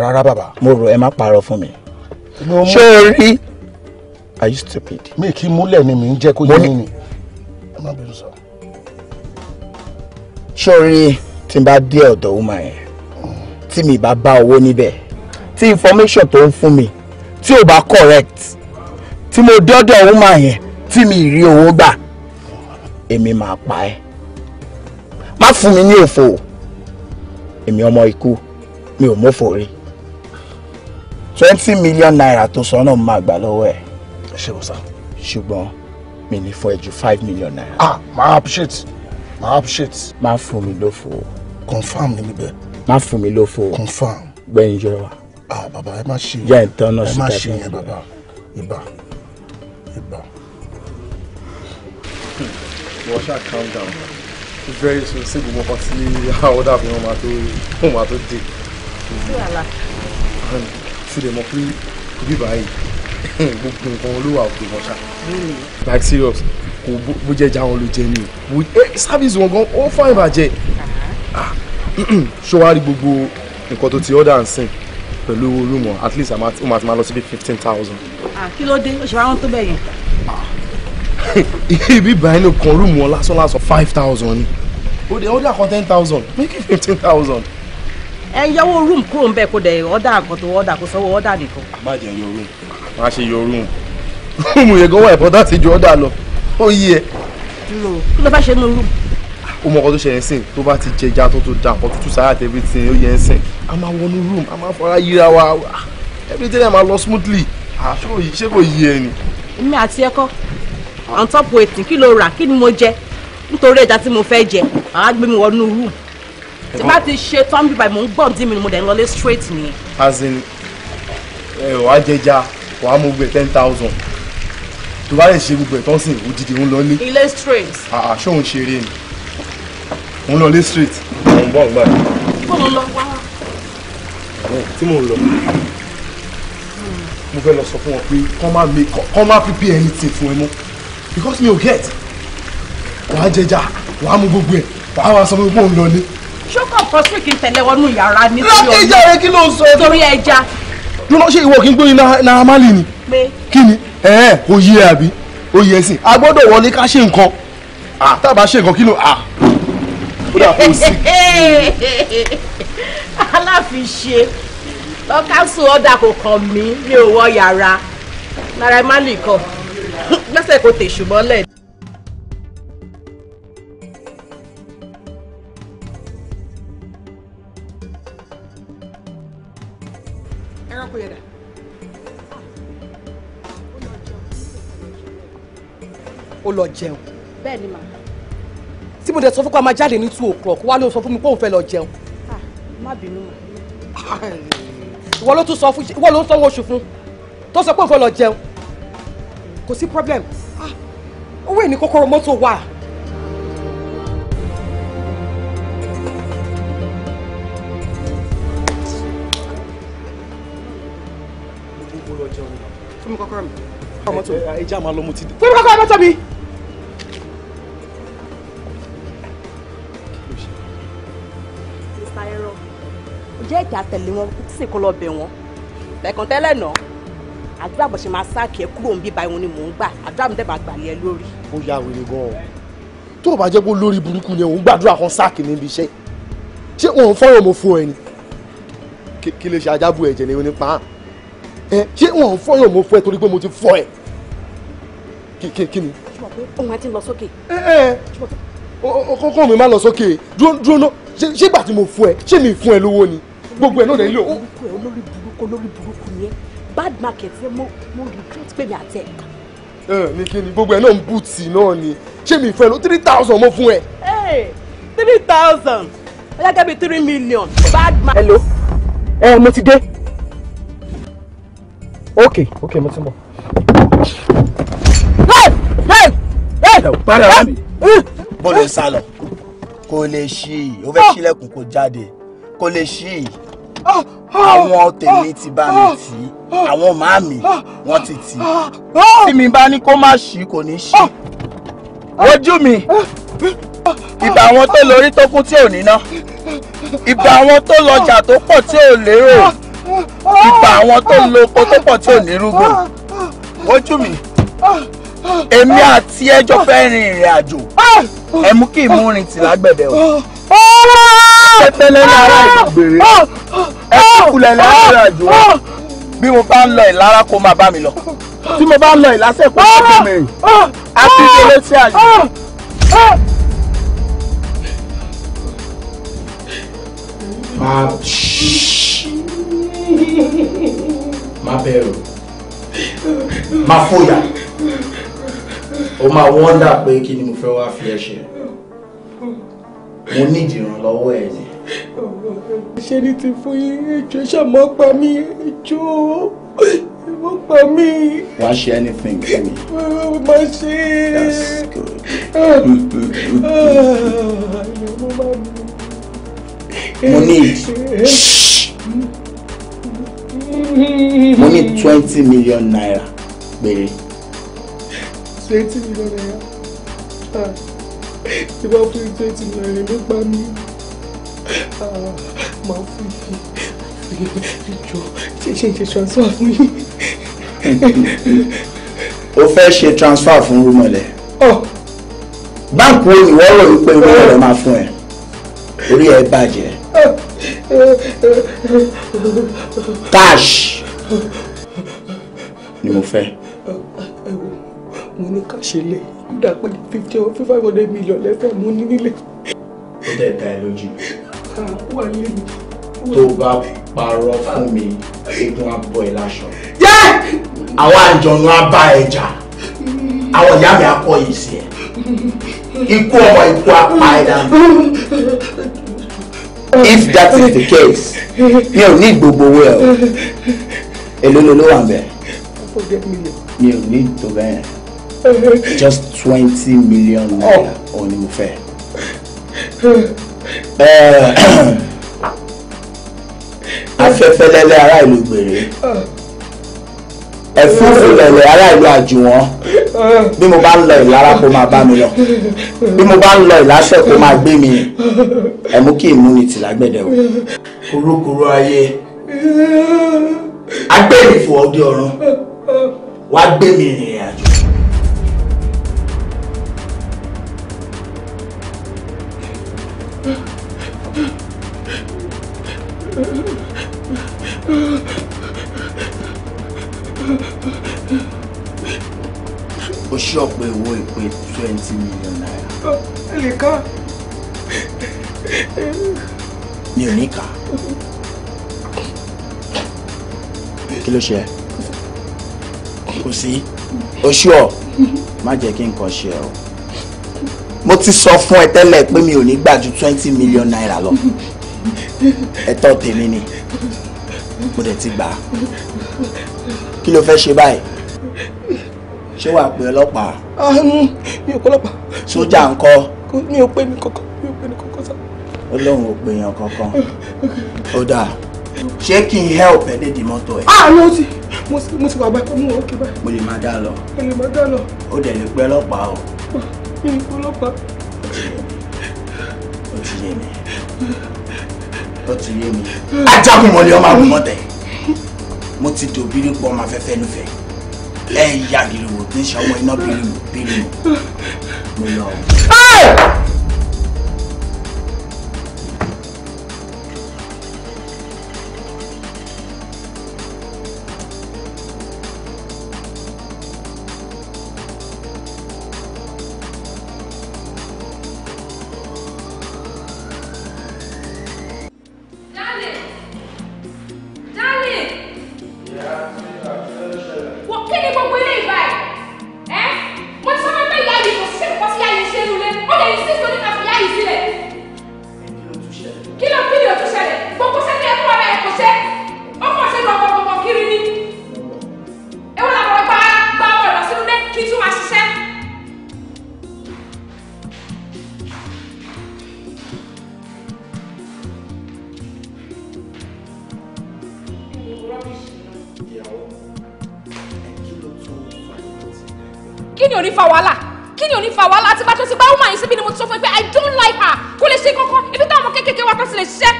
rárá bàbá. mo rò ẹ má parọ́ fún mi. ṣé o rí are you stupid. mi kì í múlẹ̀ ni mi ń jẹ́ kó yé mi ni. ẹ má bínú sọ. sórí tí n bá dé ọ̀dọ̀ ọmọ yẹn tí mi bá bá owó níbẹ̀ tí information tó ń fún mi tí ò bá correct tí mo dé ọ̀dọ̀ ọmọ yẹn tí mi rí owó gbà èmi máa pa ẹ́ má fún mi ní òfò èmi ọmọ ikú mi ò mọ̀fò rí twenty million naira tó sọ náà máa gbà lọ́wọ́ ẹ̀ ṣe wò sá. ṣùgbọ́n mi ní fún ẹ ju five million naira. ah máa appreciate máa appreciate. má fún mi lófo. confam ni níbẹ̀. má fún mi lófo. confam. gbẹ̀yìn yọ wa. ah baba, ẹ má ṣe yẹn. yẹn tán náà sí ká ẹ má ṣe yẹn bàbá ibà ibà. wọ́n ṣáà calm down very soon sí gbogbo ọkọ tí àwọn dàbí wọn máa tó wọn máa tó dé. sí àlà. and ṣùgbọ́n mo pé bíbá yìí gbogbo nǹkan olówó àwọn òkèèmọ̀ ṣá like serious kò bó jẹ́ já wọn ló jẹ́ ni o eh, service wọn gan ó fáwọn ìbàjẹ́ uh-huh. ah, ṣọwárí gbogbo nǹkan tó ti order and send pẹ̀lú owó rúmọ̀ at least ó máa ti máa lọ sí bí fifteen thousand. Ah, kí ló dé oṣù àwọn tó bẹ̀ yẹn. Ah. ibi ìbáyìí nìkan rúmọ̀ lásán lásán five thousand ni ó dé order kan ten thousand make it fifteen thousand ẹ yọwọ́ room kúrò ń bẹ̀ kó dẹ̀ ọ̀dà àkọ́tò order kó sanwó ọ̀dà nìkan. àbájá yọ room má ṣe yọ rúùmù rúùmù yẹn gan wà important ju ọ̀dà lọ ó yí ẹ. kí ló bá ṣe nínú rúùmù. ó mọ ọkọ tó ṣe yẹn sìn tó bá ti jẹjà tó tó dà ọkọ tútù sáyà tẹbi tí ó yẹn sìn a máa wọnú rúùmù a máa fara yíra wa everything ẹ máa lọ smoothly ah, ṣé kò yí ẹ ni. èmi àti ẹkọ on top waiting kí ló rà kí ni mo jẹ nítorí ẹja tí mo fẹ́ jẹ àá gbé mi wọnú rúùmù tí bá ti ṣe tán bíbá mò ń gbọ̀n dí mi ni mo dẹ̀ ń lọlé straight nìyẹn. as in ẹ wàá jẹjà wàá mú gbẹ ten thousand tó bá lè ṣe gbogbo ẹ̀ tán sìn òdìdí ah, ah, òun lọ lé. ilé straight. àà ṣóun ṣeré ni òun lọ lé straight. mo ń bọ̀ ń gbà. mo ń lọ wá. tí mo ń lọ mo fẹ́ lọ sọ fún wọn pé kọ́ máa make kọ́ máa prepare anything fún ẹ mọ́ because mi ò get wàá jẹjà wàá mú gbogbo ẹ̀ wàá wá sọ pé mo ń lọ lé. ṣókàn pọ̀ sí kí n tẹ̀lé wọnú yàrá nítorí ọ̀nà. lọ́kẹ́jà rẹ kí ló ń sọ. torí ẹja dúró ṣe ìwọ kí n gbóyin ni kí ni ẹ̀ẹ́n kò yé e àbí ó yẹ e sí a gbọ́dọ̀ wọlé ká ṣe nǹkan tábà ṣe nǹkan kí à aláfiṣe lọ́kàsó ọ̀dà kò kàn mi yàrá náírà málì kan gbẹ́sẹ̀ kò pè rẹ̀. ó lọ jẹun. bẹ́ẹ̀ ni màá. tí mo dẹ̀ sọ fún kó a máa jáde ní two o'clock wá ló sọ fún mi kó òun fẹ́ lọ jẹun. Ah, má bínú mà. ìwọ ló tún sọ fún ìwọ ló ń sanwó oṣù fún tó sọ pé òun fẹ́ lọ jẹun kò sí problem ah, owó ìní kókóró mọ́tò wà. mi kọ́kọ́rọ́ mi. ẹ jẹ́ àmọ́ lọ́mú ti dé. fún mi kọ́kọ́rọ́ mọ́tò mi. jẹ́ ìkẹ́ àtẹ̀lé wọn kó sì kó lọ bẹ̀ wọ́n bẹ̀ẹ̀kan tẹ́lẹ̀ náà àdúrà bó ṣe máa sáàkì ẹ kúrò ń bí báyìí wọn ni mò ń gbà àdúrà mi dẹ̀ máa gbà lé ẹ lórí. ó ya wèrè gan-an tó o bá jẹ́ pé lórí burúkú ni òun gbàdúrà kan sáàkì níbi iṣẹ́ ṣé òun fọ́nrán mo fún ẹ ni kí lè ṣe ajábù ẹ̀jẹ̀ ni onípa hàn ẹ ṣé wọn ò fọyàn mo fọ ẹ torí pé mo ti fọ ẹ kí kí ni. ohun àti lọ sókè. ẹ ẹ kókó mi máa lọ sókè dúró dúró náà ṣé gbà tí mo fọ ẹ ṣé mi fún ẹ lówó ni gbogbo ẹ náà lè lò. olórí burúkú olórí burúkú yẹn bad market yẹn mo mo regret pé mi àtẹ ní kí ni gbogbo ẹ náà ń bùtì náà ni ṣé mi fẹ́ ló three thousand mo fún ẹ. three thousand ó yá gẹ́gẹ́ bí three million bad man. hello ẹ mo ti dé ok ok mo ti ń bọ̀. padà wá mi. bó lè sá lọ kó lè ṣí i ó fẹ́ ah. ṣílẹ̀kùn kó jáde kó lè ṣí i ah, ah, àwọn tèmi ti bá mi tì í àwọn màámi wọ́n ti tì í tí mi bá ní kó má ṣí kò ní ṣí ojú mi ìbà àwọn tó lórí tó kún tí ò ní ná ìbà àwọn tó lọjà tó pọ̀ tí ò lérò ibà àwọn tó ń lo oko tó pọ̀ tí ò ní rúgbò ojú mi èmi àti ẹjọ́ fẹ́ rin ìrìn àjò ẹ mú kí ìmú rìn tì lágbẹ̀dẹ o pẹ́pẹ́lẹ́ lára ìgbèrè ẹ kúkulẹ̀ lára ìrìn àjò o bí mo bá ń lọ ìlara kó máa bá mi lọ tí mo bá ń lọ ìlàsẹ̀ kó máa bá mi rìn á fi délé sí àyè. Ah, shh má bẹ̀rù má fòyà ó máa wọ́ndà pé kí ni mo fẹ́ wá fi ẹ ṣe mo ní ìdìrànlọ́wọ́ ẹ̀ ni. ṣé ní ti fún yín ẹjọ́ ṣàmọ́ pa mí ẹjọ́ mo pa mí. wàá ṣe anything fún me. Ah, mo ṣe é. good. mo ní ìdí mo ní twenty million naira péré. twenty million naira Ah, ìbá fún mi twenty million naira ló pa mí ah, màá fún mi ìjọ ṣe ṣe ṣe transfer fún mi. o fẹ́ ṣe transfer fún rúmọ̀lẹ́. Ah. báńkì wo ìwọ́rọ̀ wípé rúmọ̀lẹ́ máa fún ẹ orí ẹ bàjẹ́ cash ni mo fẹ́. ẹ wo mo ní káṣí lé kódà pé fifty or five hundred million lẹ́fẹ̀ẹ́ mo ní nílé. ó dẹ̀ ta ẹ lójú. wà á lé mi. tó bá parọ́ fún mi eégún á bọ́ ẹ láṣọ. àwọn àjọ̀nù á bá ẹ jà àwọn ìyá mi á kọ́ yìí sí ẹ ikú ọmọ ikú apá ẹ if that is the case mi ò ní gbogbo owó ẹ o èló ló ló wà bẹ mi ò ní tó bẹ́ẹ̀ just twenty million naira oh. òun ni mo fẹ́. Eh, ah. afẹ́fẹ́ lẹ́lẹ́ ará ìlú gbèrè. Ah ẹ̀fún ìfìlẹ̀lẹ̀ ará ìlú àjùwọ̀n bí mo bá ń lọ ìlara kó máa bá mi lọ bí mo bá ń lọ ìláṣẹ kó máa gbé mi ẹ kí ìmúni tì lágbẹ̀dẹ̀ o. kurukuru ayé agbẹ́rìfò ọdẹ ọ̀run wàá gbé mi ìrìn àjò. twenty million naira. ẹ lè ká. mi ò ní kà. kí ló ṣe ẹ kò sí oṣù ọ má jẹ́ kí nǹkan ṣe ọ mo ti sọ fún ẹ tẹ́lẹ̀ pé mi ò ní gbà ju twenty million naira lọ ẹ̀tọ́ tèmi ni mo dẹ̀ ti gbà á kí ló fẹ́ ṣe báyìí ṣé wàá pe ọlọ́pàá. Ah, mi ò kọ́ ọlọ́pàá. sójà ńkọ́. mi ò pè mí kankan mi ò pè mí kankan sá. ó lóun ò pè yàn kankan. ó dáa ṣé kí n help ẹ dédìí mọ́tò ẹ. àná ó ti mo ti wà báyìí mo òkè báyìí. mo lè máa dá lọ. mo lè máa dá lọ. ó dẹ̀ lè pe ọlọ́pàá o. Ah, mi ò pe ọlọ́pàá. ó ti yé mi ó ti yé mi ajagun mọ̀lẹ́ ọmọ àgùnmọ̀tẹ̀ mo ti dòbí nípa ọmọ afẹ́fẹ́ nífẹ̀ẹ́ lẹ́yìn yagiriwo tí ń ṣọwọ́ iná bírímù bírímù mo lọ.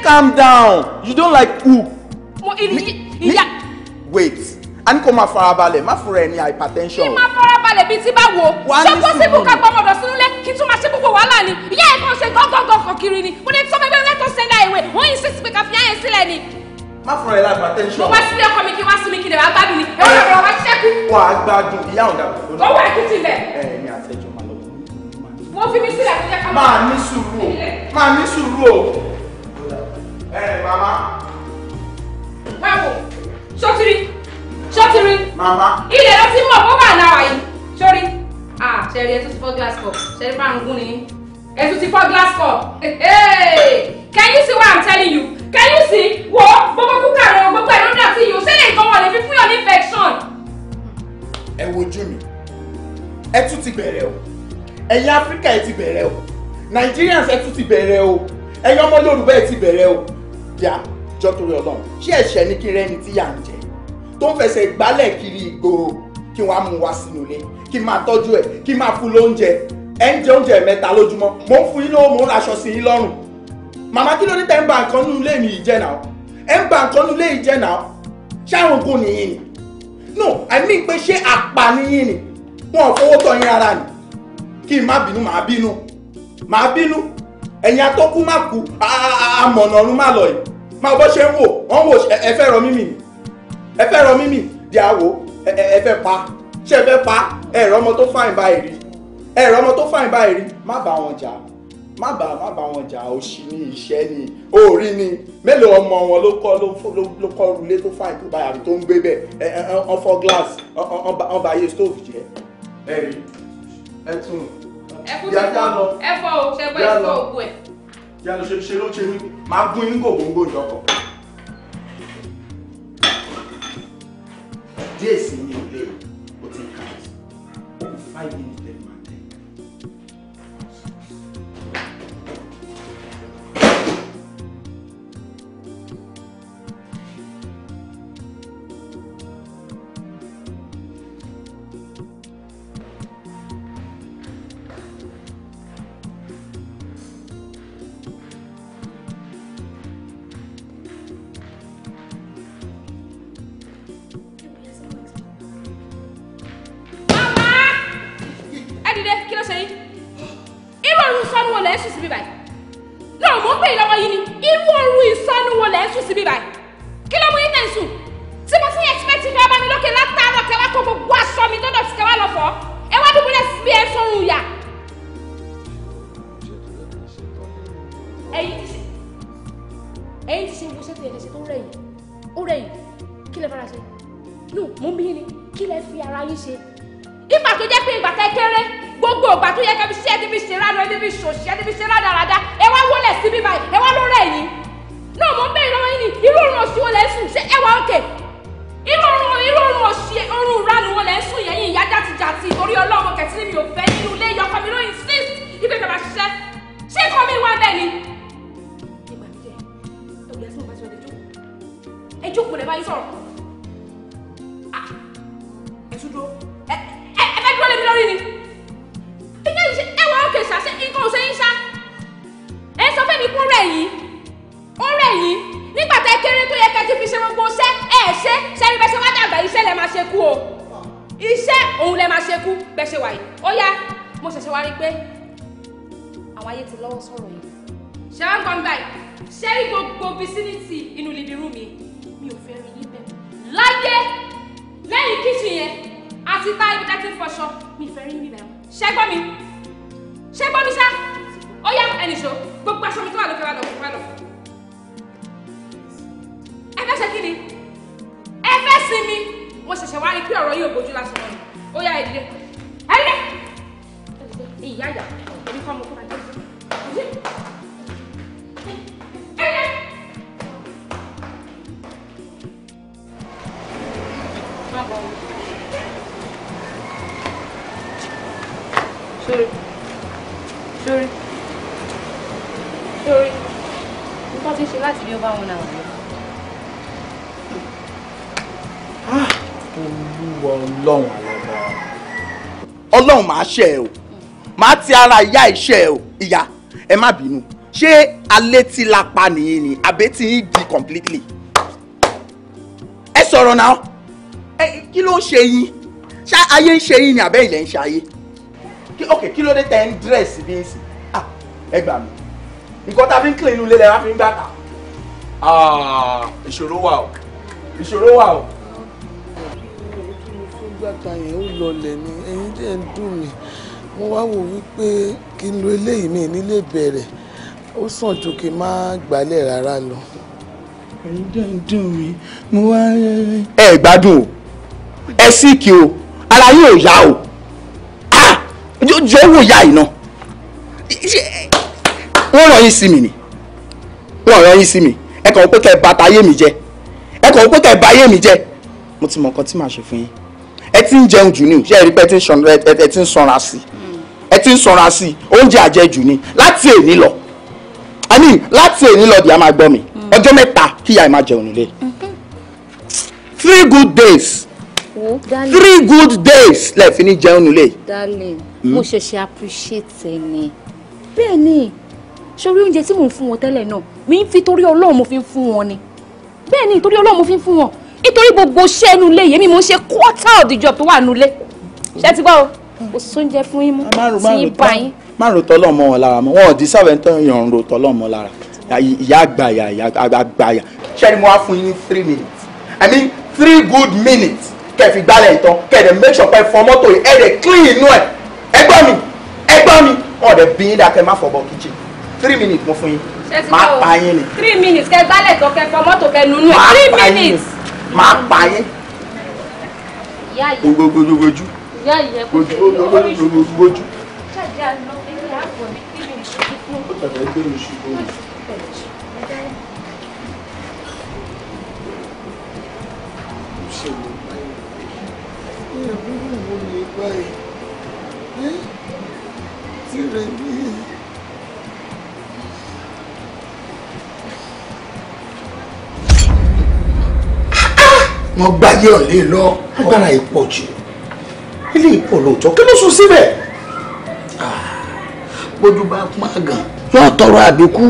calm down you don't like who. mo ìyá. wait a ní kó máa farabalẹ̀ má fura ẹ ní hypertension. kí máa farabalẹ̀ bíi ti báwo. ṣé pọ́sibú ká gbọ́ ọmọdọ̀ sínú lẹ̀ kí tún máa ṣe gbogbo wàhálà ni ìyá ẹ̀ kan ṣe gángan kan kiri ni mo ní tí ọmọ ẹgbẹ́ rẹ̀ tó ṣe ń da ìwé wọ́n yìí sì pé ká fi ayé sílẹ̀ ni. má fura ẹ láti hypertension. mo wá sílé ọkọ mi kí wá sí mi kí lè wá gbádùn ni ẹ̀rọ ọ̀rọ̀ wá ṣẹ́kù. wà á gbádùn ìyá ọ̀dà kò lọ. ó wà kí tilẹ̀. ẹ ẹ ní àtẹjọ máa màmá. ilé ló ti mọ̀ bó wà lára yìí sórí ṣẹ̀rí ẹ̀ tún ti fọ́ glass cup ṣẹ̀rí bá ń gún ni ẹ̀ tún ti fọ́ glass cup can you see what I'm telling you can you see wo gbogbo kúkà rẹ o gbogbo ẹ̀rọ dàtí yìí o ṣé nǹkan wọn lè fi fún yàn ní infection. ẹ wojú mi ẹ tún ti bẹ̀rẹ̀ o ẹ̀yin áfíríkà ẹ ti bẹ̀rẹ̀ o nigerians ẹ tún ti bẹ̀rẹ̀ o ẹ̀yin ọmọ yorùbá ẹ ti bẹ̀rẹ̀ o yá jọ́ torí ọlọ́run ṣé ẹ̀ṣẹ̀ ni kí rẹ́ni tí yà ń jẹ tó ń fẹsẹ̀ gbálẹ̀ kiri ìgboro kí wọ́n á mú wá sínú ilé kí n máa tọ́jú ẹ̀ kí n máa fún lóúnjẹ ẹ̀ ń jẹ oúnjẹ mẹ́ta lójúmọ́ mò ń fún yín lówó mò ń raṣọ sí yín lọ́rùn màmá kí ló ní tẹ́ ń ba nǹkan nínú ilé mi yìí náà ẹ̀ ń ba nǹkan nínú ilé yìí náà ṣáà ń nìyí ni no i mean pé ṣé àpànìyàn ni wọn ò fowó tọ yín ara ni kí n má bínú má bínú má bínú ẹ̀yin atọ́kú má kú àmọ̀nà ọ̀run má lọ yìí má bọ́ ṣe ń wò wọ́n wò ẹ rọ mímì ni ẹ fẹ́ rọ mímì di àwò ẹ fẹ́ pa ṣé ẹ fẹ́ pa ẹ̀rọ ọmọ tó fàìn báyìí rí ẹ̀rọ ọmọ tó fàìn báyìí rí má bá wọn jà má bá má bá wọn jà òṣì ni ìṣẹ́ ni òòrí ni mélòó ọmọ wọn ló kọ́ ló kọ́ rulé tó fàìn tó báyìí àbí tó ń gbé bẹ́ẹ̀ ọ̀n fọ́ glass ọ̀n bá yé stove jẹ́ ẹ rí ẹ tún yájá lọ ẹ fọ òṣèpẹ́ ìṣòwò ẹ. yálò ṣe ló ṣe wí máa gún inú kò gbóngbò ìjọkọ̀. díẹ̀ sí ní ilé o ti ń kàwé o ṣe ẹ o màá ti ara ìyá ìṣe ẹ o ìyá ẹ má bínú ṣé alẹ́ ti la pa nìyí ni àbẹ́ ti ń di completely ẹ sọ̀rọ̀ náà ẹ kí ló ń ṣe yín ṣá ayé ń ṣe yín ni àbẹ́ ilẹ̀ ń ṣe ayé ok kí ló dé tẹ ń dírẹ̀sì bí ń sìn ah ẹ gbà mí nǹkan tá a fi ń clean inú ilé lẹ́yìn a fi ń gbàtà ah ìṣòro wà o ìṣòro wà o bàbá yẹn ó lọlẹ̀ ni ẹ̀yin dẹ̀ ń dùn mí mo wá wò wípé kí n lo eléyìí mi nílé bẹ̀rẹ̀ ó sàn ju kí n má gbálẹ̀ rárá lọ. ẹ̀yin dẹ̀ ń dùn mí mo wá. ẹ gbádùn o ẹ síìkì o ara yín yá o jọ wò yá iná wọ́n ràn yín sí mi ni wọ́n ràn yín sí mi ẹ kàn wọ́n pé kẹ́ ẹ bàtà ayé mi jẹ ẹ kàn wọ́n pé kẹ́ ẹ bà ayé mi jẹ mo ti mọ nǹkan tí màá ṣe fún yín ẹ ti ń jẹun jù ni o ṣé ẹ rí pé ẹ ti ń sanra sí ẹ ti ń sanra sí oúnjẹ àjẹjù ni láti èní lọ i mean láti èní lọ bí a máa gbọ́ mi ọjọ́ mẹ́ta kíyà ẹ máa jẹun nílé three good days three good days lẹ fi ní jẹun nílé. darling hmm? mo ṣẹ̀ṣẹ̀ appreciate ẹ ni bẹ́ẹ̀ ni sórí oúnjẹ tí mò ń fún wọn tẹ́lẹ̀ náà mi ń fi torí ọlọ́run mo fi ń fún wọn ni bẹ́ẹ̀ ni torí ọlọ́run mo fi ń fún wọn nítorí gbogbo iṣẹ́ inú ilé yẹn mo ṣe quarter of the job tó wà nínú ilé ṣé ti gbọ́ o kò sóúnjẹ fún yín mú tí yín bá yín. má ro wọn lára mọ́ wọn ò di sábẹ́ ń tọ́yàn ń ro tọ́lọ́ lára ìyá àgbàyà ìyá àgbàyà. ṣé ni mo wá fún yín ní three minutes i mean three good minutes kẹ́ fi ìtàn kẹ́ make sure pé fọ mọ́tò yìí ẹ̀ clean inú ẹ̀ ẹgbọ́n mi ẹgbọ́n mi wọn bí yín dà má fọ̀bọ̀ three minutes mo fún yín máa pa yín three minutes máa pa yín gbogbogbogbojú gbogbogbogbojú. Tí rẹ̀ ní wọ́n gbáyé ọ̀lẹ́ lọ agbára ìpọ̀ jù ilé ìpọ̀ lóòótọ́ kí ló sùn síbẹ̀ bójú ah, bá pọ́n àgàn yóò tọrọ àbíkú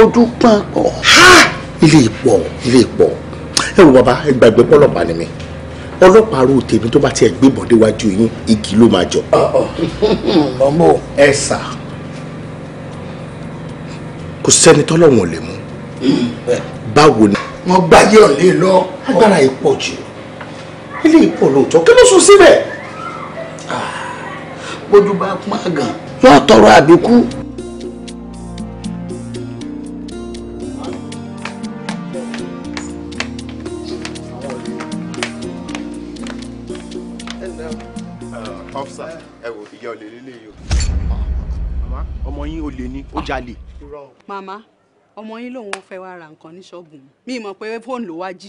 ojú pọ́n pọ̀ ilé ìpọ̀ ilé ìpọ̀ ẹ wo bàbá ẹ gbàgbé pọ́lọ́pàá ni mi ọlọ́pàá ro tèmi tó bá tiẹ̀ gbébọn déwájú yín igi ló máa jọ. ọmọ ẹ sà kò sẹ́ni tọ́lọ́wọ̀n lè mú mm, báwo ni wọ́n gbáyé ọ̀lẹ́ lọ agbára ìpọ̀ jù ilé ìpọ̀ lóòótọ́ kí ló sùn síbẹ̀ ah, bójú bá pọ́n àgàn yóò tọrọ àbíkú. Ah, ìyá olè lélẹ́yìí o. Ah, màmá ọmọ yín olè ni ó jalè. màmá ọmọ yín lòun ò fẹ́ wá ra nǹkan ní ṣọ́ọ̀bù mi mọ̀ pé fóònù ló wá jí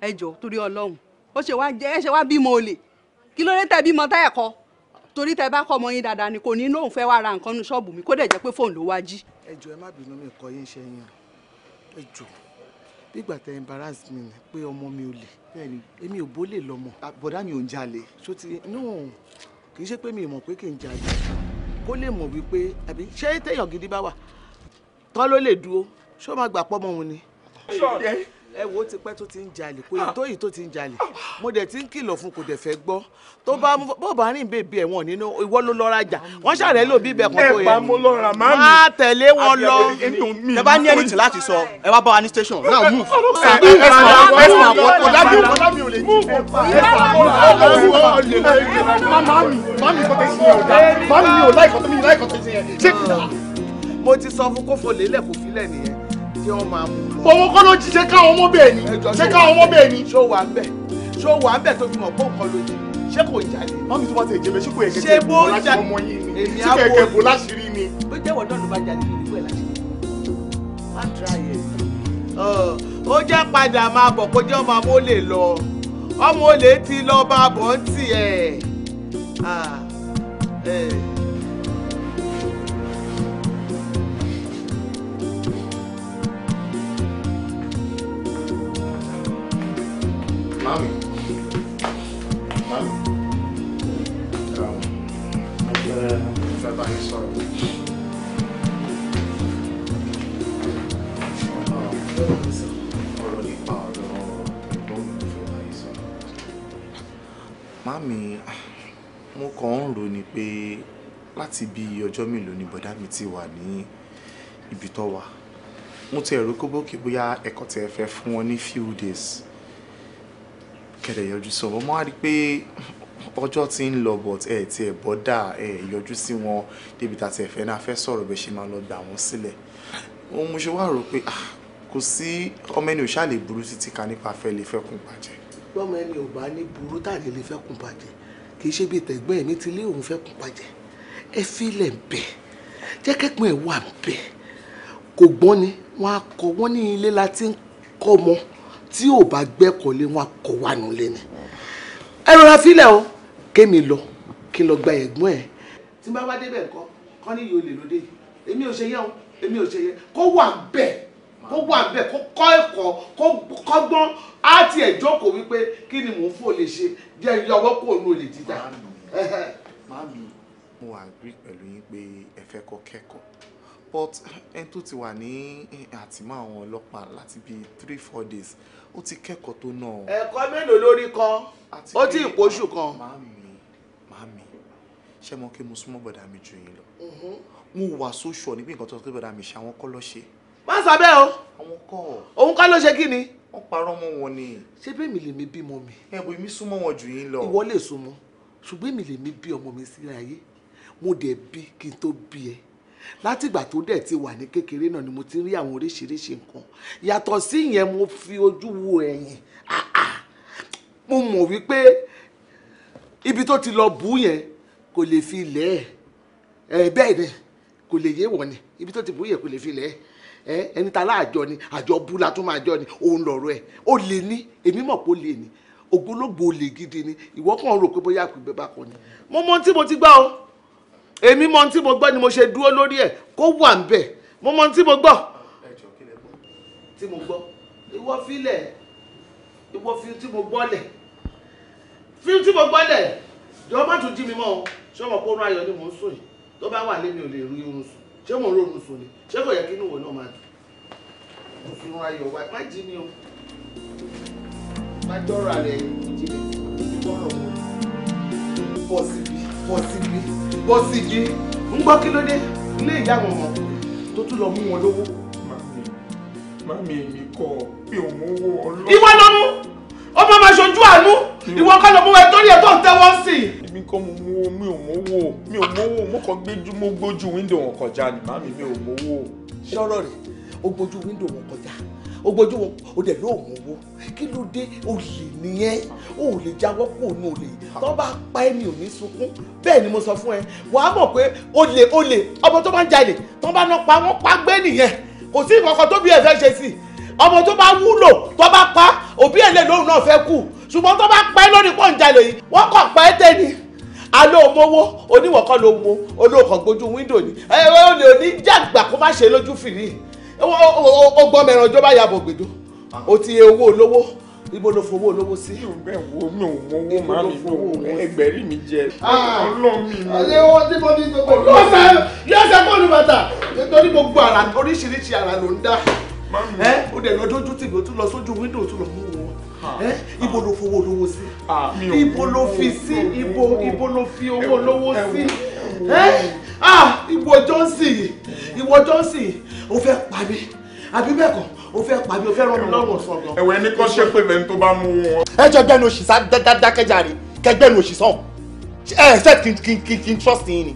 ẹ jọ torí ọlọ́run ó ṣe wá jẹ́ ẹ ṣe wá bímọ olè kí ló dé tẹ bímọ tá ẹ̀ kọ́ torí tẹ bá kọ́ ọmọ yín dáadáa ni kò ní lóun fẹ́ wá ra nǹkan ní ṣọ́ọ̀bù mi kó dẹ̀ jẹ́ pé fóònù ló wá jí. ẹ jọ ẹ má bínú mi kọ yín ṣe yín ẹ jọ bígbà tẹ embarrass mi ni pé ọmọ mi ò lè bẹ́ẹ̀ni èmi ò bólè lọmọ bọ̀dá mi ò ń jalè tó ti no kì í ṣe pé mi ò mọ̀ pé kì í jalè kó lè mọ̀ wípé àbí ṣé téèyàn gidi bá wà tán ló lè dúró ṣé ó máa gbà pọ́ mọ́ òun ni ẹ wo ti pẹ́ tó ti ń jalè kò yìí tó yìí tó ti ń jalè mo dẹ̀ ti ń kìlọ̀ fún kò dẹ̀ fẹ́ gbọ́ tó bá bó bá rìn bèbè ẹ̀wọ̀n nínú ìwọ ló lọ́ra jà wọ́n ṣàrẹ́ lò bí ibẹ̀ kan tó yẹ. ẹ pa mo lọ rà má mi. má tẹ̀lé wọn lọ. ẹ bá ní ẹnìtì láti sọ ẹ wá bá wa ní station now move. ẹ ẹ ẹ sàn wọ ọ̀dàbí ọ̀dàbí ò lè mú. ẹ sàn wọ ọ̀dàbí ò lè mú. mami mami kò tẹ̀ sí ẹ̀ ọ̀dà mami mi ò láì kọ́ tó mi láì kọ́ tó sí ẹ̀ ṣé. mo ti sọ fún kófò lélẹ̀ kò fílẹ̀ nìyẹn tí wọ́n máa mú lọ. owó kọ́ ló ti ṣe káwọn ọmọ bẹ́ẹ̀ ni ṣe káwọn ọmọ bẹ́ẹ̀ ni. ṣó wà ń bẹ̀ ṣó wà ń bẹ̀ tó fi mọ̀ pọ̀ nǹkan lójú ṣé kò jalè. mọ́mí tí wọ́n ti èjèbè ṣé kò èké ṣe bó jà èmi àbò ṣé kò èké bó láṣìírí mi. ó jẹ́wọ́ náà ló bá jalè ní ìlú ẹ̀ láṣìírí. má dra yẹ. ó jẹ́ padà máa bọ̀ kó jẹ́ ọmọ amólè lọ ọmọ olè ti lọ́ọ́ bá bọ̀ ń tì ẹ̀. Ah, eh. Mami. Mami. Mo fẹ́ bá yín sọ̀rọ̀. Ọ̀rọ̀ Mami, mo kàn ń rò ní pé láti bí ọjọ́ mélòó ni bọ̀dá mi ti wà ní ibi tó wà mo ti ẹ̀rù kó bókè bóyá ẹ̀kọ́ tẹ fẹ́ fún wọn ní few days kẹ̀dẹ̀ yọjú sọ wọ́n máa rí i pé ọjọ́ ti ń lọ but ẹ̀ tí ẹ̀ bọ́dà ẹ̀ yọjú sí wọn débi tàti ẹ̀fẹ́ náà fẹ́ sọ̀rọ̀ bẹ́ẹ̀ ṣe máa lọ gbà wọ́n sílẹ̀ òun mo ṣe wá rò pé ah, kò sí ọmọ ẹni ò ṣáà lè burú títí ká nípa fẹ́ lè fẹ́ kún bàjẹ́. ọmọ ẹni ò bá ní burú tá lè lè fẹ́ kún bàjẹ́ kì í ṣe bíi tẹ̀gbọ́n ẹ̀ ní tilé òun fẹ́ kún bàjẹ́ ẹ fílẹ̀ ń bẹ̀ jẹ́ kẹ́pọ̀n ẹ̀ wà ń bẹ̀ kò gbọ́n ni wọ́n á kọ́ wọ́n ní ilé la ti ń kọ́ ọmọ tí ò bá gbẹ́kọ̀lé wọn kọ̀ wá nulẹ̀ ni ẹ rọra fílẹ̀ o kémi lọ kí n lọ gba ẹ̀gbọ́n ẹ̀ tí bá wá débẹ̀ nǹkan kọ́ ní yìí lóde èmi ò ṣe yẹ o èmi ò ṣe yẹ kó wà bẹ́ẹ̀ kó wà bẹ́ẹ̀ kó kọ́ ẹ̀kọ́ kó gbọ́n á tiẹ̀ jókòó wípé kí ni mò ń fò lè ṣe jẹ́ ìyọwọ́ kò nù lè dídà. màámi mo agree pẹ̀lú yín pé ẹ fẹ́ kọ́ kẹ́kọ̀ọ́ but ẹni tó ti wà ní àtìmọ́ àwọn ọlọ́pàá láti bíi three four days ó ti kẹ́kọ̀ọ́ tó náà. ẹ̀kọ́ mélòó lórí kan ó ti ìpóṣù kan. màámi màámi ṣé mo kí mo súnmọ́ bọ̀dá mi jù yín lọ. Mhm. mo wà sóṣù ọ̀ níbi nǹkan tó ń pè bọ̀dá mi ṣe àwọn kọ́ lọ́ ṣe. má sọ o. àwọn kọ́ ọ. òun kọ́ ló ṣe kí ni. wọ́n parọ́ mọ́ wọn ni. ṣé bẹ́ẹ̀ mi lè mi bímọ mi. ẹ̀bùn mi súnmọ́ wọn jù yín lọ. ìwọ lè súnmọ́ ṣùgbọ́n mi lè mi bí ọmọ mi sí ayé mo dẹ̀ bí kí n tó bí ẹ látìgbà tó dẹ̀ ti wà ní kékeré náà ni mo ti rí àwọn oríṣiríṣi nǹkan yàtọ̀ sí ìyẹn mo fi ojú wo ẹ̀yìn mo mọ̀ wípé ibi tó ti lọ bù yẹn kò lè fi lẹ̀ ẹ̀ bẹ́ẹ̀ ni kò lè yéwọ̀ ni ibi tó ti bù yẹn kò lè fi lẹ̀ ẹ̀ ẹni ta láàjọ ni àjọ bú la tún máa jọ ni òun lọ̀rọ̀ ẹ̀ ó lè ní èmi mọ̀ pé ó lè ní ògbólógbòó lè gidi ni ìwọ rò pé bóyá àpèbẹ́ bá kọ ni mo mọ tí mo ti gbá o èmi mọ tí mo gbọ́ ni mo ṣe dúró lórí ẹ̀ kó wà ń bẹ̀ mo mọ tí mo gbọ́ tí mo gbọ́ ìwọ filẹ̀ ìwọ fi tí mo gbọ́ lẹ̀ fi tí mo gbọ́ lẹ̀ jọ má tún jí mi mọ́ o ṣé ọmọ kó rún ayọ̀ ni mò ń sùn yìí tó bá wà lémi ò lè rí oorun sùn ṣé mò ń rórun sùn ni ṣé kò yẹ kí inú ìwọ náà máa dùn mo fi rún ayọ̀ wá má jí mi o má jọ́rọ̀ àlẹ́ jí mi ìgbọ́rọ̀ mọ́ pọ̀ síbi pọ̀ síbi bọ́ sí igi ń gbọ́ kí ló dé ilé ìyá àwọn ọmọ tó tún lọ mú wọn lówó. màmí màmí èmi kọ pé òun owó ọlọ́run. ìwọ ló mú ọmọ máa ṣojú àánú ìwọ kọ́ ló mú ẹ torí ẹ tó ń tẹ́wọ́ sí i mi kọ́ mo mówó mi ò mówó mi ò mówó mo kàn gbójú mo gbójú wíńdò wọn kọjá ni màmí mi ò mówó. sọ̀rọ̀ rẹ̀ o gbójú wíńdò wọn kọjá o gbójú wọn o dẹ̀ ló mú owó kí ló dé o lè nìyẹn o lè jáwọ́ kó nu olè tó bá pa ẹ́ mi ò ní sunkún bẹ́ẹ̀ ni mo sọ fún ẹ wàá mọ̀ pé olè olè ọmọ tó bá ń jalè tó bá ná pa wọ́n pa gbé nìyẹn kò sí ìkọ̀kọ̀ tóbi ẹ̀ fẹ́ ṣe sí ọmọ tó bá wúlò tó bá pa òbí ẹ̀ lè lóhùn náà fẹ́ kù ṣùgbọ́n tó bá pa ẹ́ lórí pọ̀ ń jalè yìí wọ́n kàn pa ẹ́ tẹ́ni alóòmówó oníwọ̀kọ́ ló wo olóòkàn gbójú wíńdò ni ẹ ẹ olè oníjàgbà kó má ṣe lójú fìrí ó gbọ́ mẹ́rin ọjọ́ bá yàbọ̀ gbèdó o ti owó olówó ibo ló fowó olówó sí. mi ò bẹ́ẹ̀ wo mi ò mọ owó máa mi lò wọ́n ẹgbẹ̀rín mi jẹ ah! ọlọ́run mi ni. ọlẹ́ wọn tí mo ní gbogbo lọ́sẹ̀ lọ́sẹ̀ bọ́ọ̀lù bàtà nítorí gbogbo àrà oríṣiríṣi àrà ló ń dá ẹ o dẹ̀ lọ tì mí o tún lọ sójú wíńdò tún lọ mú wọn ah. ibo ló fowó olówó sí ah, ibo ló fi sí ibo ló fi owó olówó sí. Ah, ìwọ Johnson ìwọ Johnson o fẹ́ pa mí àbí bẹ́ẹ̀ kọ́ o fẹ́ pa mí o fẹ́ rán mi lọ́rùn sọ̀rọ̀. ẹ̀wẹ̀ ní kọ́ ṣe pé lẹ́ni tó bá mú wọn. ẹ jẹ́ gbẹ́nu òṣìṣà dákẹ́jà rẹ̀ kẹgbẹ́nu òṣìṣàn ẹ ṣe kí n trust yín ni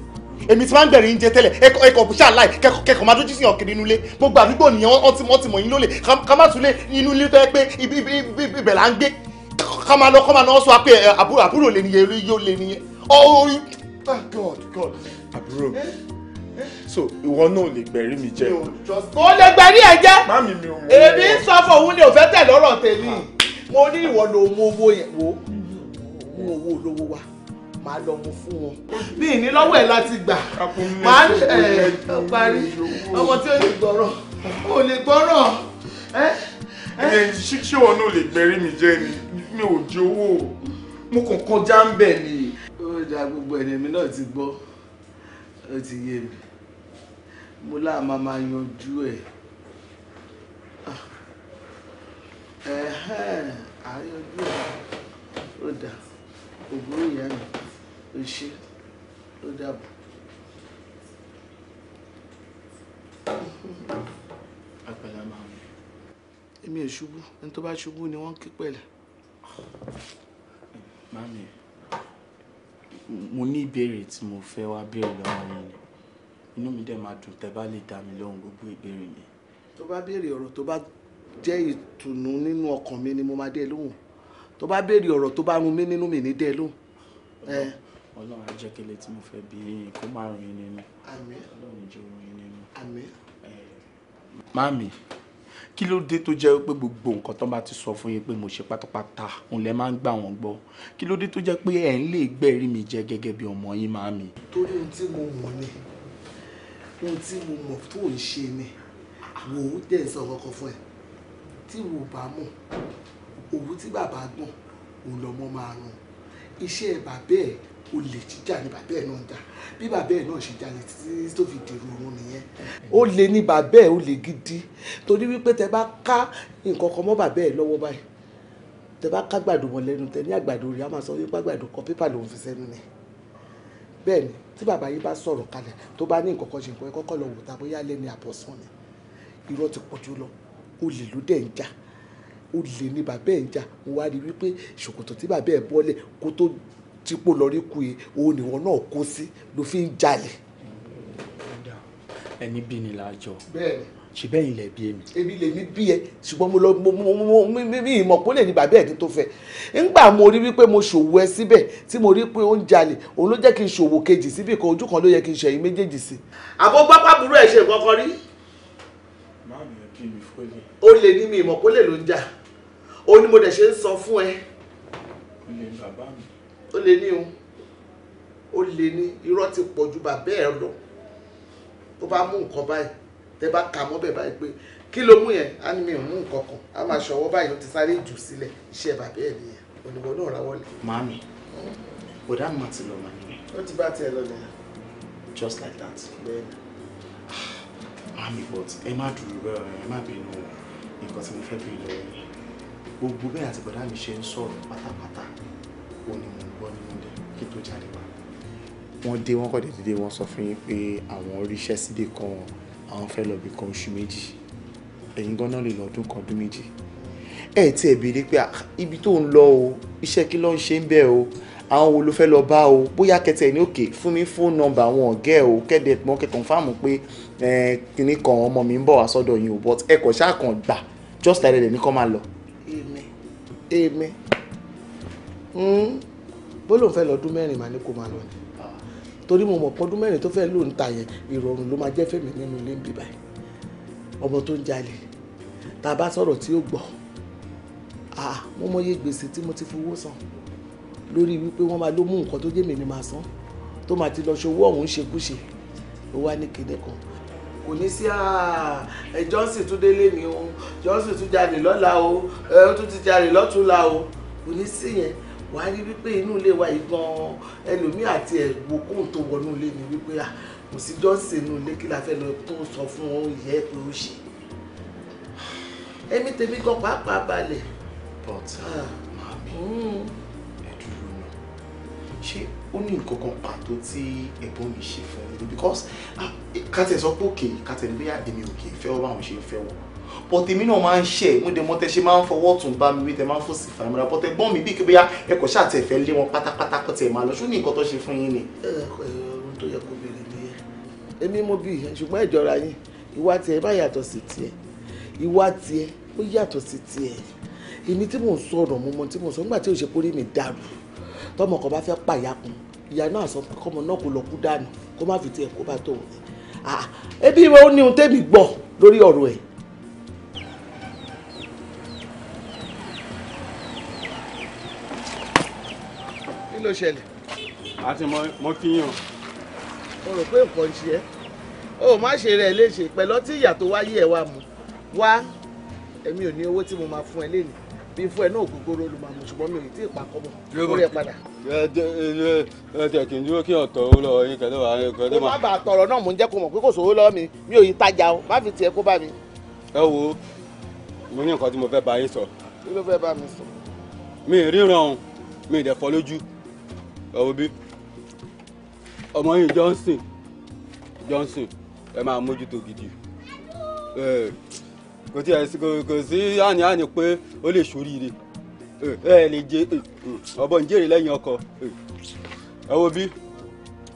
èmi ti máa ń bẹ̀rẹ̀ oúnjẹ tẹ́lẹ̀ ẹkọ ẹkọ òbúṣà láì kẹkọ̀ọ́ máa dójú sí ọ̀kẹ́ nínú ilé gbogbo àdúgbò nìyẹn wọ́n ti mọ̀ ti mọ̀ yín lólè ká má tún lé inú ilé tó yẹ pé ibẹ̀ là ń gbé ká máa lọ kọ́ máa náà sọ pé àbúrò lè nìyẹn yóò lè nìyẹn thank ah, god god àbúrò eh? Eh? so ìwọ náà lè gbẹ̀rí mi jẹ́. kò lè gbẹ̀rí ẹ jẹ́ èmi ń sọ fún òun ni ò fẹ́ tẹ̀ lọ́rọ̀ tèmi ah. mo ní ìwọ ló mú owó yẹn wo mú owó olówó wa màá lọ mú fún wọn bí ìnílọ́wọ́ ẹ̀ láti gbà màá eh, ẹ̀ parí ọmọ tí ó lè gbọ́rọ̀ ó lè gbọ́rọ̀ ṣíṣe wọn náà lè gbẹ̀rí mi jẹ́ ni mi ò jẹ owó mo kàn kọjá ń bẹ̀ ni da gbogbo ẹ̀ lèmi náà ti gbọ́ ó ti yé mi mo láà máa máa yanjú ẹ̀ àyànjú ah. ẹ̀ ó dà òbúrò ìyá mi ó ṣe ó dàbọ̀. àgbàlá máa mú. èmi ò ṣubú ẹni tó bá ṣubú ni wọ́n ń kí pẹ̀lẹ́ mo ní ìbéèrè tí mo fẹ́ wá béèrè lọ́wọ́ yín ni inú mi dẹ̀ máa dùn tẹ́ bá lè dá mi lóhùn gbogbo ìbéèrè mi. tó bá béèrè ọ̀rọ̀ tó bá jẹ́ ìtùnú nínú ọkàn mi ni mo máa dé lóhùn tó bá béèrè ọ̀rọ̀ tó bá run mí nínú mi ní dé lóhùn. ọlọ́run á jẹ́ kele tí mo fẹ́ bí kó má run yín nínú ọlọ́run jẹ́ run yín nínú. àmín kí ló dé tó jẹ́ pé gbogbo nǹkan tó bá ti sọ fún yín pé mo ṣe pátápátá òun lẹ máa ń gbà wọ́n gbọ́ kí ló dé tó jẹ́ pé ẹ̀ ń lè gbẹ̀rí mi jẹ́ gẹ́gẹ́ bí ọmọ yín máa mi. torí ohun tí mo mọ̀ ni ohun tí mo mọ̀ tó ń ṣe ni wò ó dẹ̀ ń sọ kankan fún ẹ tí wò bá mọ̀ òwú tí bàbá gbọ̀n òun lọ́mọ máa rùn iṣẹ́ bàbá ẹ̀ olè jíjà ni bàbá ẹ̀ náà ń jà bí bàbá ẹ̀ náà ṣe jalè títí tó fi dèrò òun nìyẹn olè ni bàbá ẹ̀ olè gidi torí wípé tẹ bá ká nǹkan kan mọ́ bàbá ẹ̀ lọ́wọ́ báyìí tẹ bá ká gbàdo mọ́ lẹ́nu tẹ ní àgbàdo rẹ̀ á máa sọ wípé àgbàdo kan pépà lòún fi sẹ́nu ni bẹ́ẹ̀ ni tí bàbá yìí bá sọ̀rọ̀ kalẹ̀ tó bá ní nǹkan kan ṣe nǹkan ẹ kọ́kọ́ lọ wò ta bóyá lẹ́ni àbọ̀sán ni irọ́ ti pọ̀ jù lọ olè bàbá ẹ̀ ń jà mo wá rí wípé ṣòkòtò tí bàbá ẹ̀ bọ́lẹ̀ kó tó tí pò lọ rí kùí òun nìwọ náà kó sí ló fi ń jalè. ẹni bí ni làájọ ṣùgbọ́n ilẹ̀ bí èmi. èmi lè mi bí ẹ ṣùgbọ́n mo lọ mo mo mo mi ìmọ̀ kó lè ní bàbá ẹ̀ ní tó fẹ́ ńgbà mo rí wípé mo ṣòwò ẹ síbẹ̀ tí mo rí pé ó ń jalè òun ló jẹ́ kí n ṣòwò kejì síbì kan ojú kan ló yẹ kí n ṣẹ̀yìn méjèèjì sí. àbọ̀ pápá burú ẹ̀ ṣe nǹkan kan rí. ó lè ní mi ìmọ̀ kó lè ló ń jà ó ní mo dẹ̀ ṣe ń sọ fún ẹ. ó lè bàbá mi ó lè ní o ó lè ní irọ́ ti pọ̀ ju bàbá ẹ̀ lọ tó bá mú nǹkan báyìí tẹ bá kà mọ́ bẹ̀ báyìí pé kí ló mú yẹn á ní mi ò mú nǹkan kan á máa ṣọwọ́ báyìí ó ti sáré jù sílẹ̀ iṣẹ́ bàbá ẹ̀ nìyẹn òníwọ̀ náà ráwọ́ lẹ̀. màámi bọ̀dá mà ti lọ màá nìyẹn. ó ti bá tiẹ̀ lọ nìyẹn. just like that. bẹ́ẹ̀ni. màámi but ẹ má dùn bẹ́ẹ̀ ẹ má bínú nǹkan tí mo fẹ́ bí lọ gbogbo bẹ́ẹ̀ àti bọ̀dá mi ṣe ń sọ̀rọ̀ pátápátá tó jáde wá wọ́n dé wọ́n kọ̀dé dídé wọ́n sọ fún yín pé àwọn oríṣẹ́ síde kan àwọn fẹ́ lọ bí kan oṣù méjì ẹ̀yin gan náà lè lọ ọdún kan ọdún méjì ẹ̀ tí ẹ̀ béèrè pé ibi tó ń lọ o iṣẹ́ kí ló ń ṣe ń bẹ̀ o àwọn wo ló fẹ́ lọ bá o bóyá kẹtẹ ní òkè fún mi fóònù nọ́mbà àwọn ọ̀gẹ́ o kẹ́dẹ̀ mọ́ kẹkàn fáàmù pé kinní kan ọmọ mi ń bọ̀ wá sọ́dọ̀ yín o but ẹ kọ̀ ṣáà kàn gbà just like ẹ̀ ní kọ́ máa lọ. amen amen. Mm bó lóun fẹ́ lọ́dún mẹ́rin màá ní kó máa lọ ni torí mo mọ̀ pé ọdún mẹ́rin tó fẹ́ lò ń ta yẹn ìrọ̀rùn ló máa jẹ́ fèmí nínú ilé ń bì báyìí ọmọ tó ń jalè tá a bá sọ̀rọ̀ tí ó gbọ́ ah mo mọye gbèsè tí mo ti fowó san lórí wípé wọ́n máa ló mú nǹkan tó jẹ́ mi ni màá san tó máa ti lọ ṣòwò ọ̀hún ṣekúṣe ó wá ní kéde kan kò ní sí ẹ Johnson tún délé mi o Johnson tún jalè lọ́la o ẹ tún ti jalè lọ́túnla o kò ní sí yẹn wàá rí wípé inú ilé wa yìí gan ẹlòmíì àti ẹ̀gbọ́ kóhùn tó wọnú ilé ni wípé kò sí jọ́sìn inú ilé kí la fẹ́ lọ tó sọ fún ọ ìyá ẹ pé ó ṣe èmi tèmi kan pàápàá balẹ̀. but uh, ah. màmí hmm. ẹ dúró náà ṣé ó ní nǹkan kan pàtó tí ẹ̀gbọ́n mi ṣe fún mi because ah, kátẹ̀ sọ pé òkè kátẹ̀ ní bóyá èmi òkè fẹ́ wọ́n báwọn ṣe ń fẹ́ wọ́n but èmi náà máa ń ṣe mo dẹ̀ mọ́ ṣe máa ń fọwọ́ tún bá mi wí tẹ máa ń fò sí fàmìlà but ẹ̀gbọ́n mi bíi kí bóyá ẹ kò lé wọn pátápátá kó tẹ̀ máa lọ ṣó ní nǹkan tó ṣe fún yín ni. ẹ ẹ ohun èmi mo bì ṣùgbọ́n ìjọra yín ìwà tiẹ̀ bá yàtọ̀ sí tiẹ̀ ìwà tiẹ̀ ó yàtọ̀ sí tiẹ̀ èmi tí mò ń sọ̀rọ̀ mo mọ tí mò ń sọ nígbà tí òṣèpò rí mi dàrú tọmọ kan bá fẹ́ pàyàkùn ìyá náà sọ pé kọmọ náà kò lọ kú dànù kó má fi tiẹ̀ kó bá tòun. ebi wo ni ohun tẹ́mi gbọ́ lórí ọ̀rọ̀ ẹ̀ kí ló ṣẹlẹ̀. àti mo kí yín o. o rò pé nǹkan ń ṣe ẹ́ o má ṣe rẹ̀ léṣe pẹ̀lú ọtí ìyà tó wáyé ẹ̀ wá mu wá èmi ò ní owó tí mo máa fún ẹ lénìí bí fún ẹ náà gbogbooro ló máa mú ṣùgbọ́n mi ò tí ì pa kọ́bọ̀ lórí ẹ padà. ẹ ẹ ẹ tẹ kì í dúró kí ọ̀tọ̀ owó lọ́wọ́ yín kẹ́lẹ́ wàá rẹ kẹ́lẹ́ máa. mo má bàa tọrọ náà mo ń jẹ́ kó mọ̀ pé kò sówó lọ́wọ́ mi mi ò yí tajà o má fi tiẹ̀ kó bá mi. ẹ wo mo ní nǹkan tí mo fẹ́ bá yín sọ. kí ló fẹ́ bá mi sọ. mi ì mi ì lójú òbí ọmọ yìí Johnson Johnson ẹ máa mójútó gidi kò tí sí àní àní pé ó lè ṣoríire ẹ lè jẹ ọbọ ń jèrè lẹ́yìn ọkọ ẹ wo bí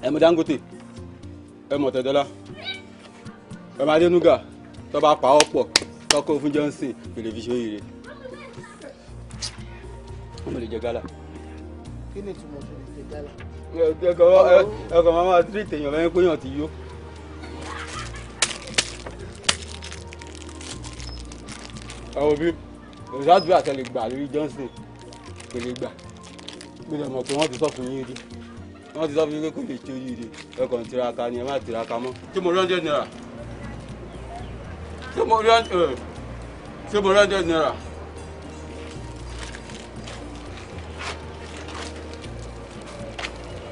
ẹ mọ Dangote ẹ mọ tẹdọlá ẹ máa dénúgà pa ọ́ pọ̀ tọkọ fún Johnson tẹlifíṣàn yìí rẹ ọmọ lè jẹ gálà. kí ni ọkọ̀ máa máa tírì tèèyàn lẹ́yìn pé yàn ti yó. àwọn bí ìṣáájú àtẹlẹ gbà lórí Johnson kò lè gbà bí lè mọ̀ pé wọ́n ti sọ fún yín rí wọ́n ti sọ fún yín pé kò lè ṣe oríire ẹ̀kọ́ ń tiraka ni ẹ má tiraka mọ́. ṣé mo rí hundred naira ṣé mo rí hundred naira.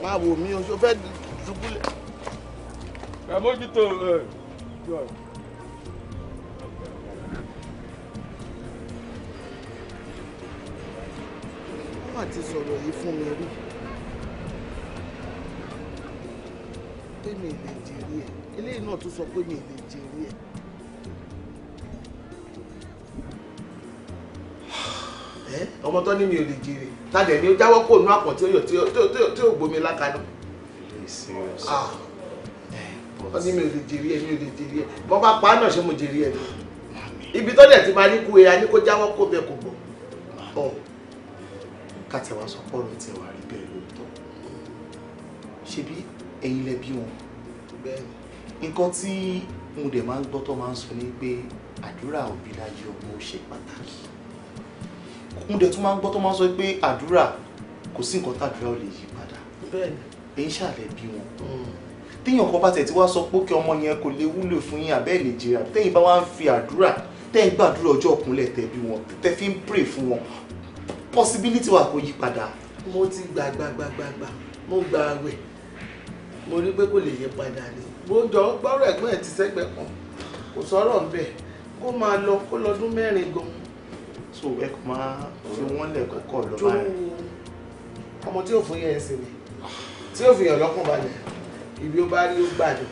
máa wò mí o ṣó fẹ́ dùbúlẹ̀. ẹ mójútó ẹ jọ. wọ́n mà ti sọ̀rọ̀ yìí fún mi rí pé mi lè jèrè ẹ̀ eléyìí náà tún sọ pé mi lè jèrè ẹ̀ ọmọ tó ní mi ò lè jèrè tàdé ni ó jáwọ́ kó nú àpọ̀ tí ó yọ tí ó gbomi lákàánú. ó ah. ní mi ò lè jèrè ẹ mi ò lè jèrè ẹ bọ́ bá pa á náà ṣe mo jèrè ẹ lọ ibi tó dẹ̀ ti máa ní kú ẹ a ní kó jáwọ́ kó bẹ́ẹ̀ kò gbọ́ ọ kàtẹ́wà sọ pọ́ọ̀rọ̀ tiẹ̀wà rí bẹ́ẹ̀ lóòótọ́ ṣebí ẹ̀yin lẹ bí wọn nǹkan tí mo dẹ̀ máa ń gbọ́ tó máa ń sọ ni pé àdúrà òbí láyé ọmọ ó ṣe pàtàkì mo dẹ̀ tún máa ń gbọ́ tó máa ń sọ pé àdúrà kò sí nǹkan tàdúrà ò lè yí padà èyí ṣàlẹ̀ bí wọn mm. téèyàn kan bá tẹ̀ tí wá sọ pé kí ọmọ yẹn kò lè wúlò fún yín àbẹ́ẹ̀ lè jìyà téèyàn bá wá ń fi àdúrà tẹ́ ń gbàdúrà ọjọ́ ọ̀kúnlẹ̀ tẹ̀ bí wọn tẹ́ fi ń pray fún wọn possibility wà kó yí padà. mo ti gbàgbàgbàgbà mo gbà àwẹ̀ mo rí pé kò lè yí padà ni mo jọ gbọ́rọ̀ ẹ̀gbọ́n ẹ̀ ti sẹ́gbẹ̀ẹ́ kan kò sọ̀rọ̀ ń bẹ̀ kó máa lọ kó lọ́dún mẹ́rin gan-an so ẹ kò máa fi wọ́n lẹ̀ kọ́kọ́ lọ báyìí. ọmọ tí yóò fún yẹn sí ni tí yóò fi yàn lọ́kàn balẹ̀ ibi ó bá rí ó gbàdùn.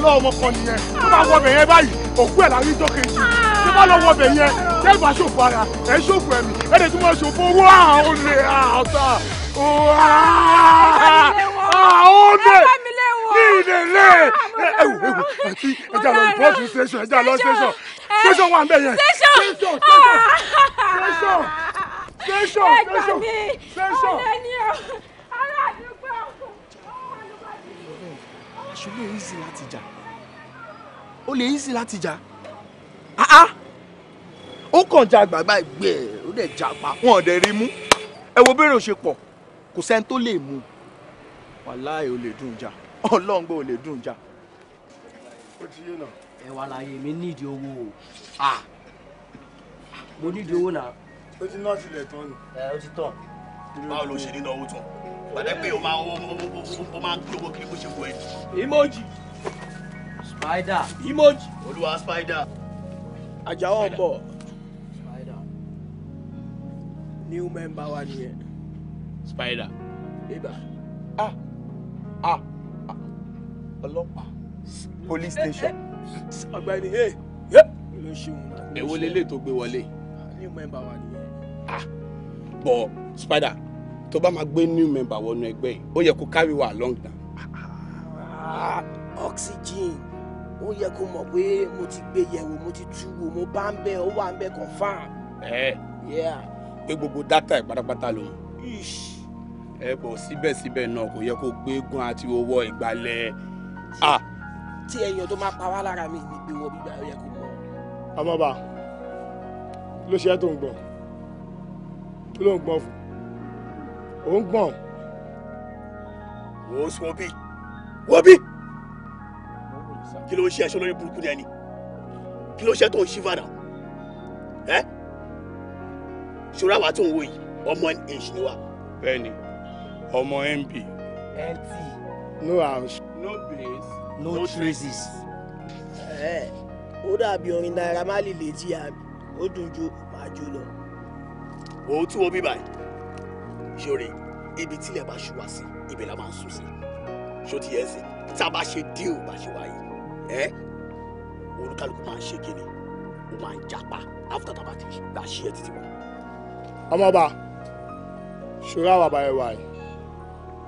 àlọ́ ọmọ kan nìyẹn tó bá wọ bẹ̀yẹn báyìí òkú ẹ̀ lárí tó kejì tó bá lọ wọ bẹ̀yẹn tẹ́ ìbá ṣòfò ara ẹ̀ ṣòfò ẹ̀mí ẹ̀ dẹ̀ tí mo ṣòfò owó àwọn olè àtà olè ní ìdèlè ẹwù ẹwù àti ẹja lọ bọ́ọ̀sì station ẹja lọ station station wà nbẹ yẹn station station station station ah. station. ṣe lè easy láti jà ó lè easy láti jà ah. ah. ó kàn já gbàgbà ìgbé ẹ ó dẹ̀ já pa wọn ò dẹ̀ rí mú ẹ wo bẹ́rẹ̀ ò ṣe pọ̀ kò sẹ́ni tó lè mú wàláì ò lè dùn jà ọlọ́ngbọ́n ò lè dùn jà. ó ti ẹ wà láàyè mi nídìí owó o ah. mo nídìí owó náà. ó ti náà tilẹ̀ tán ni. ẹ ó ti tán báwo ló ṣe nínú owó tán gbàdé pé o máa o o máa gbé owó kiri bó ṣe wọ ẹ. emoji. spider. emoji. olúwa spider. àjàwọ̀ ń new member wa nìyẹn. spider. ibà. Ah, ah ah ọlọ́pàá police station. ọ̀gbẹ́ni hey ló ṣe òun. èwo tó gbé wọlé. new member wa nìyẹn. ah bọ̀ spider tó bá máa gbé new member wọnú ẹgbẹ́ yìí ó yẹ kó carry wa along na. Ah, oxygen ó yẹ kó mọ̀ pé mo ti gbé yẹ̀wò mo ti tú wò mo bá ń bẹ̀ ó wà ń bẹ̀ confam. ẹ pé gbogbo dátà ẹ pátápátá ló ń. ẹ bọ̀ síbẹ̀síbẹ̀ náà kò yẹ kó gbé gun àti owó ìgbàlẹ̀. Ah. tí èèyàn tó máa pa wá lára mi ní gbé wọ bíbá ó yẹ kó mọ̀. ló ṣe é tó ń gbọ́n ló ń gbọ́n fún ò ń gbọ̀n. wò ó sọ bí wò bí kí ló ń ṣe ẹṣọ lórí burúkú dẹni kí ló ń ṣe tó ń ṣí fàdà ẹ ṣòro àwa tó ń wò yìí ọmọ nh ni wa. bẹ́ẹ̀ni ọmọ mb. lt. no house. no place. no, no traces. ẹ ó dàbí orin Naira Marley létí àmì ó dùn ju màá lọ. òótú omi báyìí ṣòro ibi tílẹ̀ bá ṣù wá sí ibẹ̀ la máa ń sùn sí ṣó ti yẹ sí tá a bá ṣe díò bá ṣe wáyé ẹ olúkálùkù máa ń ṣe kíni ó máa ń japa after tá a bá ti gbà ṣí ẹ títí wọn. ọmọọba ṣòro àwọn àbáyẹ wa yìí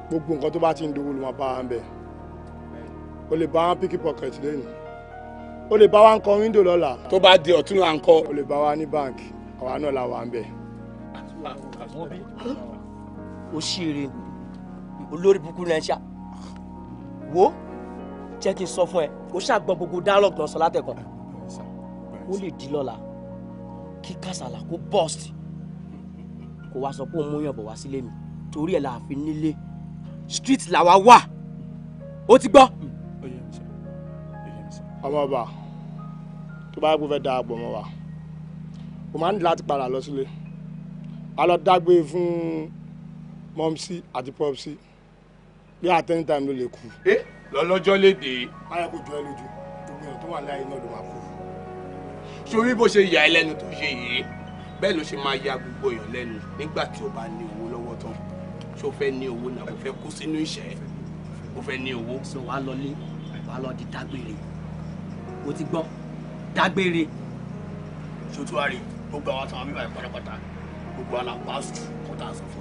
gbogbo nǹkan tó bá ti ń dowó ló máa bá wa ń bẹ o lè bá wa ń píkì pọkẹtì lẹ́nu o lè bá wa ń kọ wíńdò lọ́la. tó bá di ọ̀tún là ń kọ. o lè bá wa ní báǹkì àwa náà la wà ń bẹ òṣèré olórí burúkú nàìjíríà wo jẹ́ kí n sọ fún ẹ o ṣàgbọ́n gbogbo dialogue náà sọ látẹ̀kọ́ ó lè di lọ́la kí kásálà kó burst kó wá sọ pé òun múyàn bọ̀ wá sílé mi torí ẹ̀ là á fi nílé street làwa wà ó ti gbọ́. Hmm, ọmọ tó bá gbọ́ fẹ́ da àgbọ̀ mọ́ wa o máa ń ní láti padà lọ sílé a lọ dágbé fún mọ́mísí àti pọ́písí bí àtẹ́ni táìmù ló lè kú. ẹ eh, lọ́lọ́jọ́ léde. báyọ̀ kò jọ ẹ lójú gbogbo èèyàn tó wà láàyè náà ló máa kú. sórí bó ṣe yà ẹ lẹ́nu tó ṣe yìí bẹ́ẹ̀ ló ṣe máa ya gbogbo èèyàn lẹ́nu nígbà tí o bá ní owó lọ́wọ́ tán ṣó fẹ́ ní owó náà kò fẹ́ kú sínú ìṣẹ́ kò fẹ́ ní owó. sọ wàá lọlé wàá lọ di dágbére mo ti gbọ́ dágbére. ṣòtú gbogbo àwọn àtàwọn àmì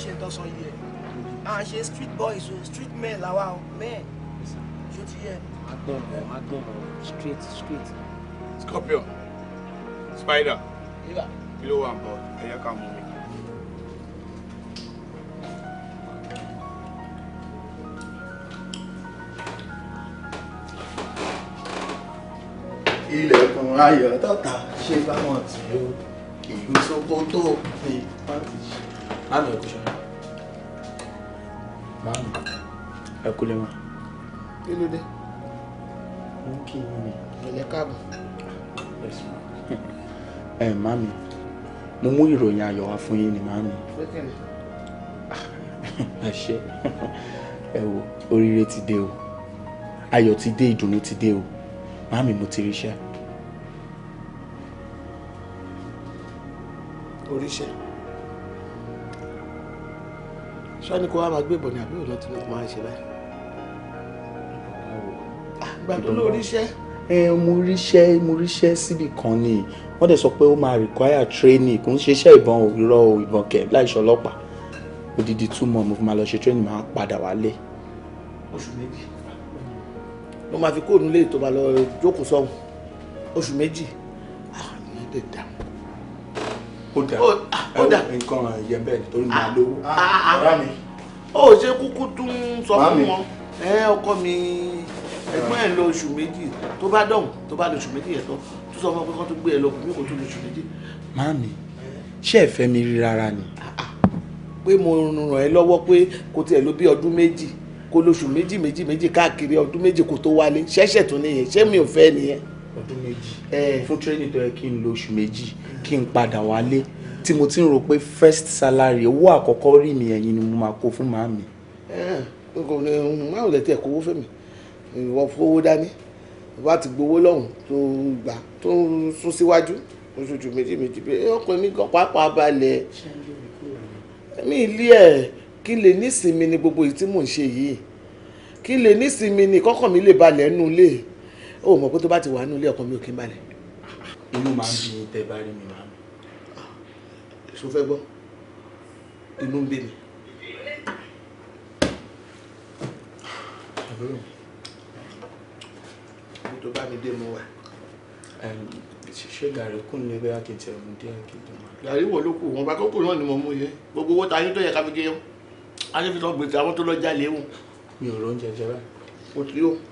ṣe ìtọ́sọ yìí ẹ̀ à ń ṣe street boys o street men làwa o men ṣó ti yẹ. agbọ̀nrọ̀ agbọ̀nrọ̀ straight straight. scorpion spider kí ló wà ń bọ̀ ẹ̀yẹ ká mú mi. ilẹ̀kùn ayọ̀ tọ́ta ṣe báwọn tí ó kì í sokoto ní pàtìsì. Mami ẹ kú ṣe. Mami ẹ kú lè wá. Kí ló dé? Mo kí yín ni. Ìlẹ̀ káàbọ̀. Ẹ mami, mo mú ìròyìn ayọ̀ wá fún yín ni mami. Ẹ ṣe ẹ wo oríire ti dé o, ayọ̀ ti dé ìdùnnú ti dé o, mami mo ti ríṣẹ́. Oríṣẹ́ ṣọ́ ni kò wá máa gbé ìbọn ní àbúrò náà tí ló máa ń ṣe báyìí. gbàdúrà oríṣẹ́. ẹ mo ríṣẹ́ mo ríṣẹ́ síbì kan ni wọ́n dẹ̀ sọ pé ó máa require training kò ń ṣeṣẹ́ ìbọn òwúrọ̀ ìbọn kẹ̀ láìṣọ́ ọlọ́pàá odidi túmọ̀ mo fi máa lọ ṣe training máa padà wálé. oṣù méjì ló máa fi kóònù lè tó máa lọ jókòó sọ́hun oṣù méjì ah ní lè ó dà ó ah, dà nǹkan ẹ̀yẹ bẹ́ẹ̀ nítorí ah, máa lówó. Ah, ó ṣe kúkú tún sọ fún wọn ẹ ọkọ mi ẹ̀gbọ́n ẹ lọ oṣù méjì tó bá dọ̀hùn tó bá lọ oṣù méjì yẹn tán tó sọ fún ọ pé kán tó gbé ẹ lọ kùn mí kò tó lọ oṣù méjì. màámi ṣé ẹ fẹ́ mi rí rárá ni. pé mo ràn ẹ́ lọ́wọ́ pé kò tiẹ̀ ló bí ọdún méjì kó lóṣù méjì méjì méjì káàkiri ọdún méjì kó tó wálé ṣẹ́ṣẹ̀ tún nìyẹn ṣé mi ò fẹ́ nìyẹn ọdún méjì fún training tó yẹ kí n lo oṣù méjì kí n padà wálé tí mo ti ń rò pé first salary owó àkọ́kọ́ rí mi ẹ̀yìn ni mo máa kó fún màá mi. máa ń lè tẹ̀ kówó fẹ́mi ìwọ fowó dání bá ti gbowó lọ́hùn tó ń gbà tó ń sún síwájú oṣooṣù méjì méjì pé ọkùnrin mi gan pàápàá balẹ̀ mi ilé ẹ̀ kí lè nísinmi ni gbogbo èyí tí mò ń ṣe yìí kí lè nísinmi ni kọ́kàn mi lè balẹ̀ nù lé o mọ̀ pé tó bá ti wà nínú ilé ọkàn mi ò kí n balẹ̀. inú máa ń bí yín tẹ́ bá rí mi máa mi. èso fẹ́ gbọ́ inú ń bí mi. àbúrò mi tó bá mi dé mo wà. ṣe gàrí kù ní ẹgbẹ́ akéèjì ẹ̀mú díẹ̀ kí n tó máa. gàrí wo ló kù wọn bá kókò náà ni mo mú yẹ gbogbo owó tayín tó yẹ ká fi gé yẹn a ti fi sọ gbèsè àwọn tó lọ jalè wọn. mi ò rọ jẹ báyìí. o ti yóò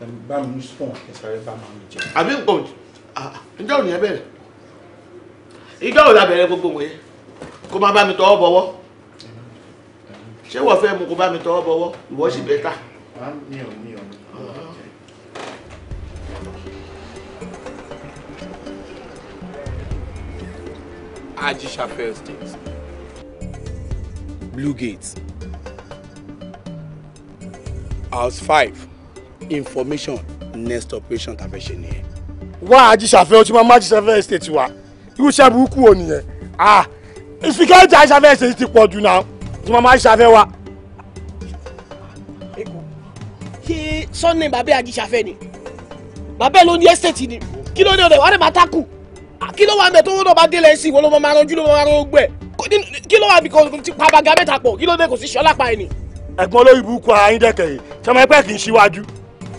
àbí nǹkan ìjọ ah, ah, ò ní ìjọ ò lábẹ̀rẹ̀ gbogbo wọ̀nyẹ kó má bá mi tọwọ́ bọ̀wọ́ ṣé wọ́n fẹ́ mú kó bá mi tọwọ́ bọ̀wọ́ ìwọ sì bẹ́ Ajisha Fair Estate. Blue Gate. House five information next operation tá a fẹ́ ṣe nìyẹn. wá ajíṣàfẹ́ o ti máa má ajíṣàfẹ́ estate wa irúṣẹ́ burúkú wo nìyẹn ah ìfikẹ́ntì ajíṣàfẹ́ estate ti pọ̀ jù náà o ti máa má ajíṣàfẹ́ wa. ṣé sọ́ni bàbá ajíṣàfẹ́ ni bàbá ló ní estate ni kí ló ní ọ̀dẹ̀ wàá dẹ̀ máa tákù ah, kí ló wà ń bẹ̀ tó wọ́n náà bá délẹ̀ sí ìwọ́n ló máa ranjú ló máa ranjú gbẹ̀ kí ló wà bí kò ti pa bàgà mẹ́ta pọ̀ kí ló dé kò sí ṣọ́lápá ẹni. ẹ̀gbọ́n olóyìnbó kọ ayíǹdẹ̀kẹ̀ yìí sọmọ ẹgbẹ́ kì í ṣíwájú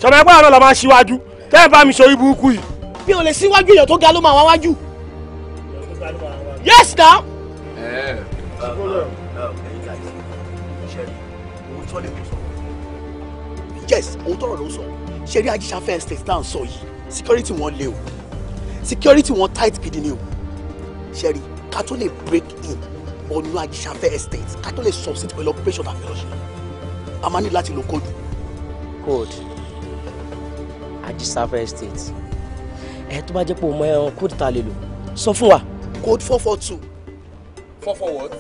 sọ̀rọ̀ ẹgbẹ́ àná la máa ṣíwájú tẹ́ ẹ bá mi sọ ibú kú yìí. mi ò lè síwájú èèyàn tó ga ló máa wá wájú. yes now. ẹ ẹ ẹyin guys ṣe rí owó tó lè kó sọ. yes owó tọrọ ló sọ ṣe rí ajíṣafẹ́ estate náà sọ yìí security wọn le o security wọn tight gidi ni o ṣe rí ká tó lè break in ọ̀nà ajíṣafẹ́ estate ká tó lè succeed pẹ̀lú operation and ọ̀ṣẹ́ a máa ní láti lo kóòdù. kóòdù. Ajisafe Estate ẹ tó bá jẹ́ pé o mọ ẹran kóòdù tá a lè lò sọ fún wa. code four four two. four four what.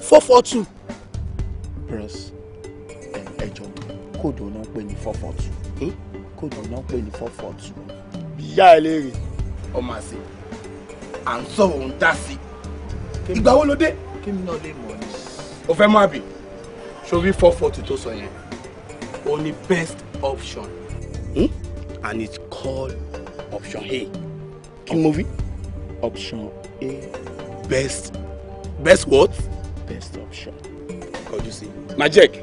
four four two. press ẹjọ kóòdù náà pè ní four four two kóòdù náà pè ní four four two. ìyá ẹ lè rè ọmọ àṣẹ à ń sọ̀rọ̀ ń dá sí i ìgbà wo ló dé. kí ni náà lè mọ̀ ni. o fẹ́ mọ àbí ṣorí four four two tó sọ yẹn o ní best option. Hmm? and it's called option A kí ni option A. best best what. best option. kọjú sí. majek.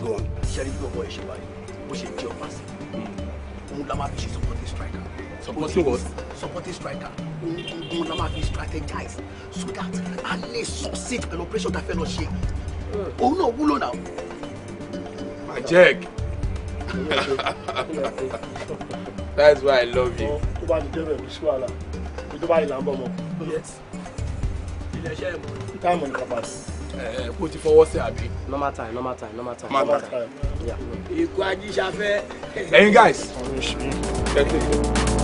go on. ṣe rí bí ọmọ ẹ ṣe báyìí bó ṣe jẹ ọba sí òun la supporting striker. supporting what. supporting striker òun la máa strategize so that a lè succeed An operation tá a fẹ́ lọ ṣe hmm. òun náà wúlò náà. majek. Yeah. that's why i love you. tó bá ti jẹ́ bẹ̀rù sí wàhálà tó bá ìlà ń bọ̀ mọ́. iléeṣẹ́ ìmọ̀ ní táìmù ní kàpá sí. ẹ kó ti fọwọ́ sí àbí. normal time normal time normal time. normal time. ikú ajíṣafẹ́. ẹ̀yin guys. ọ̀rọ̀ ìṣúná.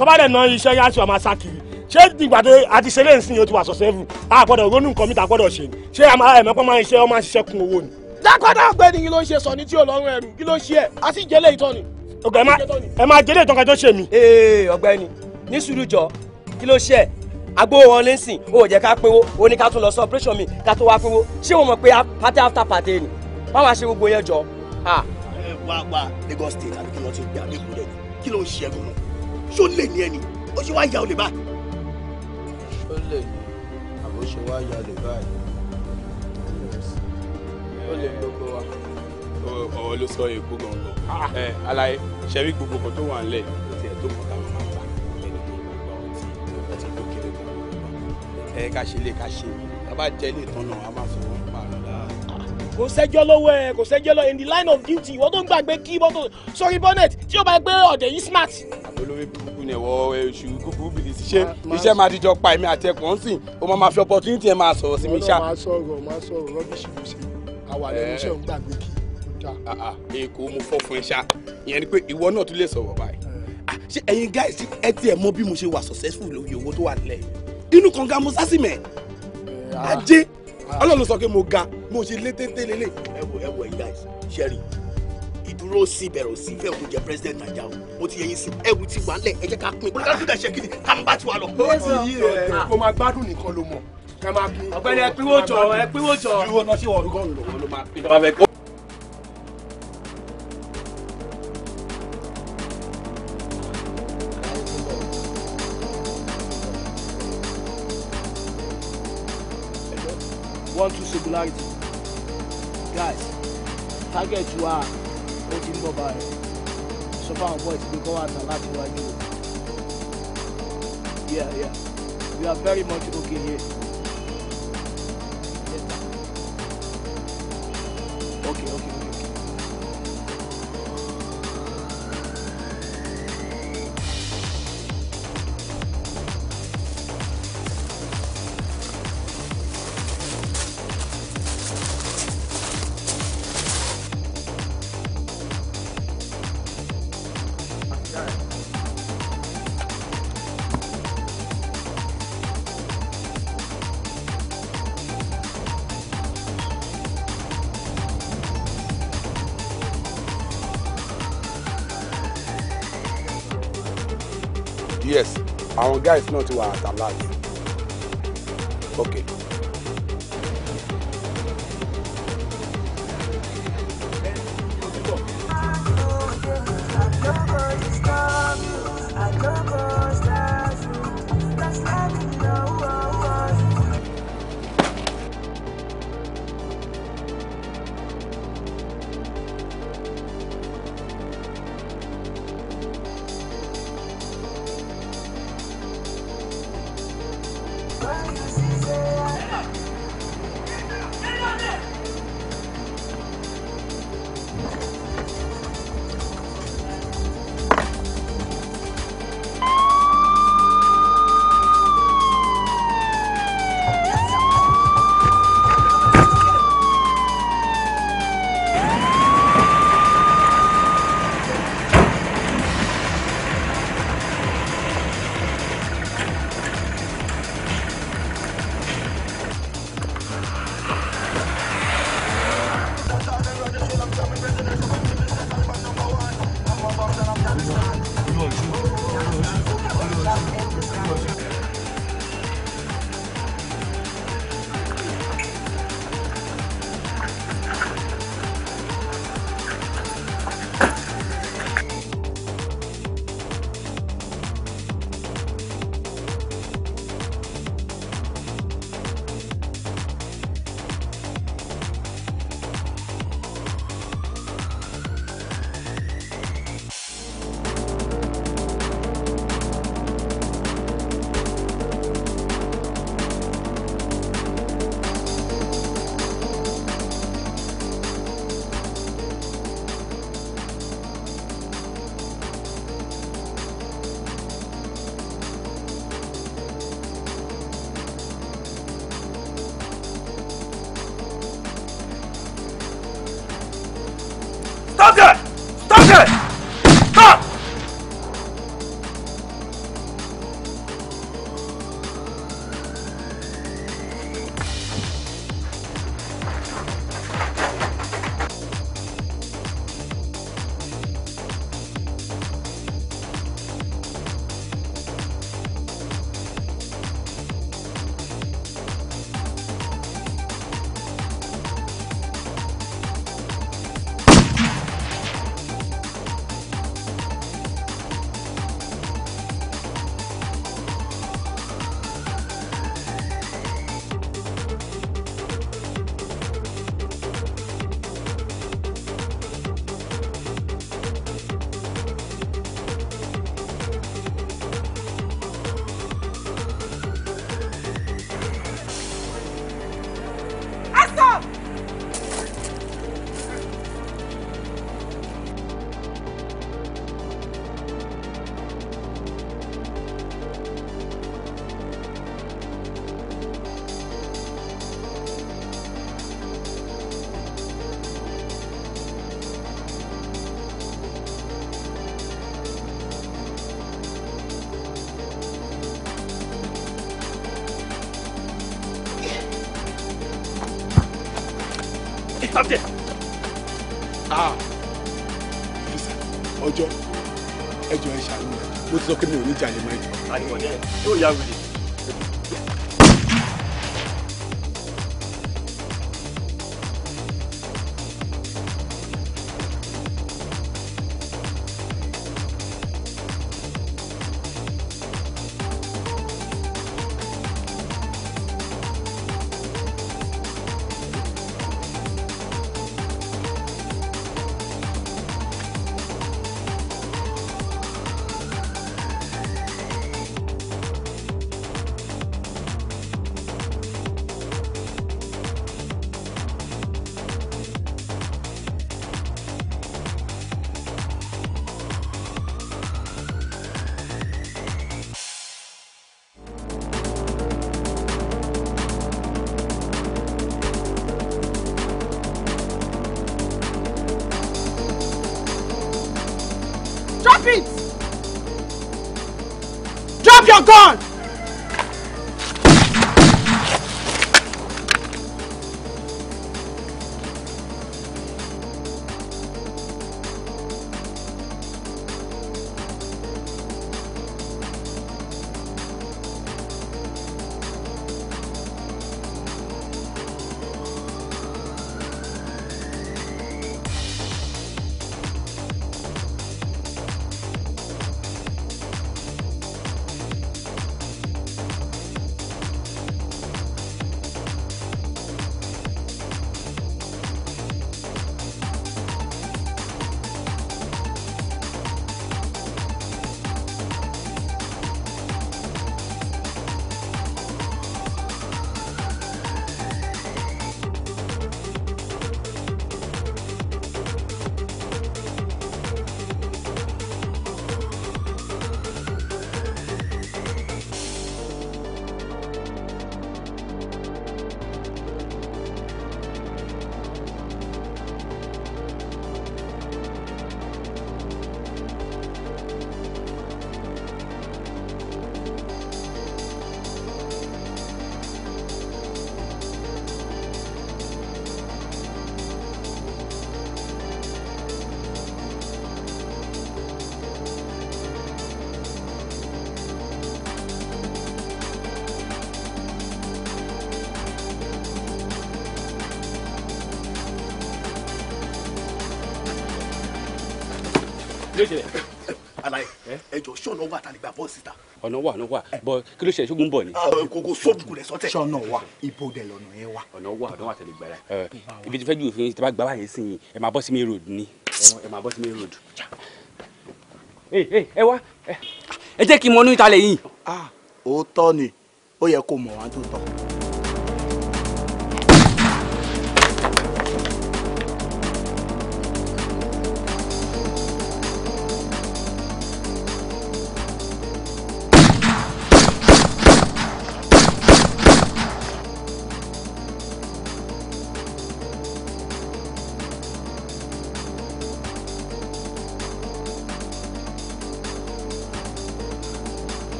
tó bá dẹ̀ ná iṣẹ́ yá sí ọmọ asákiri ṣé ìgbàdé àti ṣe léǹsìn yóò ti wà sọ̀sẹ́fù a gbọ́dọ̀ ronú nǹkan mìta gbọ́dọ̀ ṣe ni ṣé ẹ̀mẹ́pọ̀ máa ń ṣe ọmọ ṣiṣẹ́ kun owó ni. dákọ́dá ọ̀gbẹ́ni kí ló ń ṣe sọ ní tí ọlọ́run ẹ̀rù kí ló ṣe ẹ̀ á sì jẹ́lé ìtọ́ ni. ọ̀gá ẹ máa jẹ́lé ìtọ́ kan tó ṣe mí. ee ọ̀gbẹ́ni ní sùúrù kí ló ṣe ẹ̀ agbó wọn lẹ́sìn ó jẹ́ ká pínwó ó ní ká tún lọ sí operation mi ká tó wá pínwó ṣé o mọ̀ pé party after party ni wọ́n wá ṣe gbogbo yẹn jọ. wá wá Lagos State àbí kí wọ́n ti gbé àbí kúrẹ́ kí ló ń ṣe ẹ̀gbọ́n ṣó lè ní ẹni ó ṣe wá ya olè báyìí. ṣó lè ní àbó ṣe wá ya olè báyìí ó lè gbogbo wa. ọ̀rọ̀ ló sọ èkó gangan ah. ẹ alaye ṣẹ́rí gbogbo kan tó wà nílẹ̀ ó tiẹ̀ tó kọ̀ọ̀ta máa ta ẹni tó gbogbo ọtí ọtí tó kéré kan ẹ ká ṣe lè ká ṣe bàbá jẹ ilé ìtàn náà a máa fọ wọn pa àná. kò sẹ́jọ́ lọ́wọ́ ẹ kò sẹ́jọ́ lọ in the line of duty ìwọ tó ń gbàgbé kí bọ́tò sórí bonnet tí ó bá gbé ọ̀dẹ̀ yìí smart ni ẹ̀wọ̀ èṣù kúkú bìlì ṣiṣẹ́ iṣẹ́ máa dijọ́ pa èmi àti ẹ̀kọ́ ń sìn o máa ma fi opportunity ẹ̀ máa sọ̀rọ̀ sí mi ṣá. máa sọ̀rọ̀ máa sọ̀rọ̀ rọ́bìṣì ló ṣe àwa lẹ́nu iṣẹ́ òun gbàgbé kí. Ah, ah, èkó mo fọ́ fún ẹ ṣá ìyẹn ni pé ìwọ náà tún lè sọ̀rọ̀ báyìí. Eh. Ah, ṣé ẹ̀yin guys ẹ tiẹ̀ mọ bí mo ṣe wà successful lórí owó tó wà nílẹ̀ inú kan ga mo sásìmẹ̀ eh, ajé ọlọ́run sọ pé mo ga mo ṣe lé téńté lélẹ̀ ẹ̀wọ̀ ẹ̀wọ̀ ẹ̀yin guys ṣẹ́rí ìdúró sí ìbẹ̀rù sí ìfẹ́ president ọjà o mo ti yẹyin sí ẹrù ti wà lẹ ẹ jẹ́ ká pín kó lọ́dún ẹ̀ṣẹ̀ kìíní ká ń bá tiwa lọ. ó ti yí rẹ kó máa gbádùn nìkan ló mọ ká máa pín. ọ̀gbẹ́ni ẹ pínwó jọ ẹ pínwó jọ. ìdúró náà sí wọn ló ló one two singularity guys target wa o ti ń bọ̀ báyìí fáwọn boys pé kọ́ wá tà láti wájú. Yeah, yeah. We are very much okay here. yes àwọn guys náà ti wà at alert okay. One. alaye ẹjọ sọnà wà tàbí gbà bọ síta. ọ̀nà wà ọ̀nà wà bọ kí ló ṣe ṣógun bọ̀ ni. Ah, kókó sóògùn rẹ sọtẹ. sọnà wà ibo dẹ lọnà yẹn wà. ọ̀nà wà ọ̀nà wà tẹ̀lé gbàrà ẹ ibi tí fẹ́ ju òfin tí a bá gbà báyìí sí ẹ máa bọ́ sí mi road ni ẹ máa bọ́ sí mi road. ẹ wá ẹ jẹ́ kí n mọ inú ìtàlẹ̀ yìí. Ah, ó tọ́ ni ó yẹ kó mọ̀ wá tó tọ́.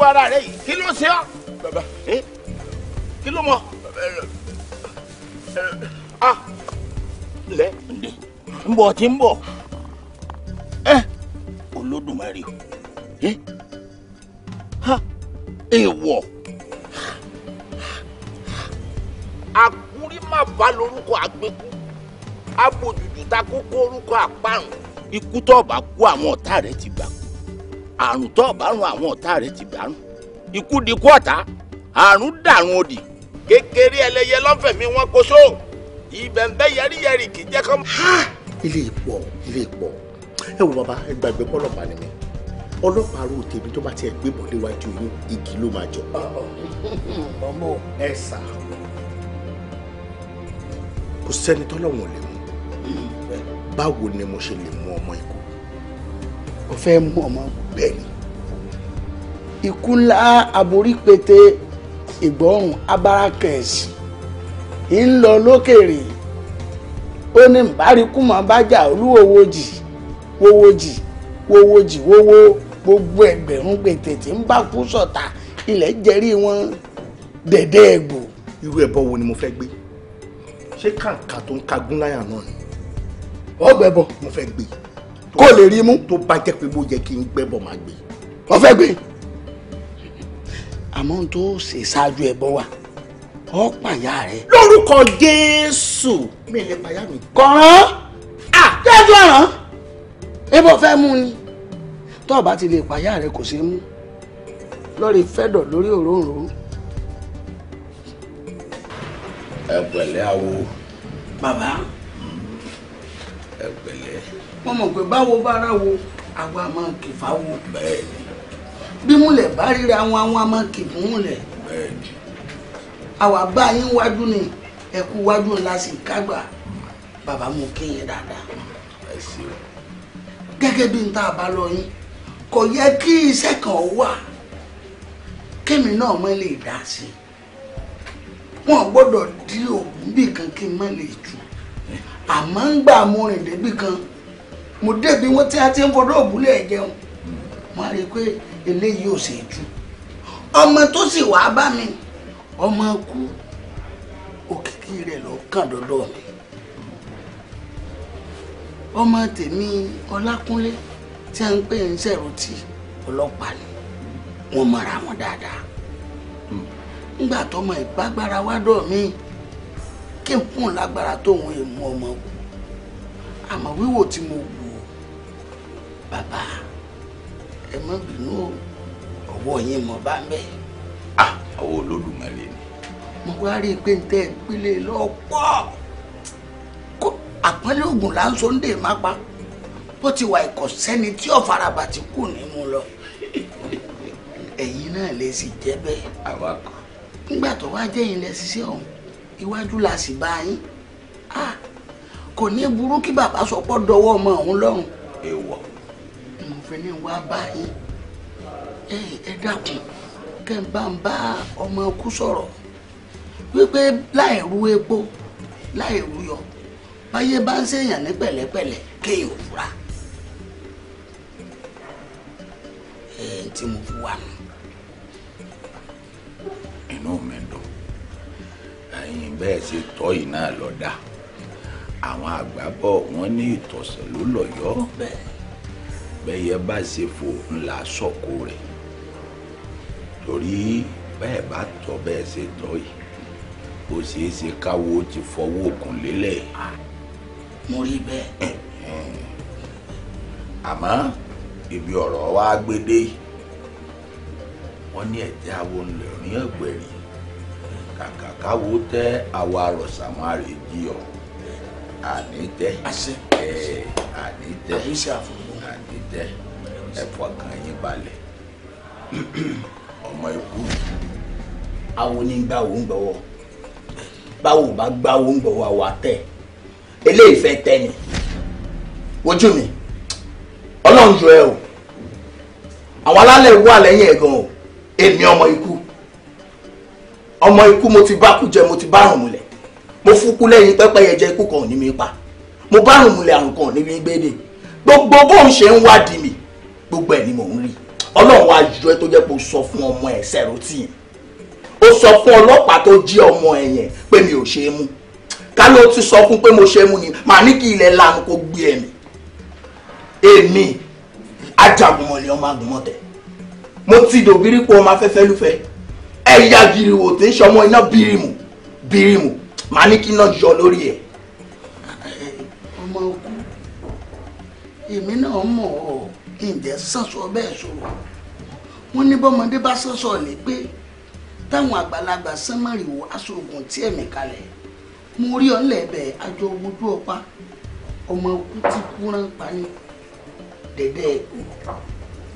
gbogbo ara rẹ yìí kí ló ṣe ọ́ bàbá kí ló mọ a ah. ah. lẹ ń bọ̀ tí ń bọ̀ ẹ olódùmarè ẹ ha èèwọ̀ àkúrí má bá lórúkọ àgbékú abòjùjù ta kókó orúkọ àparùn ikú tó bá kú àwọn ọ̀tá rẹ ti àrùn tó ọ̀bárùn àwọn ọ̀tá rẹ̀ ti dàrún ikú di kú ọ̀tá àrùn dàrún òdì kékeré ẹlẹ́yẹ lọ́fẹ̀ẹ́ mi wọ́n kó só ibẹ̀ ń bẹ́ yẹ́rìyẹ́rì kì í jẹ́ kọ́. ilé ìpọ̀ ilé ìpọ̀ ẹ wo bàbá ẹ gbàgbé pọ́lọ́pàá ni mi ọlọ́pàá ro tèmi tó bá tiẹ̀ gbé bọ̀ léwájú yín igi ló máa jọ. ọmọ ẹ sà kò sẹ́ni tọ́lọ́wọ̀n lè mú báwo ni mo ṣe lè mú ọmọ ikú ó fẹ́ mú ọmọ bẹ́ẹ̀ ni ikú ńlá aborí pété ìgbọ́rùn abarakẹ̀sì ń lọ lókèrè ó ní nbárikúmọ̀ bájà olúwowojì wowojì wowojì wowo gbogbo ẹgbẹ̀rún gbètè tí ń bá kú sọ̀tà ilẹ̀ jẹ́rí wọn dẹ̀dẹ̀ ẹ̀gbò. irú ẹbọ wo ni mo fẹ́ gbé ṣé kàǹkà tó ń kagún láyà náà ni ọgbẹ́bọ mo fẹ́ gbé kó lè rí mú. tó bá jẹ́ pé mo yẹ kí n gbẹ́ bọ̀ máa gbé. wọ́n fẹ́ gbé. àmọ́ n tó ṣe ṣáájú ẹbọ wa ọ pàyà rẹ. lórúkọ jésù. mi lè pàyà mi. kọ̀ọ̀rán à jẹ́jú ọ̀ràn ebo fẹ́ mú ni tó o bá ti lè pàyà rẹ kò ṣeé mú lórí fẹ́dọ̀ lórí òróǹro. ẹ pẹ̀lẹ́ awo. bàbá. ẹ pẹ̀lẹ́ mo mọ̀ pé báwo bára wo àwa máa kì fáwo. bẹ́ẹ̀ni. bí múlẹ̀ bá ríra àwọn àwọn a máa kì fún múlẹ̀. àwa bá yín wájú ni ẹ wájú ńlá sí kágbà bàbá mo kí yín dáadáa. ẹ ṣeun. gẹ́gẹ́ bí n tá a bá lọ yín kò yẹ kí iṣẹ́ kan wà kémi náà mọ́ lè dá sí i wọn gbọ́dọ̀ dí òògùn bì kí n mọ́ lè jù àmọ́ ń gbà mo rìn débì kan. mo débi wọn tí a ti ń fọdọ́ òbúlẹ̀ jẹun mo rí i pé eléyìí ò jù ọmọ tó sì wàá bá mi ọmọ kú òkìkí rẹ̀ lọ kàn mi ọmọ tèmi ọlákúnlé tí a ń pè ń ṣèròtì ọlọpàá ni wọn mọ̀ra wọn dáadáa nígbà tọmọ ìbágbára wádọ̀ mi kí n fún lágbára tóun ọmọ wíwò bàbá ẹ má bínú o ọwọ́ yín mọ̀ bá ń bẹ̀. àwọn olódùmarè ni. mo wá rí i pé n tẹ́ ẹ pélé lọ́pọ̀ kó àpọ́nlé oògùn là ń so ń dè má pa bó ti wà ìkọ̀ sẹ́ni tí ọ̀farabà ti kù nínú lọ ẹ̀yin náà lè sì jẹ́ bẹ́ẹ̀. àwa kọ. nígbà tó wá jẹ́yìn lẹ ṣiṣẹ́ ọ̀hún iwájú la sì bá yín kò ní burú kí bàbá sọ dọwọ́ ọmọ òun lọ́rùn. èèwọ̀. E fi ní wá báyìí ẹ dákun kẹ́ ń bá ń bá ọmọ ikú sọ̀rọ̀ wípé láì ru epo láì ru yọ báyé bá ń ṣèyàn ní pẹ̀lẹ́pẹ̀lẹ́ kéèyàn fura ẹ tí mo fi wà nù. inú mi dùn ẹ̀yin bẹ́ẹ̀ ṣe tọ́ yìí náà lọ àwọn àgbà bọ̀ wọ́n ní ìtọ̀sẹ̀ ló lọ́yọ̀ọ́. bẹ́ẹ̀ bẹ́yẹ bá ṣe fò ńlá sọ̀kò rẹ̀ torí bẹ́ẹ̀ bá tọ́ bẹ́ẹ̀ ṣe tọ yìí ó ṣeé ṣe káwo ti fọwọ́ òkun lélẹ̀. mo rí bẹ́ẹ̀. àmọ́ ibi ọ̀rọ̀ wa gbédè wọ́n ní ẹ̀jẹ̀ awo ńlẹ̀ rí ẹ̀gbẹ̀rì kàkà káwo tẹ́ àwa àròsàmọ́ àrèjì ọ̀ àní àní dídẹ ẹ̀fọ́ kan yín balẹ̀ ọmọ ikú awo ní gbàwó ń gbọ́wọ́ báwo bá gbàwó ń gbọ́wọ́ àwa tẹ̀ eléyìí fẹ́ tẹ́ ni mi ọlọ́run jọ ẹ o àwọn alálẹ̀ wà lẹ́yìn ẹ̀ gan o èmi ọmọ ikú ọmọ ikú mo ti bá kú jẹ mo ti bá rùn múlẹ̀ mo fukú lẹ́yìn pẹ́pẹ́yẹ jẹ ikú kan ò ní mi pa mo bá rùn múlẹ̀ àrùn kan ò ní mi gbé dè gbogbo bóun ṣe ń wádìí mi gbogbo ẹ̀ ni mò ń rí ọlọ́run wa yọ ẹ tó jẹ́ pé ó sọ fún ọmọ ẹ̀ sẹ́rọ̀tì ó sọ fún ọlọ́pàá tó jí ọmọ ẹ̀ yẹn pé mi ò ṣe é mú ká ló ti sọ fún pé mo ṣe é mú ni màá ní kí ilẹ̀ lanu kó gbé ẹ̀mí èmi ajagunmọ̀lẹ̀ ọmọ agunmọ̀tẹ̀ mo ti dòbírí pé ọmọ afẹ́fẹ́ lúfẹ́ ẹ̀yà gíríwò tí ń ṣe ọmọ iná bírímù bírímù màá ní kí iná yọ lórí ẹ̀ èmi náà mọ̀ ọ́ ǹjẹ́ sọ́sọ bẹ́ẹ̀ sọ̀rọ̀ wọ́n ní bọ́mọdé bá sọ́sọ ní pé táwọn àgbàlagbà sánmọ́rìwò aṣoògùn tí ẹ̀mí kalẹ̀ mo rí ọ̀lẹ́ bẹ̀ àjọ ojú ọ̀pá ọmọ òkú ti kú rán pani dẹ̀dẹ̀ ẹ̀kú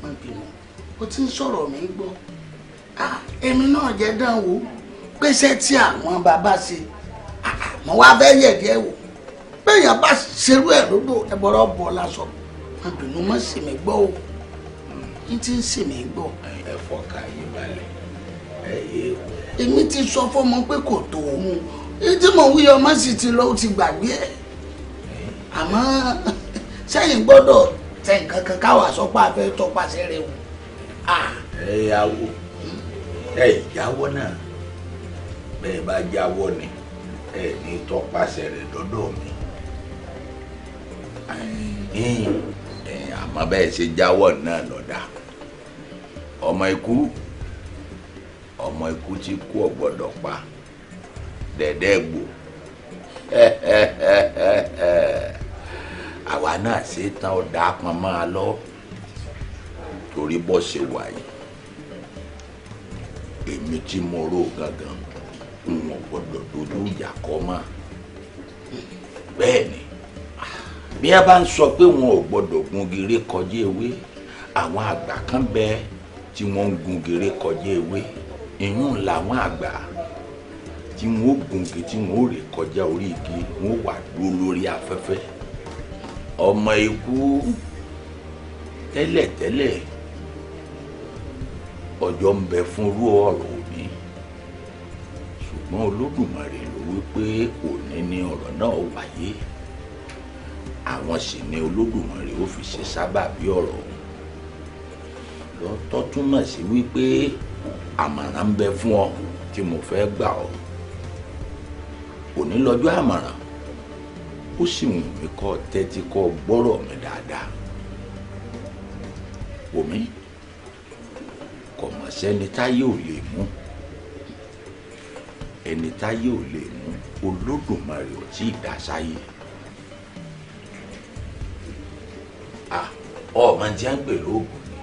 mọ̀ bínú ó ti ń sọ̀rọ̀ mi gbọ́ èmi náà jẹ́ dán wò pèsè tí àwọn bàbá ṣe mo wá fẹ́ yẹ̀dí ẹ̀ wò bẹ́ẹ̀ yẹn bá ṣerú ẹ̀ lódò ẹ̀bọ̀rọ̀ bọ̀ lásọ̀kù àdùnnú má sì mí gbọ́ o n ti ń sì mí gbọ́. ẹ fọkà yín balẹ̀ ẹ yé o. E. èmi ti sọ fọmọ pé kò tó o mu ìdí mọ̀ wí ọmọ sì ti lọ ó ti gbàgbé ẹ̀ àmọ́ sẹ́yìn gbọ́dọ̀ tẹ nǹkan kan káwà sọ pé tọpasẹ̀ rẹ o. ẹ yàwó ẹ yàwó náà bẹ́ẹ̀ bá jáwọ́ ni ẹ ní tọpasẹ̀ rẹ dọ́dọ̀ mi. àmọ́ bẹ́ẹ̀ ṣe jáwọ́ náà lọ́dà ọmọ ikú ọmọ ikú tí kú ọ̀gbọ́dọ̀ pa dẹ̀dẹ́ gbò àwa náà ṣe tán ọ̀dà pọn máa lọ torí bọ́ ṣe wà yìí èmi tí mo rò gangan kọ mọ́ bẹ́ẹ̀ bí a bá ń sọ pé wọn ò gbọdọ̀ gungire kọjá ewé àwọn àgbà kan bẹ tí wọ́n ń gungire kọjá ewé ìyún làwọn àgbà tí wọ́n ó gungi tí wọ́n ó rè kọjá orí igi wọ́n ó wà dúró lórí afẹ́fẹ́ ọmọ ikú tẹ́lẹ̀tẹ́lẹ̀ ọjọ́ ń bẹ fún irú ọ̀rọ̀ òní ṣùgbọ́n Olódùmarè ló wí pé òní ni ọ̀rọ̀ náà wáyé àwọn sì ni olódùmarè ó fi ṣe sábàbí ọ̀rọ̀ òun lọ́tọ́ túmọ̀ sí wípé àmọ̀ràn ń bẹ fún ọ tí mo fẹ́ gbà ọ òní lọ́jọ́ àmọ̀ràn ó sì wù mí kọ́ tẹ́tí kọ́ gbọ́rọ̀ mi dáadáa omi kò mọ̀ sẹ́ni táyé ò lè mú ẹni táyé ò lè mú olódùmarè ò tí ì dá sáyé. ọmọ tí a ń pè lóògùn ni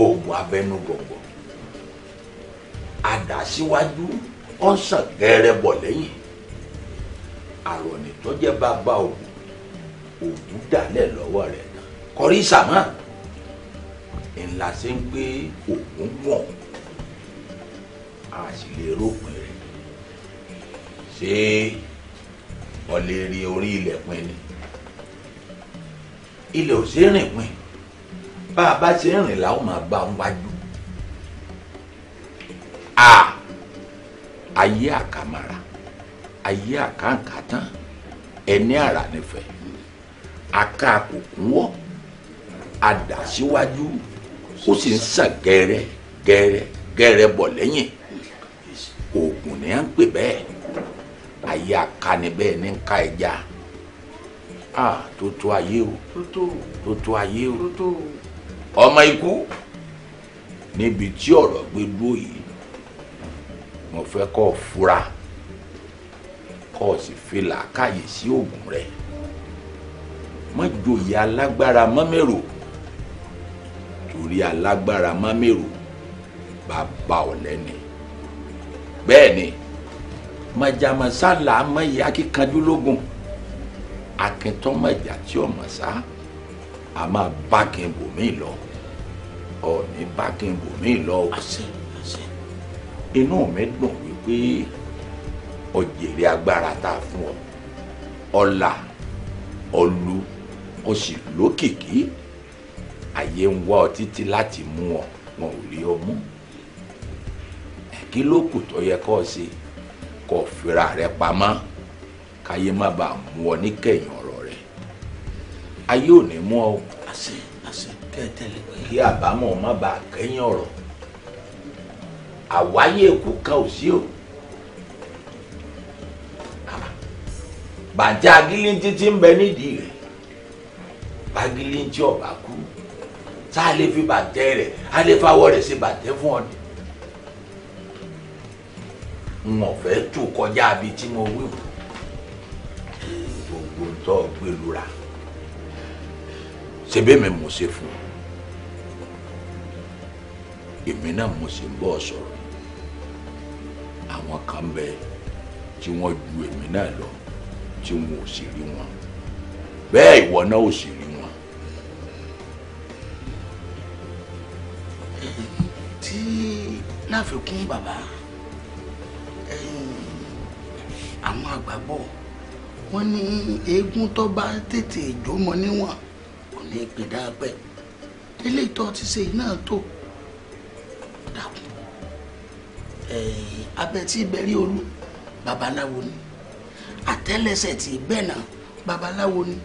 oògùn abẹnú gbọ̀ngbọ̀ àdásíwájú ọ̀sán gẹ́rẹ́bọ̀ lẹ́yìn àròní tó jẹ́ bàbá òògùn òògùn dálẹ̀ lọ́wọ́ rẹ̀ náà kọrí sàmọ́ ńlá ṣe ń pé òògùn wọ̀n a sì lè rópin rẹ̀ ṣé ọ lè rí orí ilẹ̀kùn ilẹ̀ ò ṣeé rìn pin bá a bá ṣe ń rìn láwọn máa gba òun wájú a ayé àkàmàrà ayé àkàǹkàtàn ẹni àrà nífẹ̀ẹ́ aká kòkúnwọ́ adà síwájú ó sì ń sàn gẹ́rẹ́ gẹ́rẹ́ gẹ́rẹ́ bọ̀ lẹ́yìn oògùn ni à ń pè bẹ́ẹ̀ ayé àkàní bẹ́ẹ̀ ní ń ka ẹja. E ah tó tó ayé o tó tó ayé o ọmọ ikú níbi tí ọ̀rọ̀ gbé dúró yìí mo fẹ́ kọ́ fura kọ́ ọ sì fi làákàyè sí oògùn rẹ̀ má joyè alágbára mọ́mẹ́rò torí alágbára mọ́mẹ́rò bàbá ọ̀lẹ́ni bẹ́ẹ̀ ni mọ̀jàmọ́sálà mọ̀ ìyá kíkanjú lógún akintọ́mọ ìjà tí ọmọ sá a máa bá kí n bò mí lọ ọ̀ọ́ni bá kí n bò mí lọ o. inú mi dùn wípé ọ̀jẹ̀rẹ̀ agbára tá a fún ọ ọlà ọlù o sì lókìkí àyè ń wá ọ títí láti mú ọ wọn ò rí ọ mú kí ló kù tó yẹ kó o ṣe kó o fira rẹ pamọ́. káyé má ba mú ọ níkẹyìn ọrọ rẹ ayé ò ní mú ọ àṣẹ àṣẹ kẹtẹlẹ kí àbámọ̀ má bàa kẹ́yìn ọ̀rọ̀ àwáyé èkó kan ò sí o ah, bàjẹ́ agilíńtí ti ń bẹ nídìí rẹ̀ bagilíńtí ọba kú tá a lè fi bàjẹ́ rẹ̀ a lè fawọ́ rẹ̀ ṣe bàjẹ́ fún ọdẹ n ò fẹ́ tó kọjá abi tí mo wí tó gbẹlura ṣebí mi mo ṣe fún èmi náà mo ṣe ń bọ̀ sọ̀rọ̀ àwọn kan bẹ tí wọ́n ju èmi náà lọ tí wọn ò sì rí wọn bẹ́ẹ̀ ìwọ náà ò sì rí wọn. tí láfikún bàbá àwọn àgbà bọ̀ wọ́n ní eégún tó bá tètè jómọ níwọ̀n kò ní pè dáapẹ́ délé tó ti ṣe náà tó dàkún abẹ́tí ìbẹ̀rí olú babaláwo ni àtẹ́lẹsẹ̀ tí bẹ́ẹ̀ náà babaláwo ni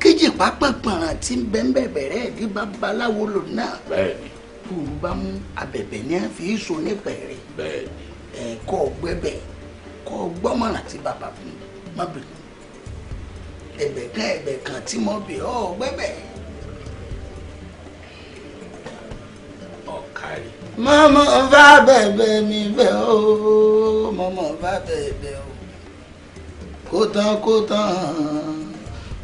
kéjì pápákpọ̀ràn tí ń bẹ́ẹ̀ bẹ̀rẹ̀ ní babaláwo lò náà kúrú bá mú abẹ̀bẹ̀ ní àfi so nípẹ̀rẹ̀ kọ́ gbẹ́bẹ̀ kọ́ gbọ́mọ̀ràn tí bàbá fún mi ẹ̀bẹ̀ kan ẹ̀bẹ̀ kan tí mo bè ọ́ gbẹ́bẹ̀. ọ̀kàrí. mọ́mọ́ bá bẹ̀bẹ̀ mi bẹ̀ ó mọ́mọ́ bá bẹ̀bẹ̀ ó kó tán kó tán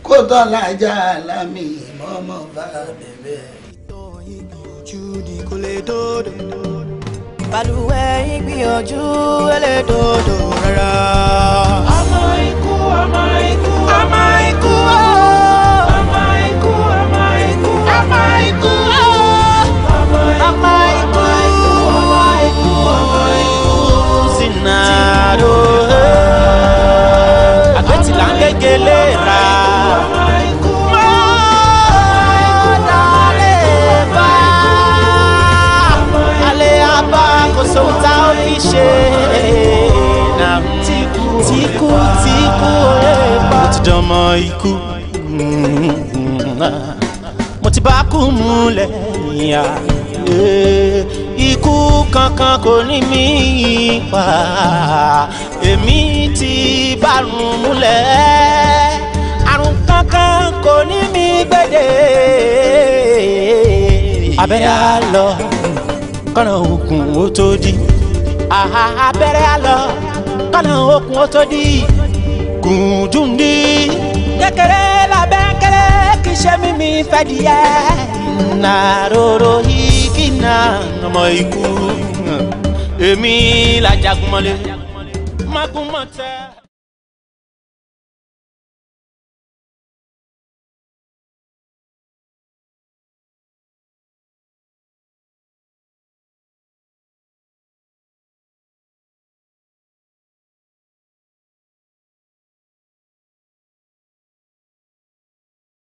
kó tán lájà lámì mọ́mọ́ bá bẹ̀bẹ̀. Judy kò lè dòdò balùwẹ̀ ìgbìyànjú ẹlẹ́dòdò rárá. ọmọ ikú ọmọ ikú ọmọ dánmọ́ ikú mo ti bá kú múlẹ̀ yá ikú kankan kò ní mí pa ti bàrùn múlẹ̀ àrùn kankan kò ní mi gbèdé. abẹ́rẹ́ á lọ kọ́nà oògùn ó tó di. abẹ́rẹ́ á kọ́nà oògùn ó tó di. gùdùndí kékeré lábẹ́ kéré kì í ṣe mímí fẹ́ díẹ̀. nàróró yìí kì í na ọmọ ikú èmi làjàgùnmọ́lé magun mọ̀tẹ́.